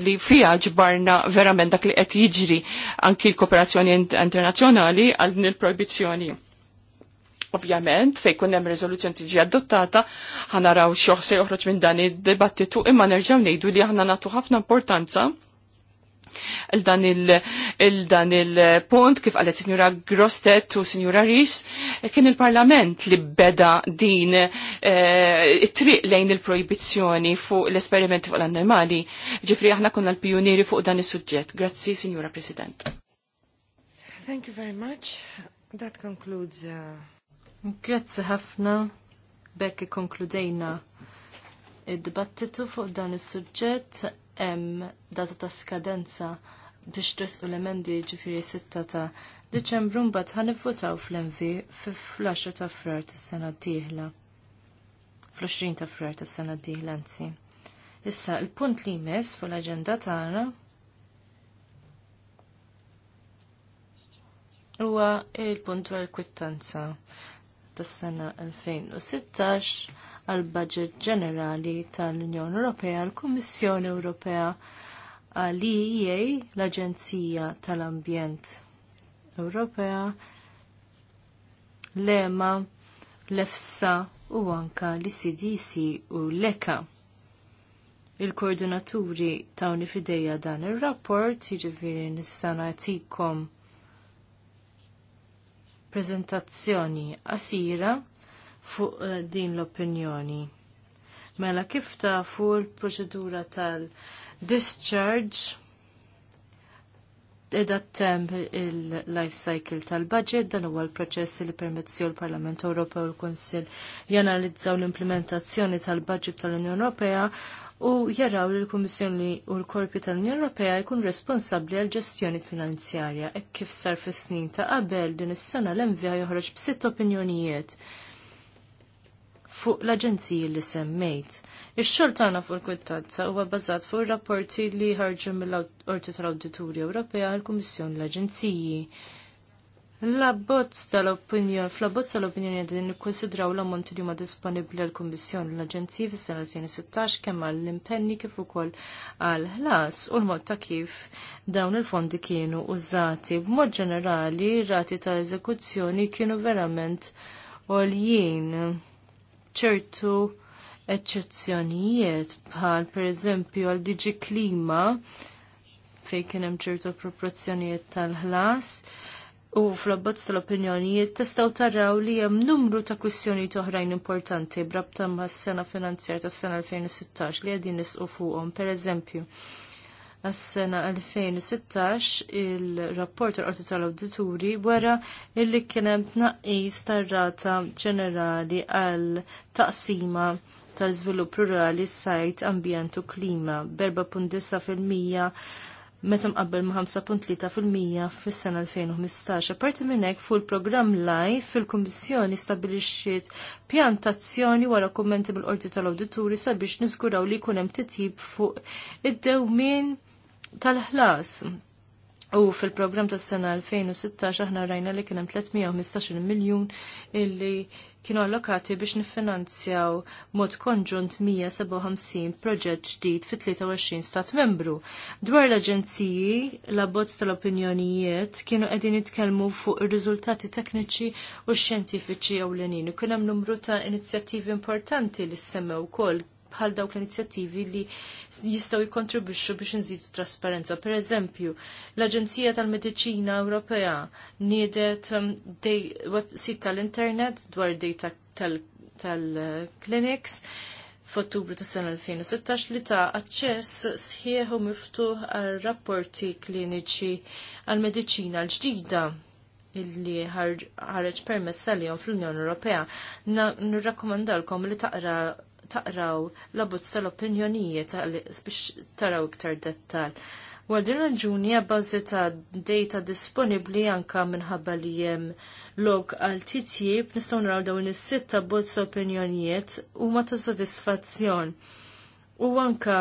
li fija ġbarna verament dak li qed jiġri anki l-kooperazzjoni internazzjonali għal din il-proibizzjoni. Ovvjament, se jkun hemm riżoluzzjoni tiġi adottata, ħanaraw xi se joħroġ minn dan id-dibattitu imma nerġgħu ngħidu li aħna nagħtu ħafna importanza dan il-punt, il kif għalet Signora Grostet u Signora Ris, kien il-Parlament li beda din eh, it triq lejn il-proibizjoni fuq l-esperimenti fuq l-annimali. Ġifri, aħna konna l pioniri fuq dan il-sujġet. Grazzi, Signora President. Thank you very much. That concludes... Uh, Grazzi ħafna. Bekk konkludejna id-dibattitu fuq dan il-sujġet hemm data ta' skadenza biex tresqu l-emendi ġifiri 6 ta' Deċembru mbagħad ħan fl envi fl-10 ta' frar tas-sena d-dieħla. Fl-20 ta' frar tas-sena d-dieħla anzi. Issa il-punt li jmiss fuq l-aġenda tagħna huwa il-punt dwar kwittanza tas-sena 2016 għal budget ġenerali tal-Unjoni Ewropea, l-Kummissjoni Ewropea għal EEA, l-Aġenzija tal-Ambjent Ewropea, l-EMA, l-EFSA u anka l icdc e u l-ECA il-koordinaturi ta' unifideja dan il-rapport, jiġifieri nissana jtikom prezentazzjoni asira, fuq eh, din l-opinjoni. Mela kif tafu l-proċedura tal-discharge edha temp il-life cycle tal-budget dan huwa l-proċess li permezzju l-Parlament Ewropew u l-Kunsill janalizzaw l-implementazzjoni tal-budget tal-Unjoni Ewropea u jaraw li l-Kummissjoni u l-Korpi tal-Unjoni Ewropea jkun responsabbli għal ġestjoni finanzjarja e kif sar fis-snin ta' qabel din is-sena l mva joħroġ b'sitt opinjonijiet fuq l-aġenziji li semmejt. Ix-xogħol tagħna fuq il-kwittanza huwa bbażat fuq ir-rapporti li ħarġu mill-Qorti tal-Awdituri Ewropea għall kummissjoni l-Aġenziji. L-abbozz tal-opinjoni, fl-abbozz tal-opinjoni din nikkonsidraw l-ammont li huma disponibbli għall kummissjoni l-Aġenziji fis-sena 2016 kemm għall impenni kif ukoll għal ħlas u l-mod ta' kif dawn il-fondi kienu użati. B'mod ġenerali, rati ta' eżekuzzjoni kienu verament għoljien ċertu eċċezzjonijiet bħal pereżempju għal diġi klima fejn kien hemm ċertu proporzjonijiet tal-ħlas u fl tal-opinjonijiet testaw taraw li hemm numru ta' kwistjonijiet oħrajn importanti brabta għas sena finanzjar tas-sena 2016 li qegħdin nisqu fuqhom, pereżempju għas-sena 2016 il-rapport tal-Qorti tal-Awdituri wara illi kien hemm tnaqqis tar-rata ġenerali għal taqsima tal-żvilupp rurali sajt ambjent u klima punt' fil-mija meta mqabbel ma' 5.3% fis-sena 2015. Apparti minn hekk fuq il-programm live fil-Kummissjoni stabbilixxiet pjantazzjoni wara kummenti mill-Qorti tal-Awdituri sabiex niżguraw li jkun hemm titjib fuq id-dewmien tal-ħlas. U fil-program tas sena 2016 aħna rajna li kienem 315 miljon illi kienu allokati biex niffinanzjaw mod konġunt 157 proġett ġdid fit 23 stat membru. Dwar l-aġenziji, l-abbozz tal-opinjonijiet kienu qegħdin jitkellmu fuq ir-riżultati tekniċi u xjentifiċi ewlenin. Kien hemm numru ta' inizjattivi importanti li semmew kol bħal dawk l-inizjattivi li jistaw jikontribuxxu biex nżidu trasparenza. Per eżempju, l-Aġenzija tal-Mediċina Ewropea niedet um, websit tal-internet dwar data tal-clinics f'Ottubru tas sena 2016 li ta' aċċess sħieħu miftuħ għal rapporti kliniċi għal mediċina l-ġdida illi ħareġ permess għalihom fl-Unjoni Ewropea. Nirrakkomandalkom li taqra taqraw l-abbozz tal-opinjonijiet biex taraw iktar dettal. Wal din raġuni għabbażi ta' data disponibli anka minħabba li jem log għal titjib nistaw naraw dawn is-sitta bozz opinjonijiet u ma ta' sodisfazzjon. U anka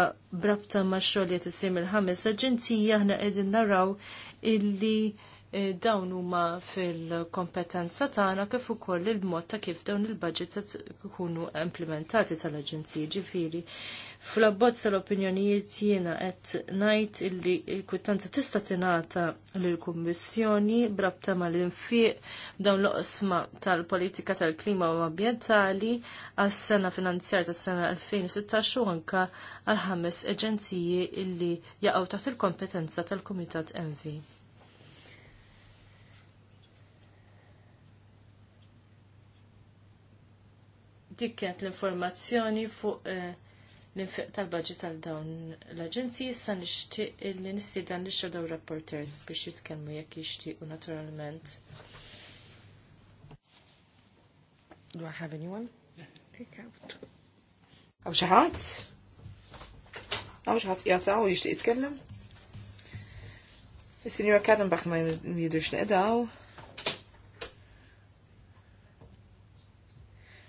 brabta ma' xogħol li tisim il-ħames aġenzija aħna qegħdin naraw illi Eh, dawn huma fil-kompetenza tagħna kif ukoll il-mod ta' kif dawn il-budgets ikunu implementati tal-aġenziji ġifieri. Fl-abbozz tal-opinjonijiet jiena qed ngħid illi l-kwittanza tista' tingħata lill-Kummissjoni brabta mal-infiq dawn l-oqsma tal-politika tal-klima u ambjentali għas-sena finanzjar tas-sena 2016 u anke għal ħames aġenziji illi jaqgħu taħt il-kompetenza tal-Kumitat Envi. dik kienet l-informazzjoni fuq eh, l-infiq tal-budget tal dawn l-aġenziji issa nixtieq li nissidan li shadow reporters biex jitkellmu jekk jixtiequ naturalment. Do I have anyone? Għaw xaħat? Għaw xi ħadd? Aw xi ħadd jagħtaw jixtieq jitkellem? Is-Sinjura Kadenbach ma jidrux neqdaw.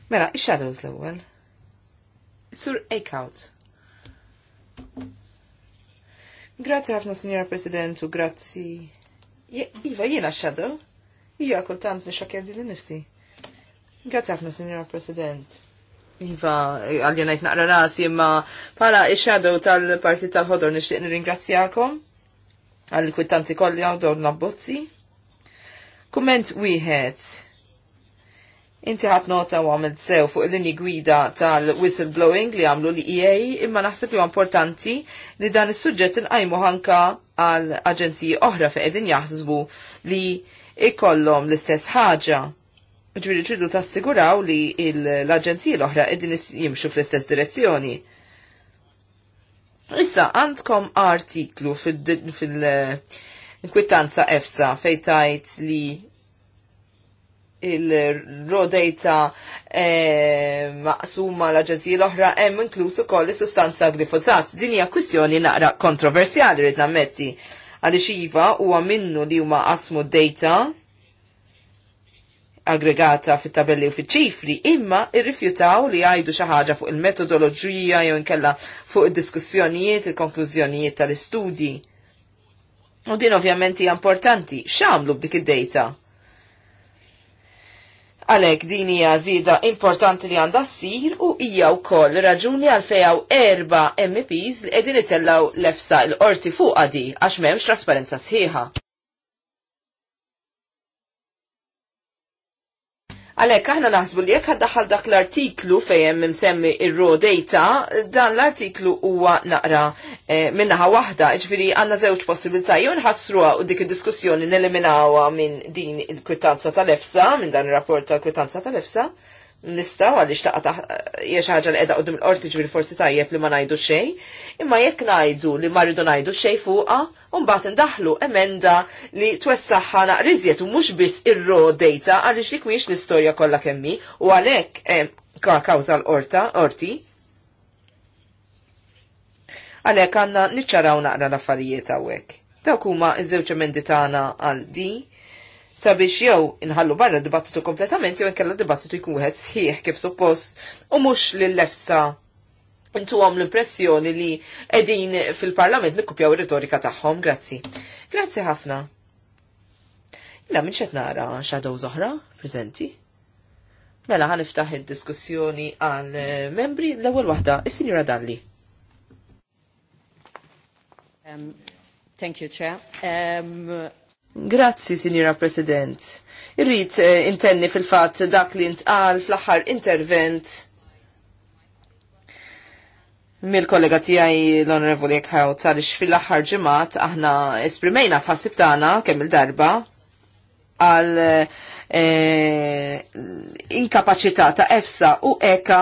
Mela, ix-shadows l-ewwel. Sur out. Grazzi ħafna, Signora President, u grazzi. Iva, jiena shadow. Ija kultant nixakjer di l-nifsi. Grazzi ħafna, Signora President. Iva, għaljenajt naqra rasi, imma pala ix-shadow tal-partit tal-ħodor nixtieq nirringrazzjakom għal kwittanzi kolli għaw dawn l Kumment wieħed Inti ħat nota u għamil sew fuq l inni gwida tal-whistleblowing li għamlu li EA imma naħseb li importanti li dan is-suġġett inqajmu ħanka għal aġenziji oħra fe qegħdin jaħsbu li ikollom l-istess ħaġa. Ġviri ċirdu tassiguraw li l-aġenziji l-oħra qegħdin jimxu fl-istess direzzjoni. Issa, għandkom artiklu fil-kwittanza fil, eh, EFSA fejtajt li il rodejta eh, maqsuma l aġenzija l-oħra hemm inkluż ukoll is-sustanza glifosat. Din hija kwistjoni naqra kontroversjali rrid nammetti għaliex iva huwa minnu li huma qasmu data aggregata fit-tabelli u fiċ-ċifri, imma irrifjutaw li għajdu xi ħaġa fuq il-metodoloġija jew inkella fuq id-diskussjonijiet, il-konklużjonijiet tal-istudji. U din ovvjament hija importanti, x'għamlu b'dik id-data? Għalek din hija żieda importanti li għandha ssir u hija wkoll raġuni għal fejaw erba' MPs li qegħdin itellgħu l-efsa l-qorti fuq di għax m'hemmx trasparenza sħiħa. Għalhekk aħna naħsbu li jekk ħaddaħħal dak l-artiklu fejn semmi il raw data, dan l-artiklu huwa naqra e, minnaħa waħda, ġviri għandna żewġ possibilità jew nħassruha u dik id-diskussjoni neliminawha minn din il-kwitanza tal-EFSA, minn dan ir-rapport tal-kwitanza tal-EFSA, nistaw għalix taqta jiex ħaġa l edha qoddim l-qorti ġviri forsi tajjeb li ma najdu xej, imma jekk najdu li ma rridu najdu xej fuqa, unbat ndaħlu emenda li twessaħħa naqrizjet u mux bis ir-raw data għalix dik miex l-istorja kollha kemmi u għalek ka kawza l-orta, orti. Għalek għanna nitċaraw naqra l-affarijiet għawek. Dawk huma iż-żewġ emendi tagħna għal di sabiex jew inħallu barra dibattitu kompletament jew inkella dibattitu jkun wieħed sħiħ kif suppost u mhux lill-lefsa intu għom l-impressjoni li edin fil-parlament nikkupjaw ir-retorika tagħhom, grazzi. Grazzi ħafna. Illa minn xed nara xadow zoħra, prezenti. Mela iftaħ id-diskussjoni għal eh, membri l-ewwel waħda, is-Sinjura Dalli. Um, thank you, Chair. Um, Grazzi, Signora President. Irrid eh, intenni fil-fatt dak li intqal fl-aħħar intervent mill-kollega tiegħi l-Onorevoli Ekħaw għaliex fil-aħħar ġimgħat aħna esprimejna f'ħassib tagħna kemm il-darba għal eh, E, inkapaċità ta' EFSA u EKA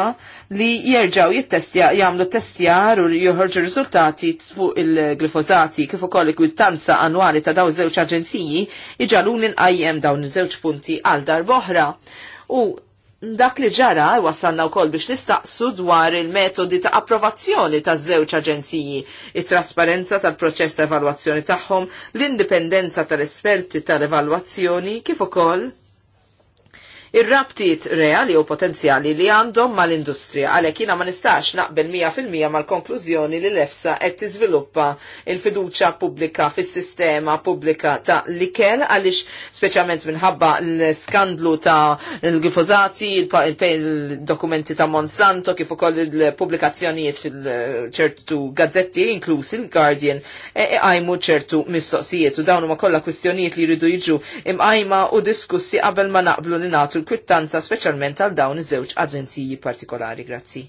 li jerġaw jittestja, jamlu testjar u joħorġu riżultati fuq il-glifozati kif ukoll il-kwittanza annwali ta' daw żewġ aġenziji iġalun il-IM e dawn iż-żewġ punti għal dar boħra. U dak li ġara wasanna u koll biex nistaqsu dwar il-metodi ta' approvazzjoni ta' żewġ aġenziji, it-trasparenza tal-proċess ta' evalwazzjoni tagħhom, l-indipendenza tal-esperti tal-evalwazzjoni, kif ukoll ir-rabtiet reali u potenzjali li għandhom mal-industrija. Għalhekk jiena ma nistax naqbel 100% mal-konklużjoni li l-EFSA qed tiżviluppa il-fiduċja pubblika fis-sistema pubblika ta' l-ikel għaliex speċjalment minħabba l-skandlu ta' l-glifozati, il-dokumenti ta' Monsanto kif ukoll il-pubblikazzjonijiet fil-ċertu gazzetti inklusi il-Guardian e- e- għajmu ċertu mistoqsijiet u dawn huma kollha kwistjonijiet li jridu jiġu imqajma u diskussi qabel ma naqblu li nagħtu il l-kwittanza speċjalment għal dawn iż-żewġ aġenziji partikolari. Grazzi.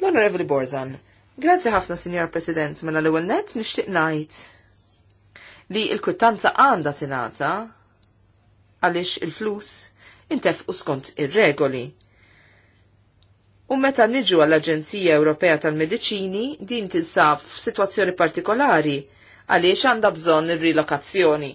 L-Onorevoli Borzan, grazzi ħafna, Sinjor President, mela l-ewwel nett nixtieq ngħid li l-kwittanza għandha tingħata għaliex il-flus intef u skont ir-regoli U meta niġu għall-Aġenzija Ewropea tal-Mediċini, din tinsab f'sitwazzjoni partikolari għaliex għandha bżonn ir-rilokazzjoni.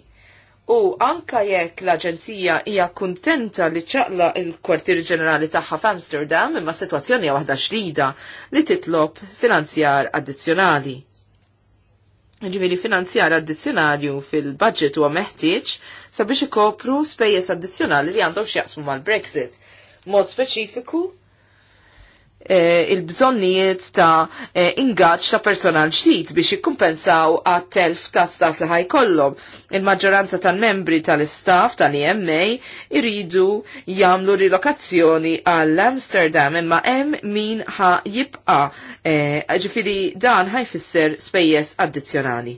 U anka jekk l-Aġenzija hija kuntenta li ċaqla il-Kwartier Ġenerali tagħha f'Amsterdam imma sitwazzjoni waħda ġdida li titlob finanzjar addizzjonali. Ġifieri finanzjar addizzjonali fil-budget huwa meħtieġ sabiex ikopru spejjeż addizzjonali li għandhom x'jaqsmu mal-Brexit. Mod speċifiku Eh, il-bżonnijiet ta' eh, ingaġġ ta' personal ġdid biex jikkumpensaw għat-telf ta' staff li ħajkollhom. Il-maġġoranza tal-membri tal-istaff tal ima iridu jagħmlu rilokazzjoni għall amsterdam imma hemm min ħa jibqa' eh, ġifieri dan ħajfisser spejjeż addizzjonali.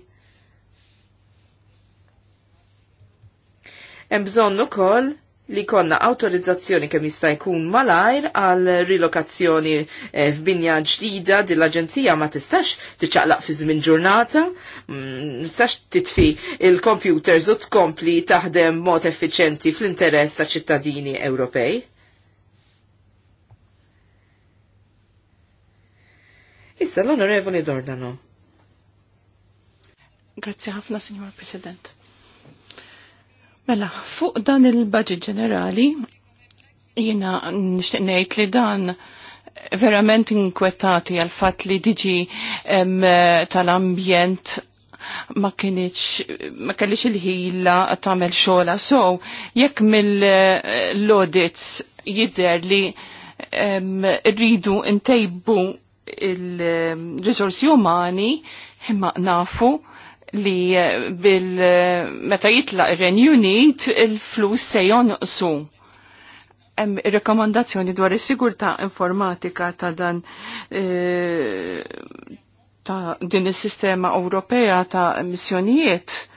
Hemm bżonn ukoll li konna autorizzazzjoni kemm jista' jkun malajr għal rilokazzjoni eh, f'binja ġdida din l-aġenzija ma tistax tiċċaqlaq fi żmien ġurnata, mm, nistax titfi il computer u tkompli taħdem mod effiċenti fl-interess ta' ċittadini Ewropej. Issa l-Onorevoli Dordano. Grazie ħafna, Signor President. Mela, fuq dan il-budget ġenerali, jina nxtiqnejt ngħid li dan verament inkwetati għal fatt li diġi tal-ambjent ma kienieċ ma kellix il-ħila tagħmel xola. so jekk mill-audits jidher li rridu ntejbu il rizorsi umani imma nafu li eh, bil eh, meta jitlaq Renewed il-flus se jonqsu. Hemm rekomandazzjoni dwar is-sigurtà informatika ta' dan eh, ta' din is-sistema Ewropea ta' emissjonijiet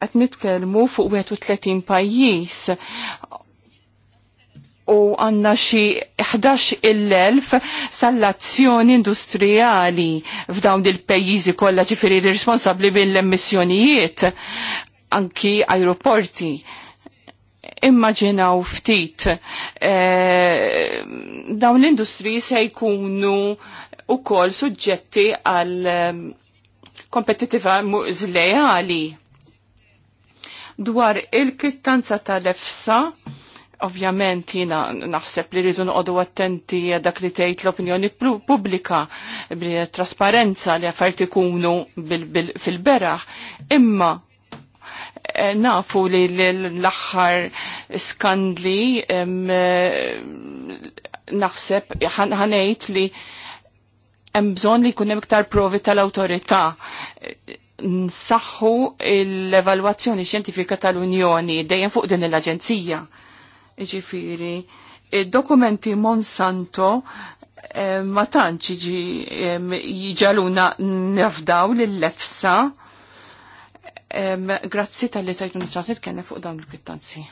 qed nitkellmu fuq 31 pajjiż u għanna xi sal-azzjoni industrijali f'dawn il pajjiżi kollha ġifieri responsabbli bil-emissjonijiet anki aeroporti. Immaġinaw ftit e, dawn l-industriji se jkunu wkoll suġġetti għal eh, kompetitiva mużlejali dwar il-kittanza tal-EFSA Ovvjament jina naħseb li rridu noqogħdu attenti dak li tgħid l-opinjoni pubblika bi trasparenza li affarijiet ikunu fil-beraħ, imma eh, nafu li l-aħħar skandli eh, naħseb ħanejt li hemm bżonn li jkun hemm iktar provi tal-awtorità nsaħħu l-evalwazzjoni xjentifika tal-Unjoni dejjem fuq din l-Aġenzija Ġifiri, dokumenti Monsanto eh, ma tantx eh, jiġaluna nafdaw lill-lefsa. Eh, grazzi tal-li tajtun nċasit kena fuq dawn il kittanzi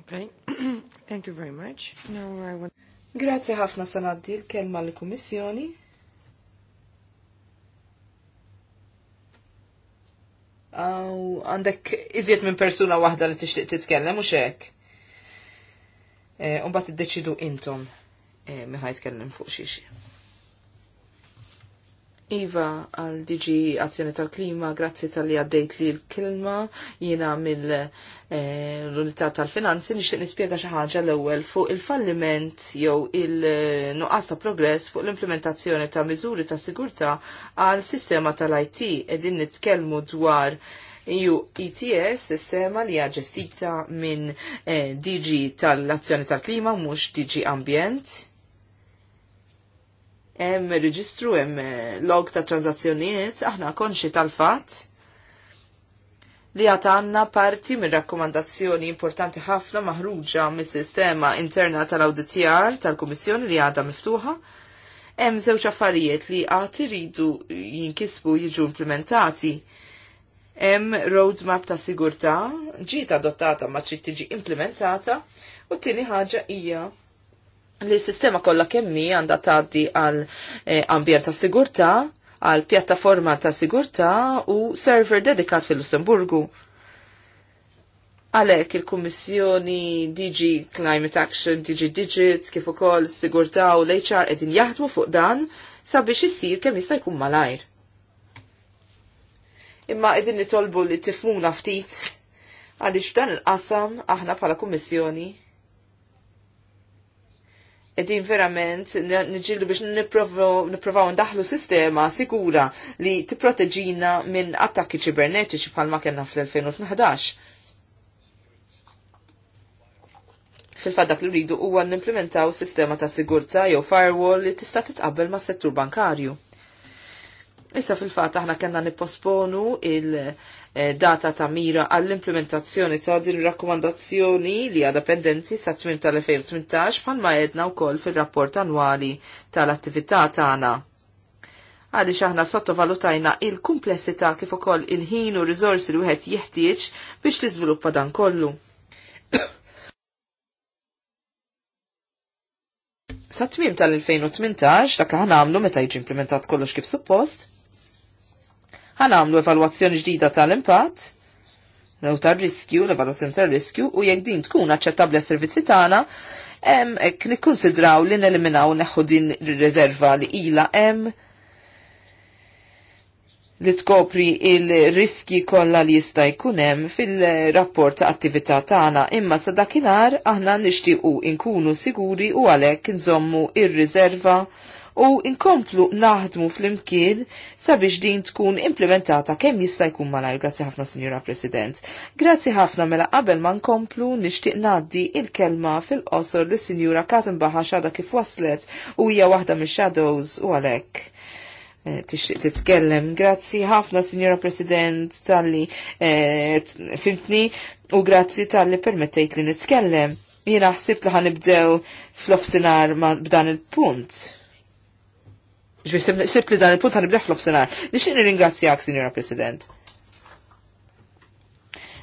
Okay, (clears throat) thank you very much. I want... Grazzi ħafna sanaddi l-kelma l-Kummissjoni. għandek iżjed minn persuna waħda li tixtieq titkellem mhux hekk. Eh, u mbagħad iddeċidu intom eh, mi jitkellem fuq xi Iva għal diġi azzjoni tal-klima, grazzi tal-li għaddejt li l-kilma jina mill eh, l-unità tal-finanzi nixtieq nispjega xi ħaġa l-ewwel fuq il-falliment jew il-nuqqas ta' progress fuq l-implementazzjoni ta' miżuri ta' sigurtà għal sistema tal-IT qegħdin nitkellmu dwar EU ETS sistema li ġestita minn eh, DG tal-azzjoni tal-klima mhux DG Ambjent hemm reġistru, hemm eh, log ta' tranzazzjonijiet, aħna konxi tal-fatt li għatanna parti minn rakkomandazzjoni importanti ħafna maħruġa mis sistema interna tal-auditjar tal-Kummissjoni li għadha miftuħa. Hemm żewġ affarijiet li għad iridu jinkisbu jiġu implementati. Hemm roadmap ta' sigurtà ġiet adottata ma trid tiġi implementata u t-tieni ħaġa hija li s-sistema kollha kemmi għandha tgħaddi għal eh, ambjent ta' sigurtà, għal pjattaforma ta' sigurtà u server dedikat fil-Lussemburgu. Għalek il-Kummissjoni DG Climate Action, DG Digit, kif ukoll sigurtà u l-HR qegħdin jaħdmu fuq dan sabiex issir kemm jista' jkun malajr. Imma qegħdin nitolbu li tifmuna ftit għaliex dan il-qasam aħna bħala Kummissjoni edin verament nġildu biex niprofaw ndaħlu sistema sigura li tipproteġina minn attakki ċibernetiċi bħalma kena fl-2011. fil faddak dak li rridu huwa implementaw sistema ta' sigurta jew firewall li tista' titqabbel ma' settur bankarju. Issa fil-fat aħna kena nipposponu il- Eh, data ta' mira għall-implementazzjoni ta' din rakkomandazzjoni li għada pendenzi sa' tmim tal-2018 bħalma jedna u koll fil-rapport annwali tal-attività tagħna. Għaliex aħna sottovalutajna il-kumplessità kif ukoll il-ħin u rizorsi li wieħed jeħtieġ biex tiżviluppa dan kollu. (coughs) sa' tmim tal-2018 dak aħna għamlu meta jiġi implementat kollox kif suppost, ħanamlu evalwazzjoni ġdida tal-impatt, lew tar-riskju, l-evalwazzjoni tar-riskju, u jekk din tkun aċċettabbli għas-servizzi tagħna, hemm hekk nikkunsidraw li neliminaw neħħu din ir-riserva li ila hemm li tkopri il-riski kollha li jista' jkun hemm fil-rapport ta' attività tagħna imma sa dakinhar aħna nixtiequ inkunu siguri u għalhekk inżommu ir-riserva u inkomplu naħdmu fl-imkien sabiex din tkun implementata kemm jista' jkun malajr. Grazzi ħafna, Sinjura President. Grazzi ħafna mela qabel ma nkomplu nixtieq ngħaddi il-kelma fil-qosor li Sinjura Kazenbaħa xada kif waslet u hija waħda mix-shadows u għalhekk eh, tixtieq titkellem. Grazzi ħafna, Sinjura President, tal-li eh, fimtni u grazzi tal-li permettejt li nitkellem. Jiena ħsibt li ħanibdew fl-ofsinar b'dan il-punt. Ġvi, sibt li dan il-punt għan ibdeħ fl-ofsenar. Nixin ringrazzjak, Signora President.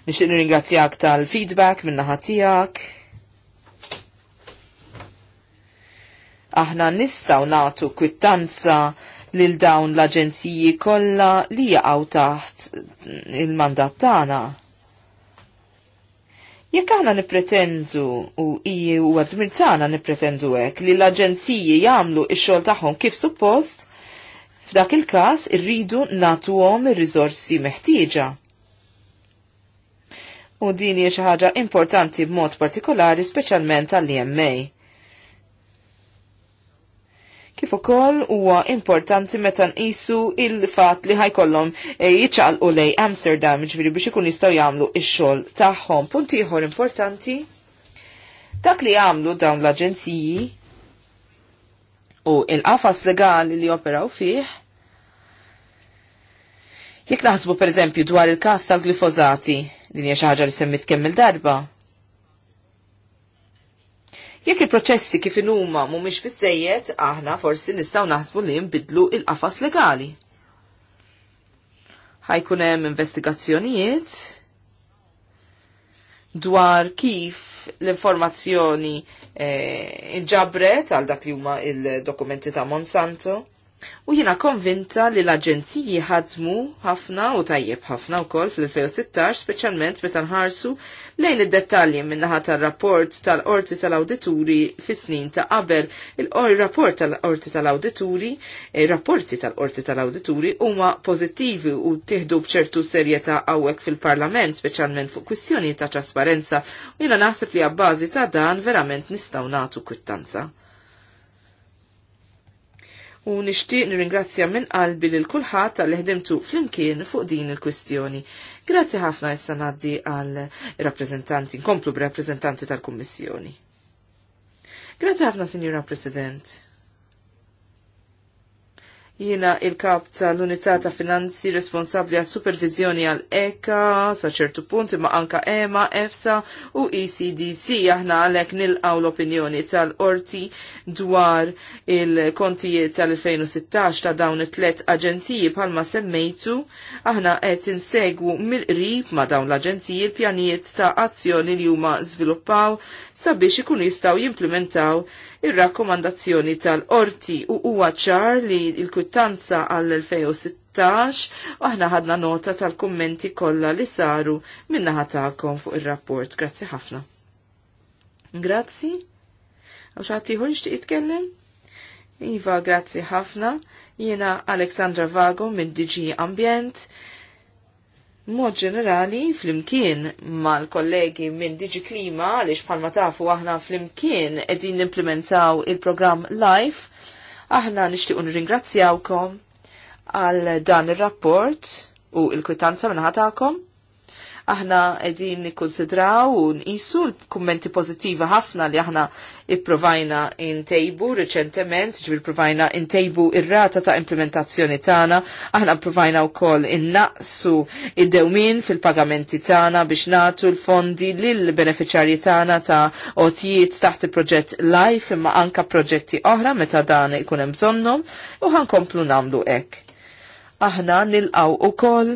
Nixin ringrazzjak tal-feedback minna ħatijak. Aħna nistaw natu kwittanza lil dawn l-aġenziji kollha li jaqgħu taħt il-mandat tagħna. Jekk aħna nippretendu u iji u għadmir tagħna nippretendu hekk li l-aġenziji jagħmlu x-xogħol tagħhom kif suppost, f'dak il-każ irridu nagħtuhom ir-riżorsi meħtieġa. U din hija xi ħaġa importanti b'mod partikolari speċjalment għall-EMA. Kif ukoll huwa importanti meta nqisu il-fatt li ħajkollhom eh, jiċċaqlqu lej Amsterdam ġifieri biex ikun jistgħu jagħmlu x-xogħol tagħhom. Punt ieħor importanti dak li għamlu dawn l-aġenziji u l qafas legali li operaw fih Jekk naħsbu pereżempju dwar il-kas tal-glifozati, din hija xi ħaġa li semmit kemm il-darba, Jekk il-proċessi kif inhuma mhumiex bissejjed, aħna forsi nistgħu naħsbu li nbidlu il-qafas legali. Ħajkun hemm investigazzjonijiet dwar kif l-informazzjoni eh, inġabret għal dak li huma il-dokumenti ta' Monsanto U jina konvinta li l-aġenziji ħadmu ħafna u tajjeb ħafna wkoll fl-2016, speċjalment meta nħarsu lejn id-dettalji minnaħat tar-rapport tal-Qorti tal-Awdituri fis-snin ta' qabel. Il-rapport tal-Qorti tal-Awdituri, eh, rapporti tal-Qorti tal-Awdituri huma pożittivi u tieħdu b'ċertu serjetà għawek fil-Parlament, speċjalment fuq kwistjoni ta' trasparenza, u jina naħseb li għabbażi ta' dan verament nistgħu natu kwittanza u nixtieq nirringrazzja minn qalbi lil kulħadd tal ħdimtu flimkien fuq din il-kwistjoni. Grazzi ħafna issa ngħaddi għal rappreżentanti, nkomplu b'rappreżentanti tal-Kummissjoni. Grazzi ħafna, Signora President. Jina il-kap tal-unità ta' finanzi responsabli għal supervizjoni għal ECA, sa' ċertu punt imma anka EMA, EFSA u ECDC. Aħna għalek nil-għaw l-opinjoni tal-orti dwar il-kontijiet tal-2016 ta' dawn it-tlet aġenziji palma semmejtu. Aħna qed insegwu mill-qrib ma' dawn l-aġenziji l-pjanijiet ta' azzjoni li huma żviluppaw sabiex ikun jistgħu jimplementaw ir-rakkomandazzjoni tal-qorti u huwa ċar li il kwittanza għall-2016 aħna ħadna nota tal-kummenti kollha li saru minnaħa tagħkom fuq ir-rapport. Grazzi ħafna. Grazzi. Għaw xaħtiħu nixtieq jitkellem? Iva, grazzi ħafna. Jiena Aleksandra Vago minn DG Ambjent mod ġenerali flimkien mal-kollegi minn Digi Klima għaliex bħalma tafu aħna flimkien qegħdin nimplementaw il-programm Life. Aħna nixtiequ ringrazzjawkom għal dan ir-rapport u l-kwitanza minn ħatakom. Aħna qegħdin nikkonsidraw u nqisu l-kummenti pożittiva ħafna li aħna ipprovajna intejbu reċentement, ġibil provajna intejbu ir-rata ta' implementazzjoni tagħna, aħna provajna wkoll innaqsu id-dewmin fil-pagamenti tagħna biex natu l-fondi l beneficjarji tagħna ta' otijiet taħt il-proġett Life imma anka proġetti oħra meta dan ikun hemm bżonnhom u ħankomplu nagħmlu hekk. Aħna u ukoll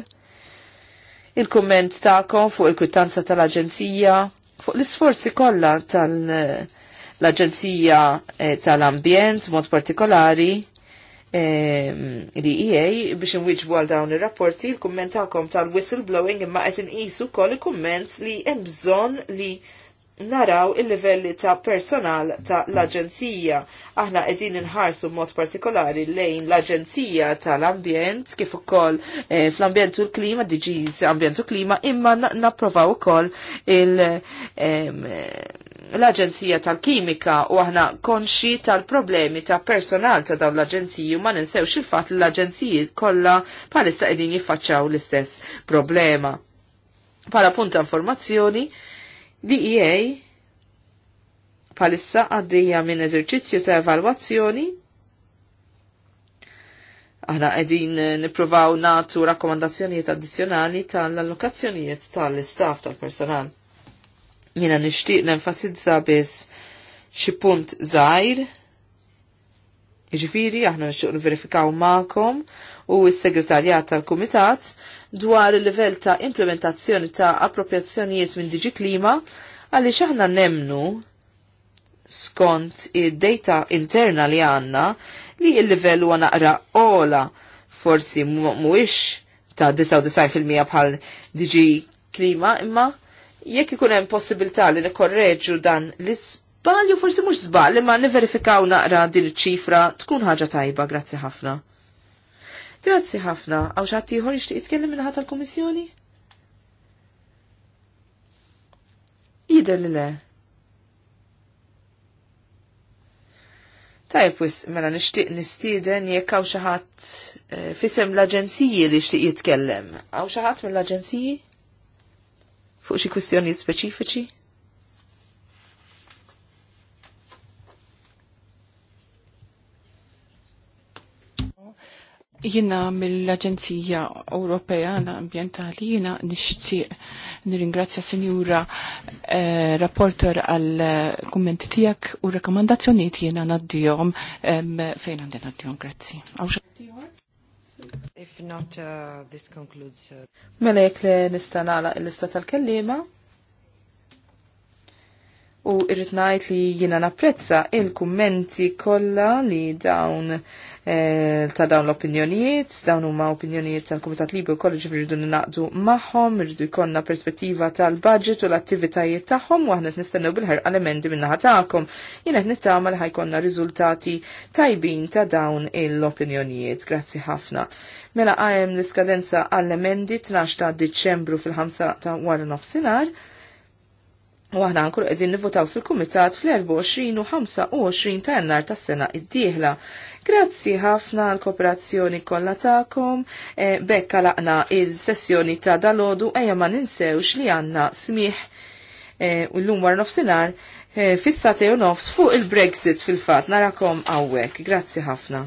il-komment ta'kom fuq il-kwittanza tal-Aġenzija, fuq l-isforzi kollha tal-Aġenzija eh, eh, tal-Ambjent mod partikolari eh, li EA biex inwiġbu għal dawn ir-rapporti, il-kumment tal-whistleblowing imma qed inqisu wkoll il-kumment li hemm bżonn li naraw il-livelli ta' personal ta' l-Aġenzija. Aħna qegħdin inħarsu mod partikolari lejn l-Aġenzija tal-Ambjent kif ukoll eh, fl-Ambjent u l-Klima, DGs Ambjent u Klima, imma napprovaw ukoll il- l-Aġenzija tal-Kimika u aħna konxi tal-problemi ta' personal ta' dawn l-Aġenziji ma ninsewx il-fat l-Aġenziji kollha palissa qegħdin jiffaċċaw l-istess problema. Pala punta informazzjoni, DEA ea palissa għaddija minn eżerċizzju ta' evalwazzjoni Aħna qegħdin nippruvaw natu rakkomandazzjonijiet addizzjonali tal-allokazzjonijiet tal-istaff tal-personal. Jiena nixtieq nenfasizza biss xi punt żgħir. Jiġifieri aħna nixtieq nverifikaw ma'kom u s-segretarjat tal-Kumitat dwar il-livell ta' implementazzjoni ta' appropriazzjonijiet minn Diġi Klima għaliex aħna nemnu skont id-data interna li għanna li il-livell huwa naqra ola forsi mhuwiex ta' 99% bħal Diġi Klima imma jekk ikun hemm possibilità li nikorreġġu dan l isbalju forsi mhux żball imma niverifikaw naqra din iċ-ċifra tkun ħaġa tajba, grazzi ħafna. Grazzi ħafna, għaw xattiħor ixtiq jitkellem minna tal-Komissjoni? Jider li le. Tajb wis, mela nixtieq nistieden jekk hawn xi ħadd eh, fisem l-aġenziji li xtieq jitkellem. Għaw xi ħadd mill-aġenziji? Fuq xi kwistjonijiet speċifiċi? Jina mill-Aġenzija Ewropea Ambientali jina nixtieq nirringrazzja Sinjura eh, Rapporter għal eh, kummenti tiegħek u rekomandazzjonijiet jiena ngħaddihom fejn għandi ngħaddihom grazzi. If not, uh, this concludes. Uh, mela jek li nista' nagħlaq il-lista tal-kellima. U irrit ngħid li jiena napprezza il-kummenti kollha li dawn Eh, ta' dawn l-opinjonijiet, dawn huma opinjonijiet tal-Kumitat u kollu ġifri rridu naqdu magħhom, rridu jkollna perspettiva tal-budget u l-attivitajiet tagħhom u aħna nistennew bil-ħerqa l-emendi minnaħa tagħkom. Jien qed nittama li ħajkonna riżultati tajbin ta' dawn l-opinjonijiet. Grazzi ħafna. Mela għajem l-iskadenza għall-emendi 12 ta' Diċembru fil-5 ta' wara nofsinhar. U aħna nkunu qegħdin nivvotaw fil-Kumitat fl-24 u 25 ta' Jannar tas-sena id-dieħla. Grazzi ħafna għal kooperazzjoni kollha tagħkom. E, bekka laqna il-sessjoni ta' dalodu ejja ma ninsewx li għandna smih e, u l-lum war nofsinhar e, fis u nofs fuq il-Brexit fil-fatt narakom hawnhekk. Grazzi ħafna.